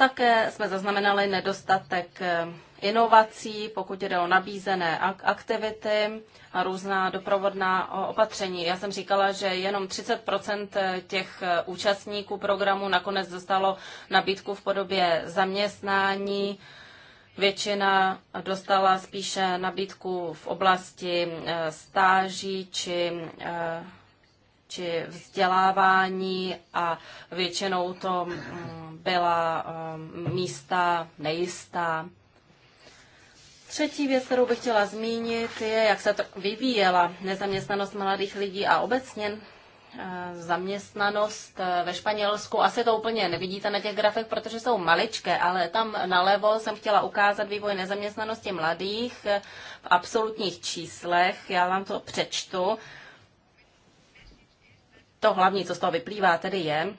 Speaker 3: Také jsme zaznamenali nedostatek eh, inovací, pokud jde o nabízené aktivity a různá doprovodná opatření. Já jsem říkala, že jenom 30 eh, těch eh, účastníků programu nakonec dostalo nabídku v podobě zaměstnání. Většina dostala spíše nabídku v oblasti stáží či či vzdělávání a většinou to mm, byla mm, místa nejistá. Třetí věc, kterou bych chtěla zmínit, je, jak se to vyvíjela nezaměstnanost mladých lidí a obecně e, zaměstnanost e, ve Španělsku. Asi to úplně nevidíte na těch grafech, protože jsou maličké, ale tam nalevo jsem chtěla ukázat vývoj nezaměstnanosti mladých e, v absolutních číslech. Já vám to přečtu. To hlavní, co z toho vyplývá, tedy je,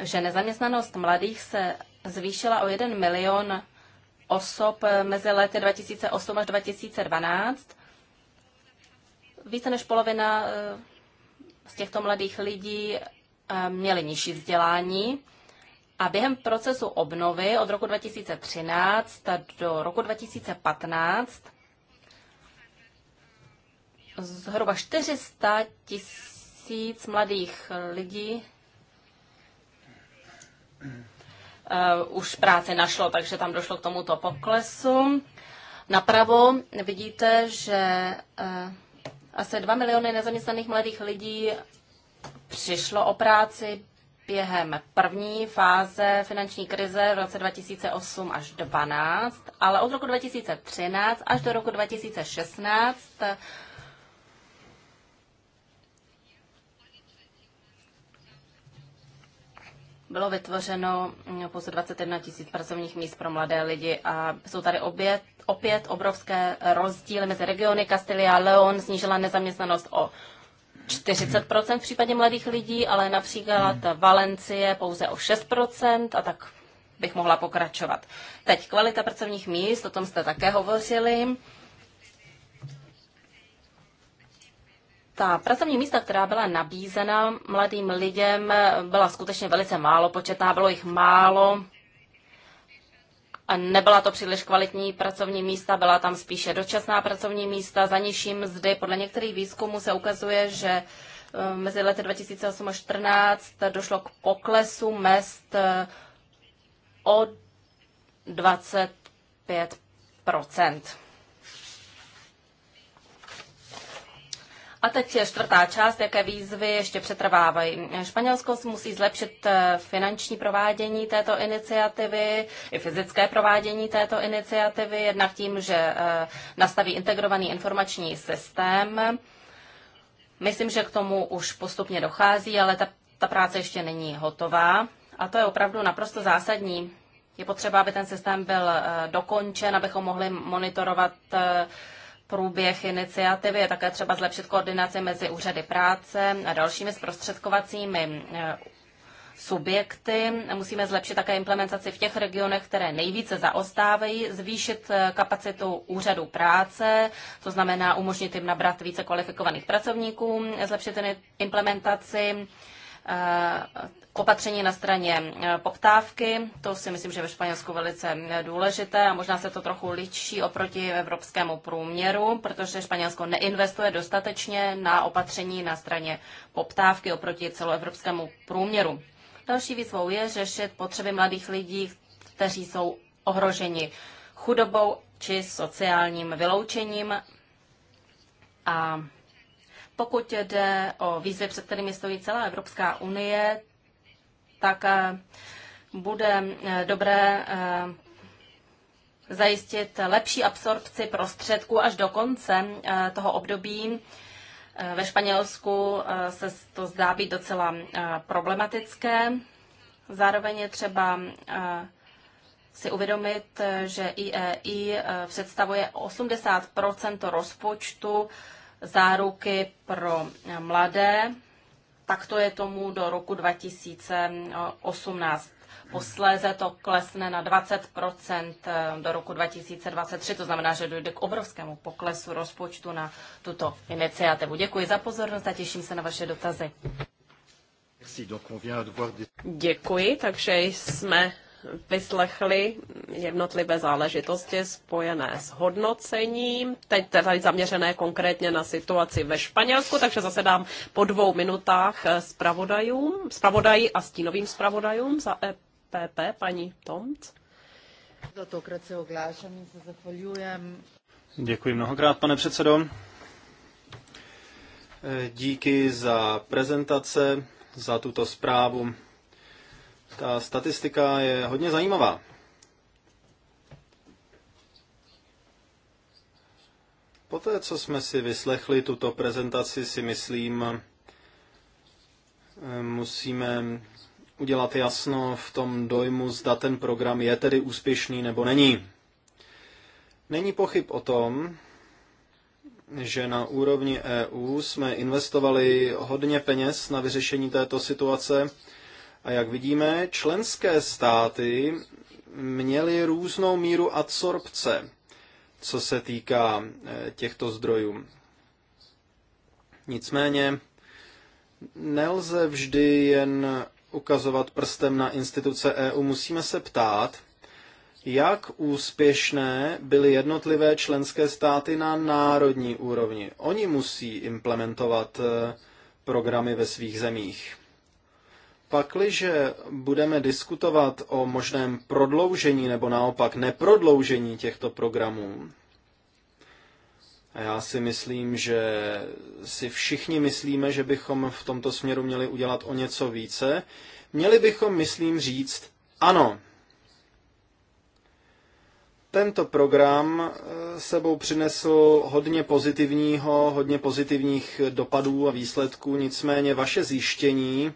Speaker 3: že nezaměstnanost mladých se zvýšila o 1 milion osob mezi lety 2008 až 2012. Více než polovina eh, z těchto mladých lidí eh, měli nižší vzdělání a během procesu obnovy od roku 2013 do roku 2015 zhruba 400 tisíc tisíc mladých lidí eh, už práce našlo, takže tam došlo k tomuto poklesu. Napravo vidíte, že eh, asi 2 miliony nezaměstnaných mladých lidí přišlo o práci během první fáze finanční krize v roce 2008 až 2012, ale od roku 2013 až do roku 2016 bylo vytvořeno pouze 21 tisíc pracovních míst pro mladé lidi a jsou tady obět, opět obrovské rozdíly mezi regiony. Castilla a Leon snížila nezaměstnanost o 40% v případě mladých lidí, ale například hmm. Valencie pouze o 6% a tak bych mohla pokračovat. Teď kvalita pracovních míst, o tom jste také hovořili. ta pracovní místa, která byla nabízena mladým lidem, byla skutečně velice málo početná, bylo jich málo. A nebyla to příliš kvalitní pracovní místa, byla tam spíše dočasná pracovní místa za nižší mzdy. Podle některých výzkumů se ukazuje, že eh, mezi lety 2008 až 2014 došlo k poklesu mest eh, o 25 A teď je čtvrtá část, jaké výzvy ještě přetrvávají. Španělsko si musí zlepšit eh, finanční provádění této iniciativy i fyzické provádění této iniciativy, jednak tím, že eh, nastaví integrovaný informační systém. Myslím, že k tomu už postupně dochází, ale ta, ta práce ještě není hotová. A to je opravdu naprosto zásadní. Je potřeba, aby ten systém byl eh, dokončen, abychom mohli monitorovat průběh iniciativy je také třeba zlepšit koordinaci mezi úřady práce a dalšími zprostředkovacími eh, subjekty. Musíme zlepšit také implementaci v těch regionech, které nejvíce zaostávají, zvýšit eh, kapacitu úřadu práce, to znamená umožnit jim nabrat více kvalifikovaných pracovníků, zlepšit implementaci eh, opatření na straně eh, poptávky. To si myslím, že ve Španělsku velice eh, důležité a možná se to trochu ličí oproti evropskému průměru, protože Španělsko neinvestuje dostatečně na opatření na straně poptávky oproti celoevropskému průměru. Další výzvou je řešit potřeby mladých lidí, kteří jsou ohroženi chudobou či sociálním vyloučením. A pokud jde o výzvy, před kterými stojí celá Evropská unie, tak eh, bude eh, dobré eh, zajistit lepší absorpci prostředků až do konce toho období. Ve Španělsku se to zdá být docela problematické. Zároveň je třeba si uvědomit, že IEI e představuje 80 rozpočtu záruky pro mladé tak to je tomu do roku 2018. Posléze to klesne na 20 eh, do roku 2023, to znamená, že dojde k obrovskému poklesu rozpočtu na tuto iniciativu. Děkuji za pozornost a těším se na vaše dotazy. Děkuji, takže jsme vyslechli
Speaker 4: jednotlivé záležitosti spojené s hodnocením, teď tady zaměřené konkrétně na situaci ve Španělsku, takže zase dám po dvou minutách eh, zpravodajům, spravodají a stínovým zpravodajům za EPP, paní Tomc.
Speaker 2: Děkuji mnohokrát, pane předsedo. Eh, díky za prezentace, za tuto zprávu. Ta statistika je hodně zajímavá. Poté, co jsme si vyslechli tuto prezentaci, si myslím, musíme udělat jasno v tom dojmu, zda ten program je tedy úspěšný nebo není. Není pochyb o tom, že na úrovni EU jsme investovali hodně peněz na vyřešení této situace a jak vidíme, členské státy měly různou míru adsorpce, co se týká eh, těchto zdrojů. Nicméně nelze vždy jen ukazovat prstem na instituce EU. Musíme se ptát, jak úspěšné byly jednotlivé členské státy na národní úrovni. Oni musí implementovat eh, programy ve svých zemích. Pakliže budeme diskutovat o možném prodloužení nebo naopak neprodloužení těchto programů, a já si myslím, že si všichni myslíme, že bychom v tomto směru měli udělat o něco více, měli bychom, myslím, říct ano. Tento program eh, sebou přinesl hodně pozitivního, hodně pozitivních dopadů a výsledků, nicméně vaše zjištění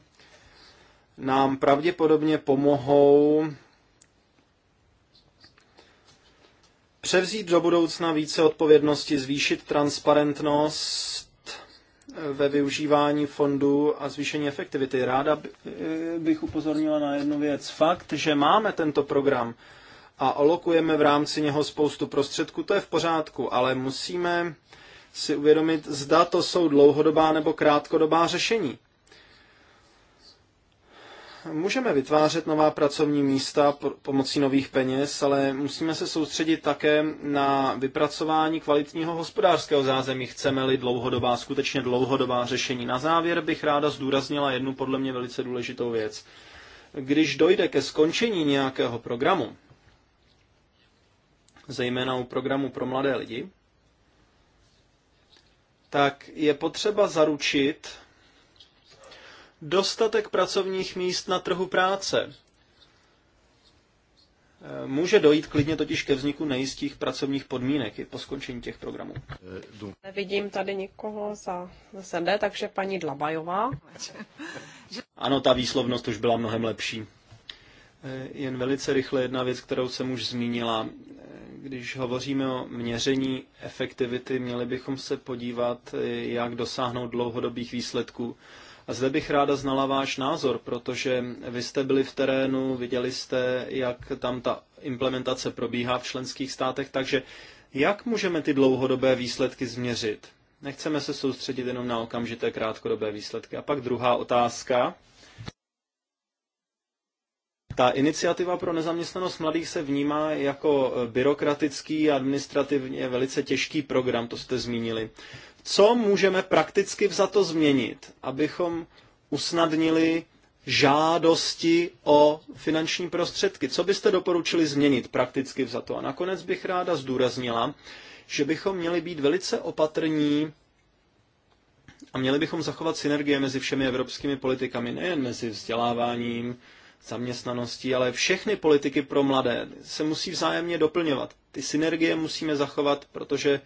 Speaker 2: nám pravděpodobně pomohou převzít do budoucna více odpovědnosti, zvýšit transparentnost ve využívání fondů a zvýšení efektivity. Ráda eh, bych upozornila na jednu věc. Fakt, že máme tento program a alokujeme v rámci něho spoustu prostředků, to je v pořádku, ale musíme si uvědomit, zda to jsou dlouhodobá nebo krátkodobá řešení. Můžeme vytvářet nová pracovní místa pomocí nových peněz, ale musíme se soustředit také na vypracování kvalitního hospodářského zázemí. Chceme-li dlouhodobá, skutečně dlouhodobá řešení. Na závěr bych ráda zdůraznila jednu podle mě velice důležitou věc. Když dojde ke skončení nějakého programu, zejména u programu pro mladé lidi, tak je potřeba zaručit, dostatek pracovních míst na trhu práce. Eh, může dojít klidně totiž ke vzniku nejistých pracovních podmínek i po skončení těch programů.
Speaker 4: Nevidím tady nikoho za SND, takže paní Dlabajová.
Speaker 2: Ano, ta výslovnost už byla mnohem lepší. Eh, jen velice rychle jedna věc, kterou jsem už zmínila. Eh, když hovoříme o měření efektivity, měli bychom se podívat, jak dosáhnout dlouhodobých výsledků. A zde bych ráda znala váš názor, protože vy jste byli v terénu, viděli jste, jak tam ta implementace probíhá v členských státech, takže jak můžeme ty dlouhodobé výsledky změřit? Nechceme se soustředit jenom na okamžité krátkodobé výsledky. A pak druhá otázka. Ta iniciativa pro nezaměstnanost mladých se vnímá jako byrokratický a administrativně velice těžký program, to jste zmínili co můžeme prakticky vzato změnit, abychom usnadnili žádosti o finanční prostředky. Co byste doporučili změnit prakticky to? A nakonec bych ráda zdůraznila, že bychom měli být velice opatrní a měli bychom zachovat synergie mezi všemi evropskými politikami, nejen mezi vzděláváním, zaměstnaností, ale všechny politiky pro mladé se musí vzájemně doplňovat. Ty synergie musíme zachovat, protože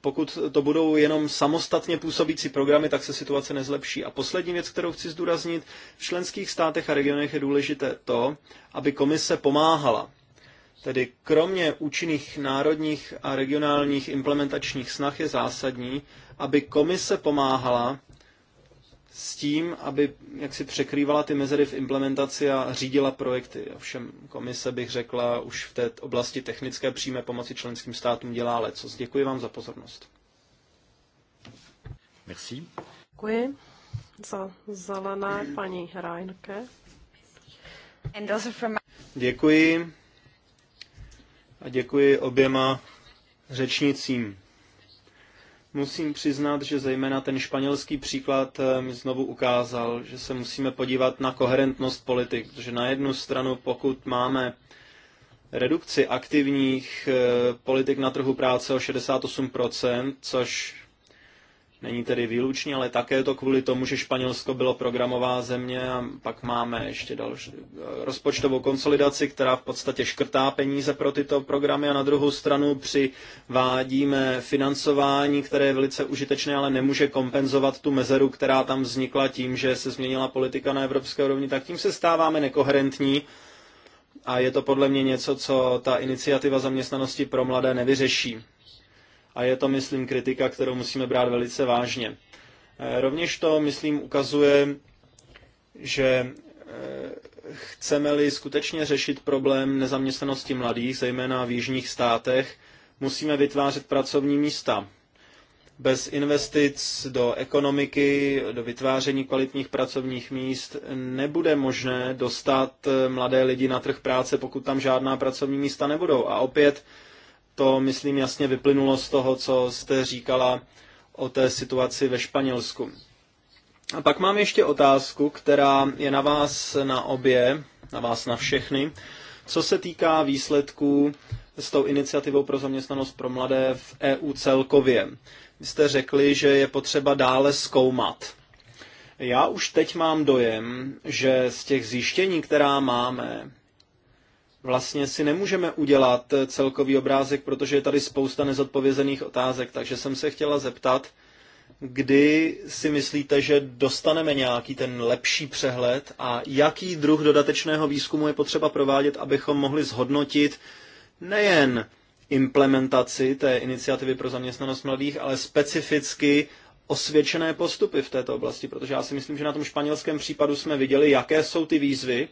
Speaker 2: pokud to budou jenom samostatně působící programy, tak se situace nezlepší. A poslední věc, kterou chci zdůraznit, v členských státech a regionech je důležité to, aby komise pomáhala. Tedy kromě účinných národních a regionálních implementačních snah je zásadní, aby komise pomáhala s tím, aby jak si překrývala ty mezery v implementaci a řídila projekty. Ovšem komise bych řekla, už v té oblasti technické přímé pomoci členským státům dělá leco. Děkuji vám za pozornost. Merci.
Speaker 4: Děkuji za zelené paní Reinke. From...
Speaker 2: Děkuji a děkuji oběma řečnicím. Musím přiznat, že zejména ten španělský příklad eh, mi znovu ukázal, že se musíme podívat na koherentnost politik, protože na jednu stranu, pokud máme redukci aktivních eh, politik na trhu práce o 68%, což Není tedy výlučně, ale také to kvůli tomu, že Španělsko bylo programová země a pak máme ještě další eh, rozpočtovou konsolidaci, která v podstatě škrtá peníze pro tyto programy a na druhou stranu přivádíme financování, které je velice užitečné, ale nemůže kompenzovat tu mezeru, která tam vznikla tím, že se změnila politika na evropské úrovni, tak tím se stáváme nekoherentní a je to podle mě něco, co ta iniciativa zaměstnanosti pro mladé nevyřeší a je to, myslím, kritika, kterou musíme brát velice vážně. E, rovněž to, myslím, ukazuje, že e, chceme-li skutečně řešit problém nezaměstnanosti mladých, zejména v jižních státech, musíme vytvářet pracovní místa. Bez investic do ekonomiky, do vytváření kvalitních pracovních míst nebude možné dostat e, mladé lidi na trh práce, pokud tam žádná pracovní místa nebudou. A opět to, myslím, jasně vyplynulo z toho, co jste říkala o té situaci ve Španělsku. A pak mám ještě otázku, která je na vás na obě, na vás na všechny. Co se týká výsledků s tou iniciativou pro zaměstnanost pro mladé v EU celkově. Vy jste řekli, že je potřeba dále zkoumat. Já už teď mám dojem, že z těch zjištění, která máme, vlastně si nemůžeme udělat celkový obrázek, protože je tady spousta nezodpovězených otázek. Takže jsem se chtěla zeptat, kdy si myslíte, že dostaneme nějaký ten lepší přehled a jaký druh dodatečného výzkumu je potřeba provádět, abychom mohli zhodnotit nejen implementaci té iniciativy pro zaměstnanost mladých, ale specificky osvědčené postupy v této oblasti, protože já si myslím, že na tom španělském případu jsme viděli, jaké jsou ty výzvy,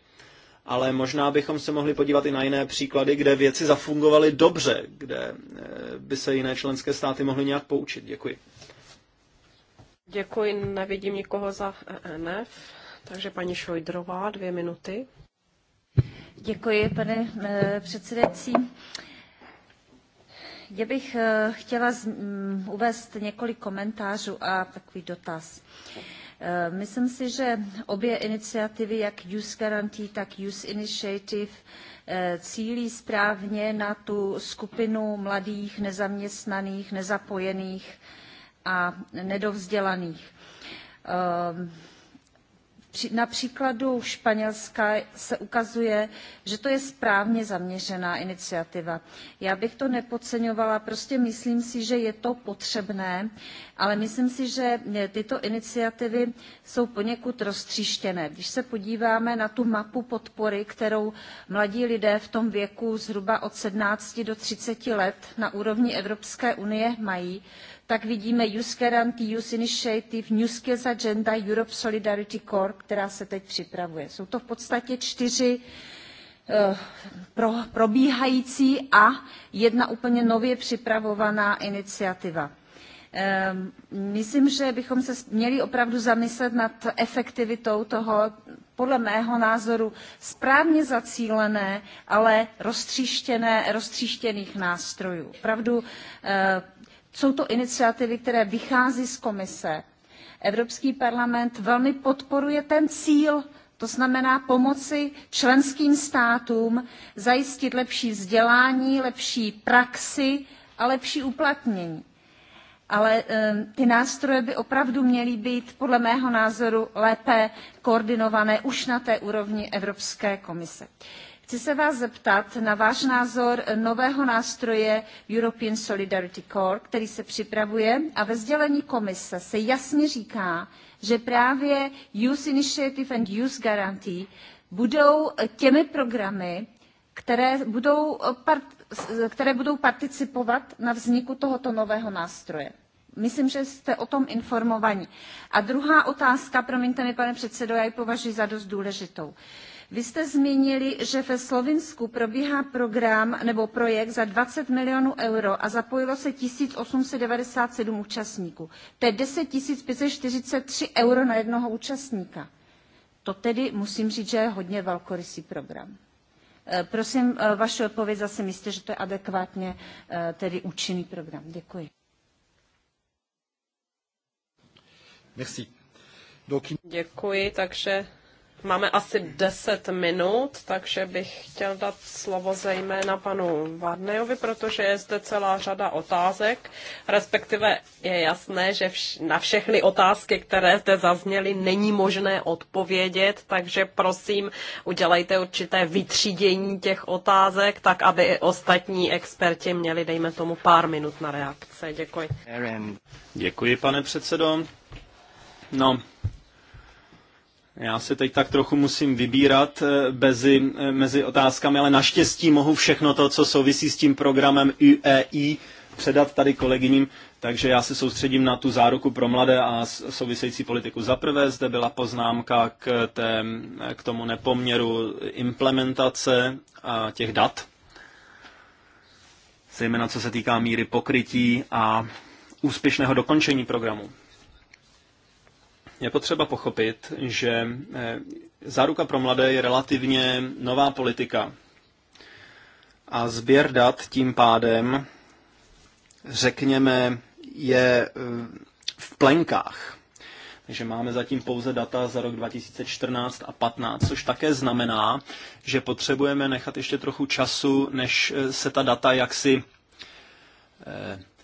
Speaker 2: ale možná bychom se mohli podívat i na jiné příklady, kde věci zafungovaly dobře, kde eh, by se jiné členské státy mohly nějak poučit. Děkuji.
Speaker 4: Děkuji, nevidím nikoho za ENF, takže
Speaker 1: paní Šojdrová,
Speaker 4: dvě minuty.
Speaker 1: Děkuji, pane eh, předsedající. Já bych eh, chtěla mm, uvést několik komentářů a takový dotaz. Eh, myslím si, že obě iniciativy, jak Youth Guarantee, tak Youth Initiative, eh, cílí správně na tu skupinu mladých, nezaměstnaných, nezapojených a nedovzdělaných. Ehm, na příkladu Španělska se ukazuje, že to je správně zaměřená iniciativa. Já bych to nepodceňovala, prostě myslím si, že je to potřebné, ale myslím si, že eh, tyto iniciativy jsou poněkud roztříštěné. Když se podíváme na tu mapu podpory, kterou mladí lidé v tom věku zhruba od 17 do 30 let na úrovni Evropské unie mají, tak vidíme Youth Guarantee, Youth Initiative, New Skills Agenda, Europe Solidarity Corps, která se teď připravuje. Jsou to v podstatě čtyři eh, pro, probíhající a jedna úplně nově připravovaná iniciativa. Eh, myslím, že bychom se měli opravdu zamyslet nad efektivitou toho, podle mého názoru, správně zacílené, ale roztříštěné, roztříštěných nástrojů. Opravdu eh, jsou to iniciativy, které vychází z komise. Evropský parlament velmi podporuje ten cíl, to znamená pomoci členským státům zajistit lepší vzdělání, lepší praxi a lepší uplatnění. Ale ehm, ty nástroje by opravdu měly být, podle mého názoru, lépe koordinované už na té úrovni Evropské komise. Chci se vás zeptat na váš názor nového nástroje European Solidarity Corps, který se připravuje a ve sdělení komise se jasně říká, že právě Youth Initiative and Youth Guarantee budou těmi programy, které budou, part, které budou participovat na vzniku tohoto nového nástroje. Myslím, že jste o tom informovaní. A druhá otázka, promiňte mi, pane předsedo, já ji považuji za dost důležitou. Uh, vy jste zmínili, že ve Slovinsku probíhá program nebo projekt za 20 milionů euro a zapojilo se 1897 účastníků. To je 10 543 euro na jednoho účastníka. To tedy musím říct, že je hodně velkorysý program. Eh, prosím, eh, vaše odpověď zase myslíte, že to je adekvátně eh, tedy účinný program. Děkuji.
Speaker 4: Merci. Děkuji, takže Máme asi 10 minut, takže bych chtěl dát slovo zejména panu Varnejovi, protože je zde celá řada otázek, respektive je jasné, že vš- na všechny otázky, které zde zazněly, není možné odpovědět, takže prosím, udělejte určité vytřídění těch otázek, tak aby i ostatní experti měli, dejme tomu, pár minut na reakce. Děkuji.
Speaker 2: Děkuji, pane předsedo. No, já se teď tak trochu musím vybírat eh, mezi, eh, mezi otázkami, ale naštěstí mohu všechno to, co souvisí s tím programem UEI, předat tady kolegyním, takže já se soustředím na tu záruku pro mladé a související politiku. Za prvé zde byla poznámka k, té, eh, k tomu nepoměru implementace a těch dat, zejména co se týká míry pokrytí a úspěšného dokončení programu je potřeba pochopit, že eh, záruka pro mladé je relativně nová politika. A sběr dat tím pádem, řekněme, je eh, v plenkách. Takže máme zatím pouze data za rok 2014 a 2015, což také znamená, že potřebujeme nechat ještě trochu času, než eh, se ta data jaksi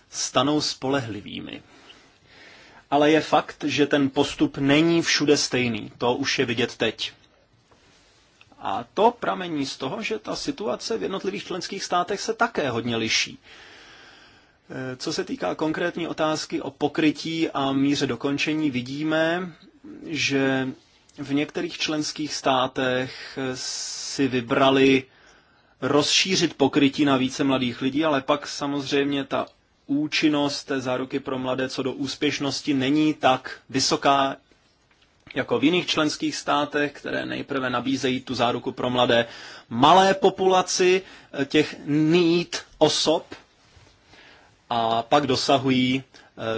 Speaker 2: stanou spolehlivými ale je fakt, že ten postup není všude stejný. To už je vidět teď. A to pramení z toho, že ta situace v jednotlivých členských státech se také hodně liší. E, co se týká konkrétní otázky o pokrytí a míře dokončení, vidíme, že v některých členských státech si vybrali rozšířit pokrytí na více mladých lidí, ale pak samozřejmě ta účinnost té záruky pro mladé co do úspěšnosti není tak vysoká jako v jiných členských státech, které nejprve nabízejí tu záruku pro mladé malé populaci eh, těch need osob a pak dosahují eh,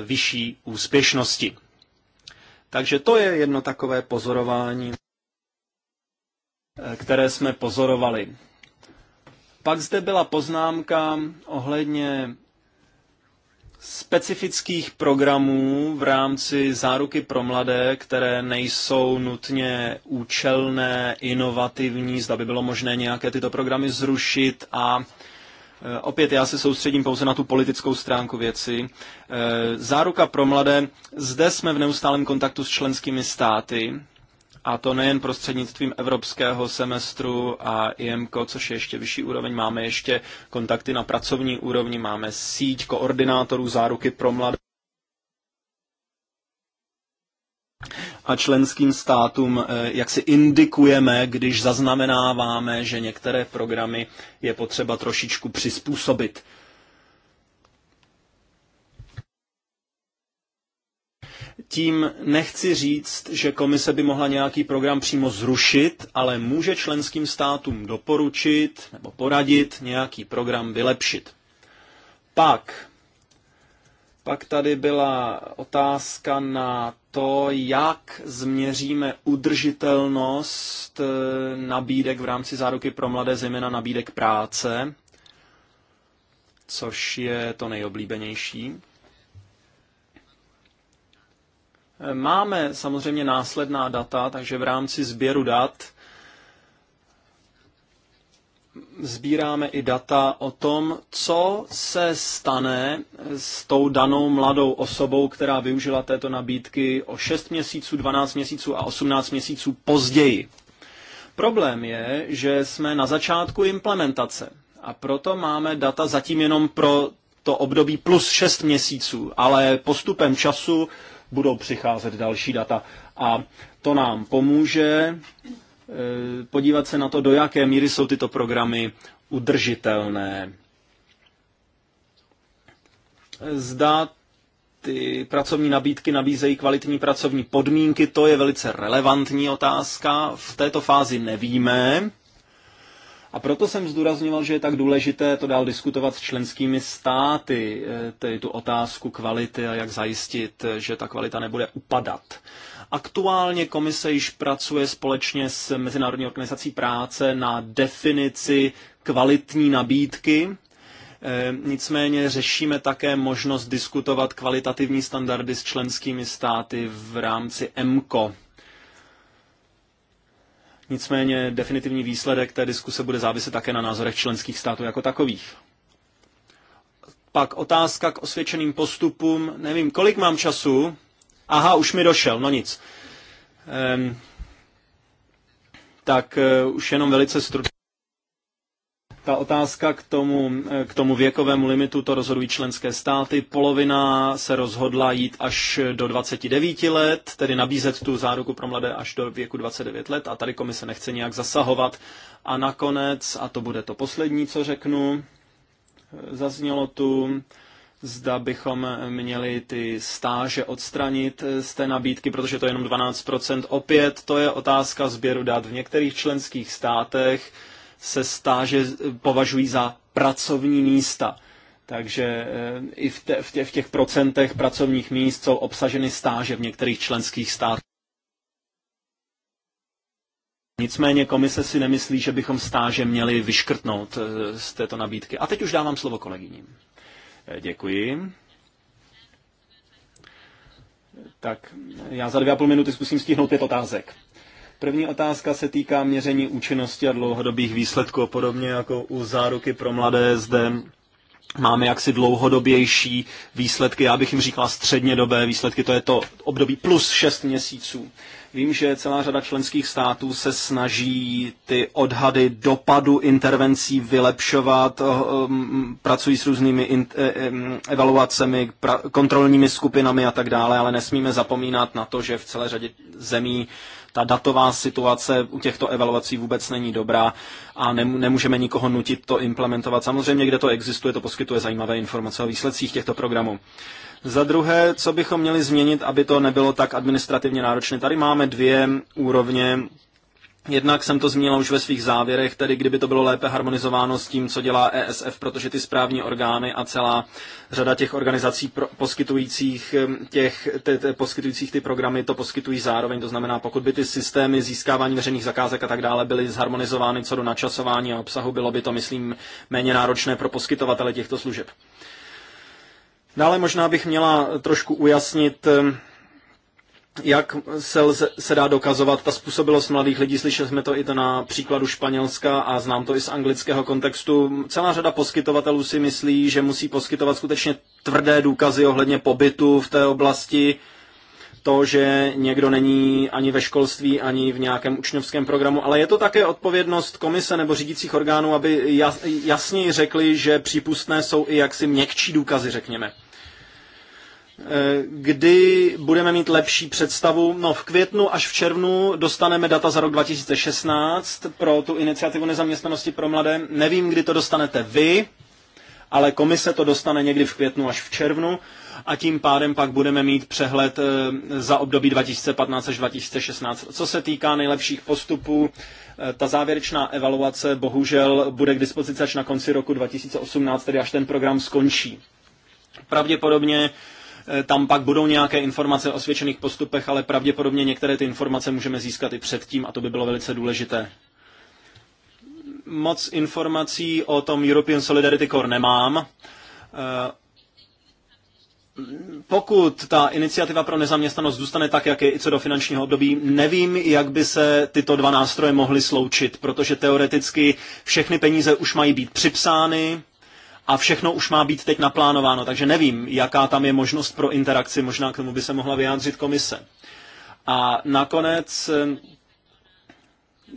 Speaker 2: vyšší úspěšnosti. Takže to je jedno takové pozorování, eh, které jsme pozorovali. Pak zde byla poznámka ohledně specifických programů v rámci záruky pro mladé, které nejsou nutně účelné, inovativní, zda by bylo možné nějaké tyto programy zrušit a e, Opět já se soustředím pouze na tu politickou stránku věci. E, záruka pro mladé. Zde jsme v neustálém kontaktu s členskými státy a to nejen prostřednictvím evropského semestru a IMCO, což je ještě vyšší úroveň. Máme ještě kontakty na pracovní úrovni, máme síť koordinátorů záruky pro mladé. a členským státům, eh, jak si indikujeme, když zaznamenáváme, že některé programy je potřeba trošičku přizpůsobit Tím nechci říct, že komise by mohla nějaký program přímo zrušit, ale může členským státům doporučit nebo poradit nějaký program vylepšit. Pak, pak tady byla otázka na to, jak změříme udržitelnost eh, nabídek v rámci záruky pro mladé, zejména nabídek práce, což je to nejoblíbenější Máme samozřejmě následná data, takže v rámci sběru dat sbíráme i data o tom, co se stane s tou danou mladou osobou, která využila této nabídky o 6 měsíců, 12 měsíců a 18 měsíců později. Problém je, že jsme na začátku implementace a proto máme data zatím jenom pro to období plus 6 měsíců, ale postupem času budou přicházet další data. A to nám pomůže eh, podívat se na to, do jaké míry jsou tyto programy udržitelné. Zda ty pracovní nabídky nabízejí kvalitní pracovní podmínky, to je velice relevantní otázka. V této fázi nevíme, a proto jsem zdůrazňoval, že je tak důležité to dál diskutovat s členskými státy, eh, tedy tu otázku kvality a jak zajistit, eh, že ta kvalita nebude upadat. Aktuálně komise již pracuje společně s Mezinárodní organizací práce na definici kvalitní nabídky. Eh, nicméně řešíme také možnost diskutovat kvalitativní standardy s členskými státy v rámci EMCO, Nicméně definitivní výsledek té diskuse bude záviset také na názorech členských států jako takových. Pak otázka k osvědčeným postupům. Nevím, kolik mám času? Aha, už mi došel, no nic. Ehm, tak e, už jenom velice stručně. Ta otázka k tomu, k tomu věkovému limitu, to rozhodují členské státy. Polovina se rozhodla jít až do 29 let, tedy nabízet tu záruku pro mladé až do věku 29 let a tady komise nechce nějak zasahovat. A nakonec, a to bude to poslední, co řeknu, zaznělo tu, zda bychom měli ty stáže odstranit z té nabídky, protože to je jenom 12%. Opět to je otázka sběru dat. V některých členských státech se stáže považují za pracovní místa. Takže eh, i v, te, v, tě, v těch procentech pracovních míst jsou obsaženy stáže v některých členských státech. Nicméně komise si nemyslí, že bychom stáže měli vyškrtnout eh, z této nabídky. A teď už dávám slovo kolegyním. Eh, děkuji. Tak já za dvě a půl minuty zkusím stihnout pět otázek. První otázka se týká měření účinnosti a dlouhodobých výsledků. Podobně jako u záruky pro mladé zde máme jaksi dlouhodobější výsledky, já bych jim říkala střednědobé výsledky, to je to období plus 6 měsíců. Vím, že celá řada členských států se snaží ty odhady dopadu intervencí vylepšovat, eh, pracují s různými eh, evaluacemi, kontrolními skupinami a tak dále, ale nesmíme zapomínat na to, že v celé řadě zemí ta datová situace u těchto evaluací vůbec není dobrá a nemůžeme nikoho nutit to implementovat. Samozřejmě, kde to existuje, to poskytuje zajímavé informace o výsledcích těchto programů. Za druhé, co bychom měli změnit, aby to nebylo tak administrativně náročné. Tady máme dvě úrovně Jednak jsem to zmínila už ve svých závěrech, tedy kdyby to bylo lépe harmonizováno s tím, co dělá ESF, protože ty správní orgány a celá řada těch organizací pro, poskytujících, těch, te, te, poskytujících ty programy to poskytují zároveň. To znamená, pokud by ty systémy získávání veřejných zakázek a tak dále byly zharmonizovány co do načasování a obsahu, bylo by to, myslím, méně náročné pro poskytovatele těchto služeb. Dále možná bych měla trošku ujasnit jak se, lze, se dá dokazovat ta způsobilost mladých lidí. Slyšeli jsme to i to na příkladu Španělska a znám to i z anglického kontextu. Celá řada poskytovatelů si myslí, že musí poskytovat skutečně tvrdé důkazy ohledně pobytu v té oblasti, to, že někdo není ani ve školství, ani v nějakém učňovském programu, ale je to také odpovědnost komise nebo řídících orgánů, aby jasněji řekli, že přípustné jsou i jaksi měkčí důkazy, řekněme. Eh, kdy budeme mít lepší představu. No, v květnu až v červnu dostaneme data za rok 2016 pro tu iniciativu nezaměstnanosti pro mladé. Nevím, kdy to dostanete vy, ale komise to dostane někdy v květnu až v červnu a tím pádem pak budeme mít přehled eh, za období 2015 až 2016. Co se týká nejlepších postupů, eh, ta závěrečná evaluace bohužel bude k dispozici až na konci roku 2018, tedy až ten program skončí. Pravděpodobně Eh, tam pak budou nějaké informace o svědčených postupech, ale pravděpodobně některé ty informace můžeme získat i předtím a to by bylo velice důležité. Moc informací o tom European Solidarity Corps nemám. Eh, pokud ta iniciativa pro nezaměstnanost zůstane tak, jak je i co do finančního období, nevím, jak by se tyto dva nástroje mohly sloučit, protože teoreticky všechny peníze už mají být připsány a všechno už má být teď naplánováno, takže nevím, jaká tam je možnost pro interakci, možná k tomu by se mohla vyjádřit komise. A nakonec eh,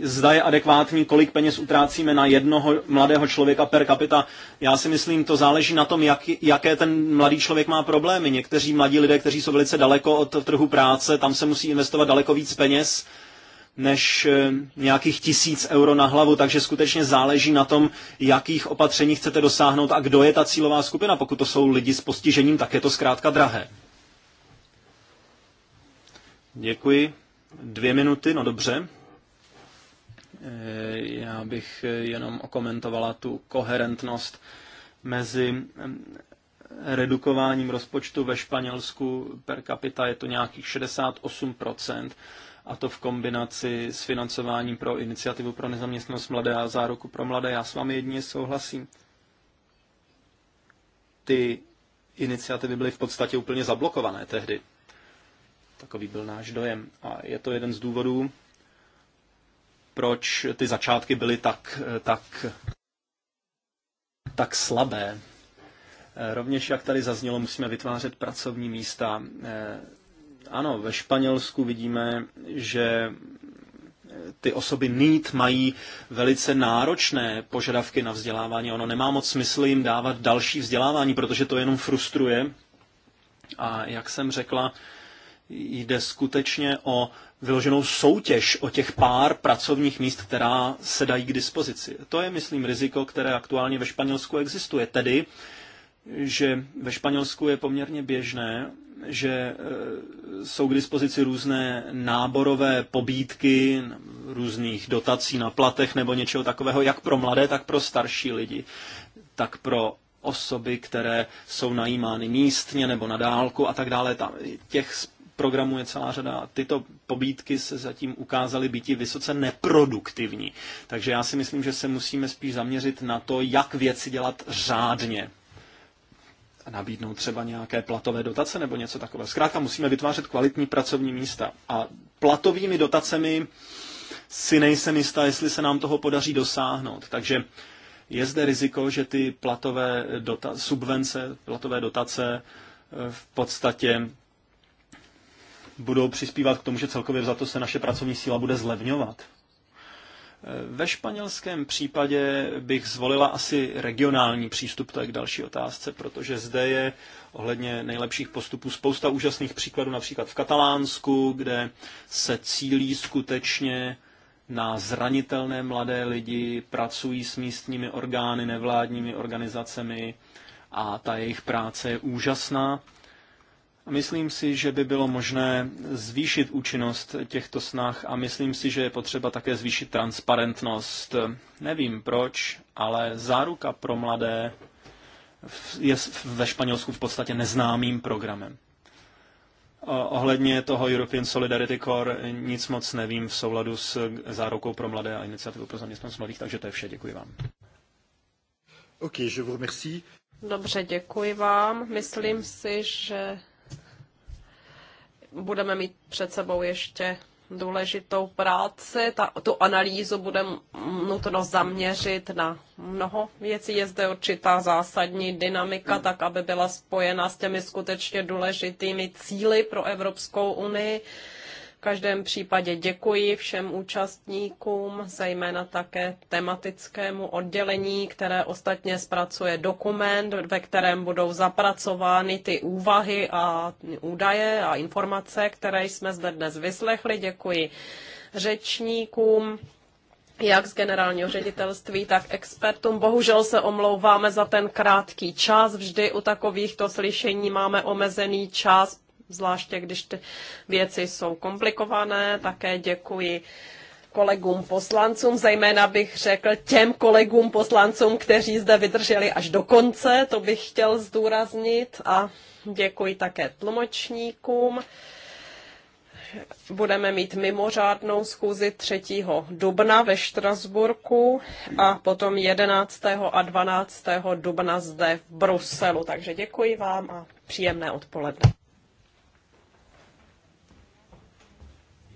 Speaker 2: zda je adekvátní, kolik peněz utrácíme na jednoho mladého člověka per capita. Já si myslím, to záleží na tom, jak, jaké ten mladý člověk má problémy. Někteří mladí lidé, kteří jsou velice daleko od trhu práce, tam se musí investovat daleko víc peněz, než eh, nějakých tisíc euro na hlavu, takže skutečně záleží na tom, jakých opatření chcete dosáhnout a kdo je ta cílová skupina. Pokud to jsou lidi s postižením, tak je to zkrátka drahé. Děkuji. Dvě minuty, no dobře. Eh, já bych eh, jenom okomentovala tu koherentnost mezi redukováním rozpočtu ve Španělsku per capita je to nějakých 68 a to v kombinaci s financováním pro iniciativu pro nezaměstnanost mladé a záruku pro mladé. Já s vámi jedině souhlasím. Ty iniciativy byly v podstatě úplně zablokované tehdy. Takový byl náš dojem. A je to jeden z důvodů, proč ty začátky byly tak, tak, tak slabé. Rovněž, jak tady zaznělo, musíme vytvářet pracovní místa ano, ve Španělsku vidíme, že ty osoby mít mají velice náročné požadavky na vzdělávání. Ono nemá moc smysl jim dávat další vzdělávání, protože to jenom frustruje. A jak jsem řekla, jde skutečně o vyloženou soutěž o těch pár pracovních míst, která se dají k dispozici. To je, myslím, riziko, které aktuálně ve Španělsku existuje. Tedy, že ve Španělsku je poměrně běžné, že e, jsou k dispozici různé náborové pobídky, různých dotací na platech nebo něčeho takového, jak pro mladé, tak pro starší lidi, tak pro osoby, které jsou najímány místně nebo na dálku a tak dále. Tam těch programů je celá řada. Tyto pobídky se zatím ukázaly býti vysoce neproduktivní. Takže já si myslím, že se musíme spíš zaměřit na to, jak věci dělat řádně nabídnout třeba nějaké platové dotace nebo něco takového. Zkrátka musíme vytvářet kvalitní pracovní místa. A platovými dotacemi si nejsem jistá, jestli se nám toho podaří dosáhnout. Takže je zde riziko, že ty platové dota- subvence, platové dotace eh, v podstatě budou přispívat k tomu, že celkově za to se naše pracovní síla bude zlevňovat. Ve španělském případě bych zvolila asi regionální přístup, to je k další otázce, protože zde je ohledně nejlepších postupů spousta úžasných příkladů, například v Katalánsku, kde se cílí skutečně na zranitelné mladé lidi, pracují s místními orgány, nevládními organizacemi a ta jejich práce je úžasná Myslím si, že by bylo možné zvýšit účinnost těchto snah a myslím si, že je potřeba také zvýšit transparentnost. Nevím proč, ale záruka pro mladé je ve Španělsku v podstatě neznámým programem. Ohledně toho European Solidarity Corps nic moc nevím v souladu s zárukou pro mladé a iniciativou pro zaměstnanost mladých, takže to je vše. Děkuji vám. Okay, je vous remercie.
Speaker 4: Dobře, děkuji vám. Myslím si, že budeme mít před sebou ještě důležitou práci. Ta, tu analýzu bude nutno zaměřit na mnoho věcí. Je zde určitá zásadní dynamika, tak aby byla spojena s těmi skutečně důležitými cíly pro Evropskou unii. V každém případě děkuji všem účastníkům, zejména také tematickému oddělení, které ostatně zpracuje dokument, ve kterém budou zapracovány ty úvahy a údaje a informace, které jsme zde dnes vyslechli. Děkuji řečníkům jak z generálního ředitelství, tak expertům. Bohužel se omlouváme za ten krátký čas. Vždy u takovýchto slyšení máme omezený čas zvláště když ty věci jsou komplikované. Také děkuji kolegům poslancům, zejména bych řekl těm kolegům poslancům, kteří zde vydrželi až do konce, to bych chtěl zdůraznit a děkuji také tlumočníkům. Budeme mít mimořádnou schůzi 3. dubna ve Štrasburku a potom 11. a 12. dubna zde v Bruselu. Takže děkuji vám a příjemné odpoledne.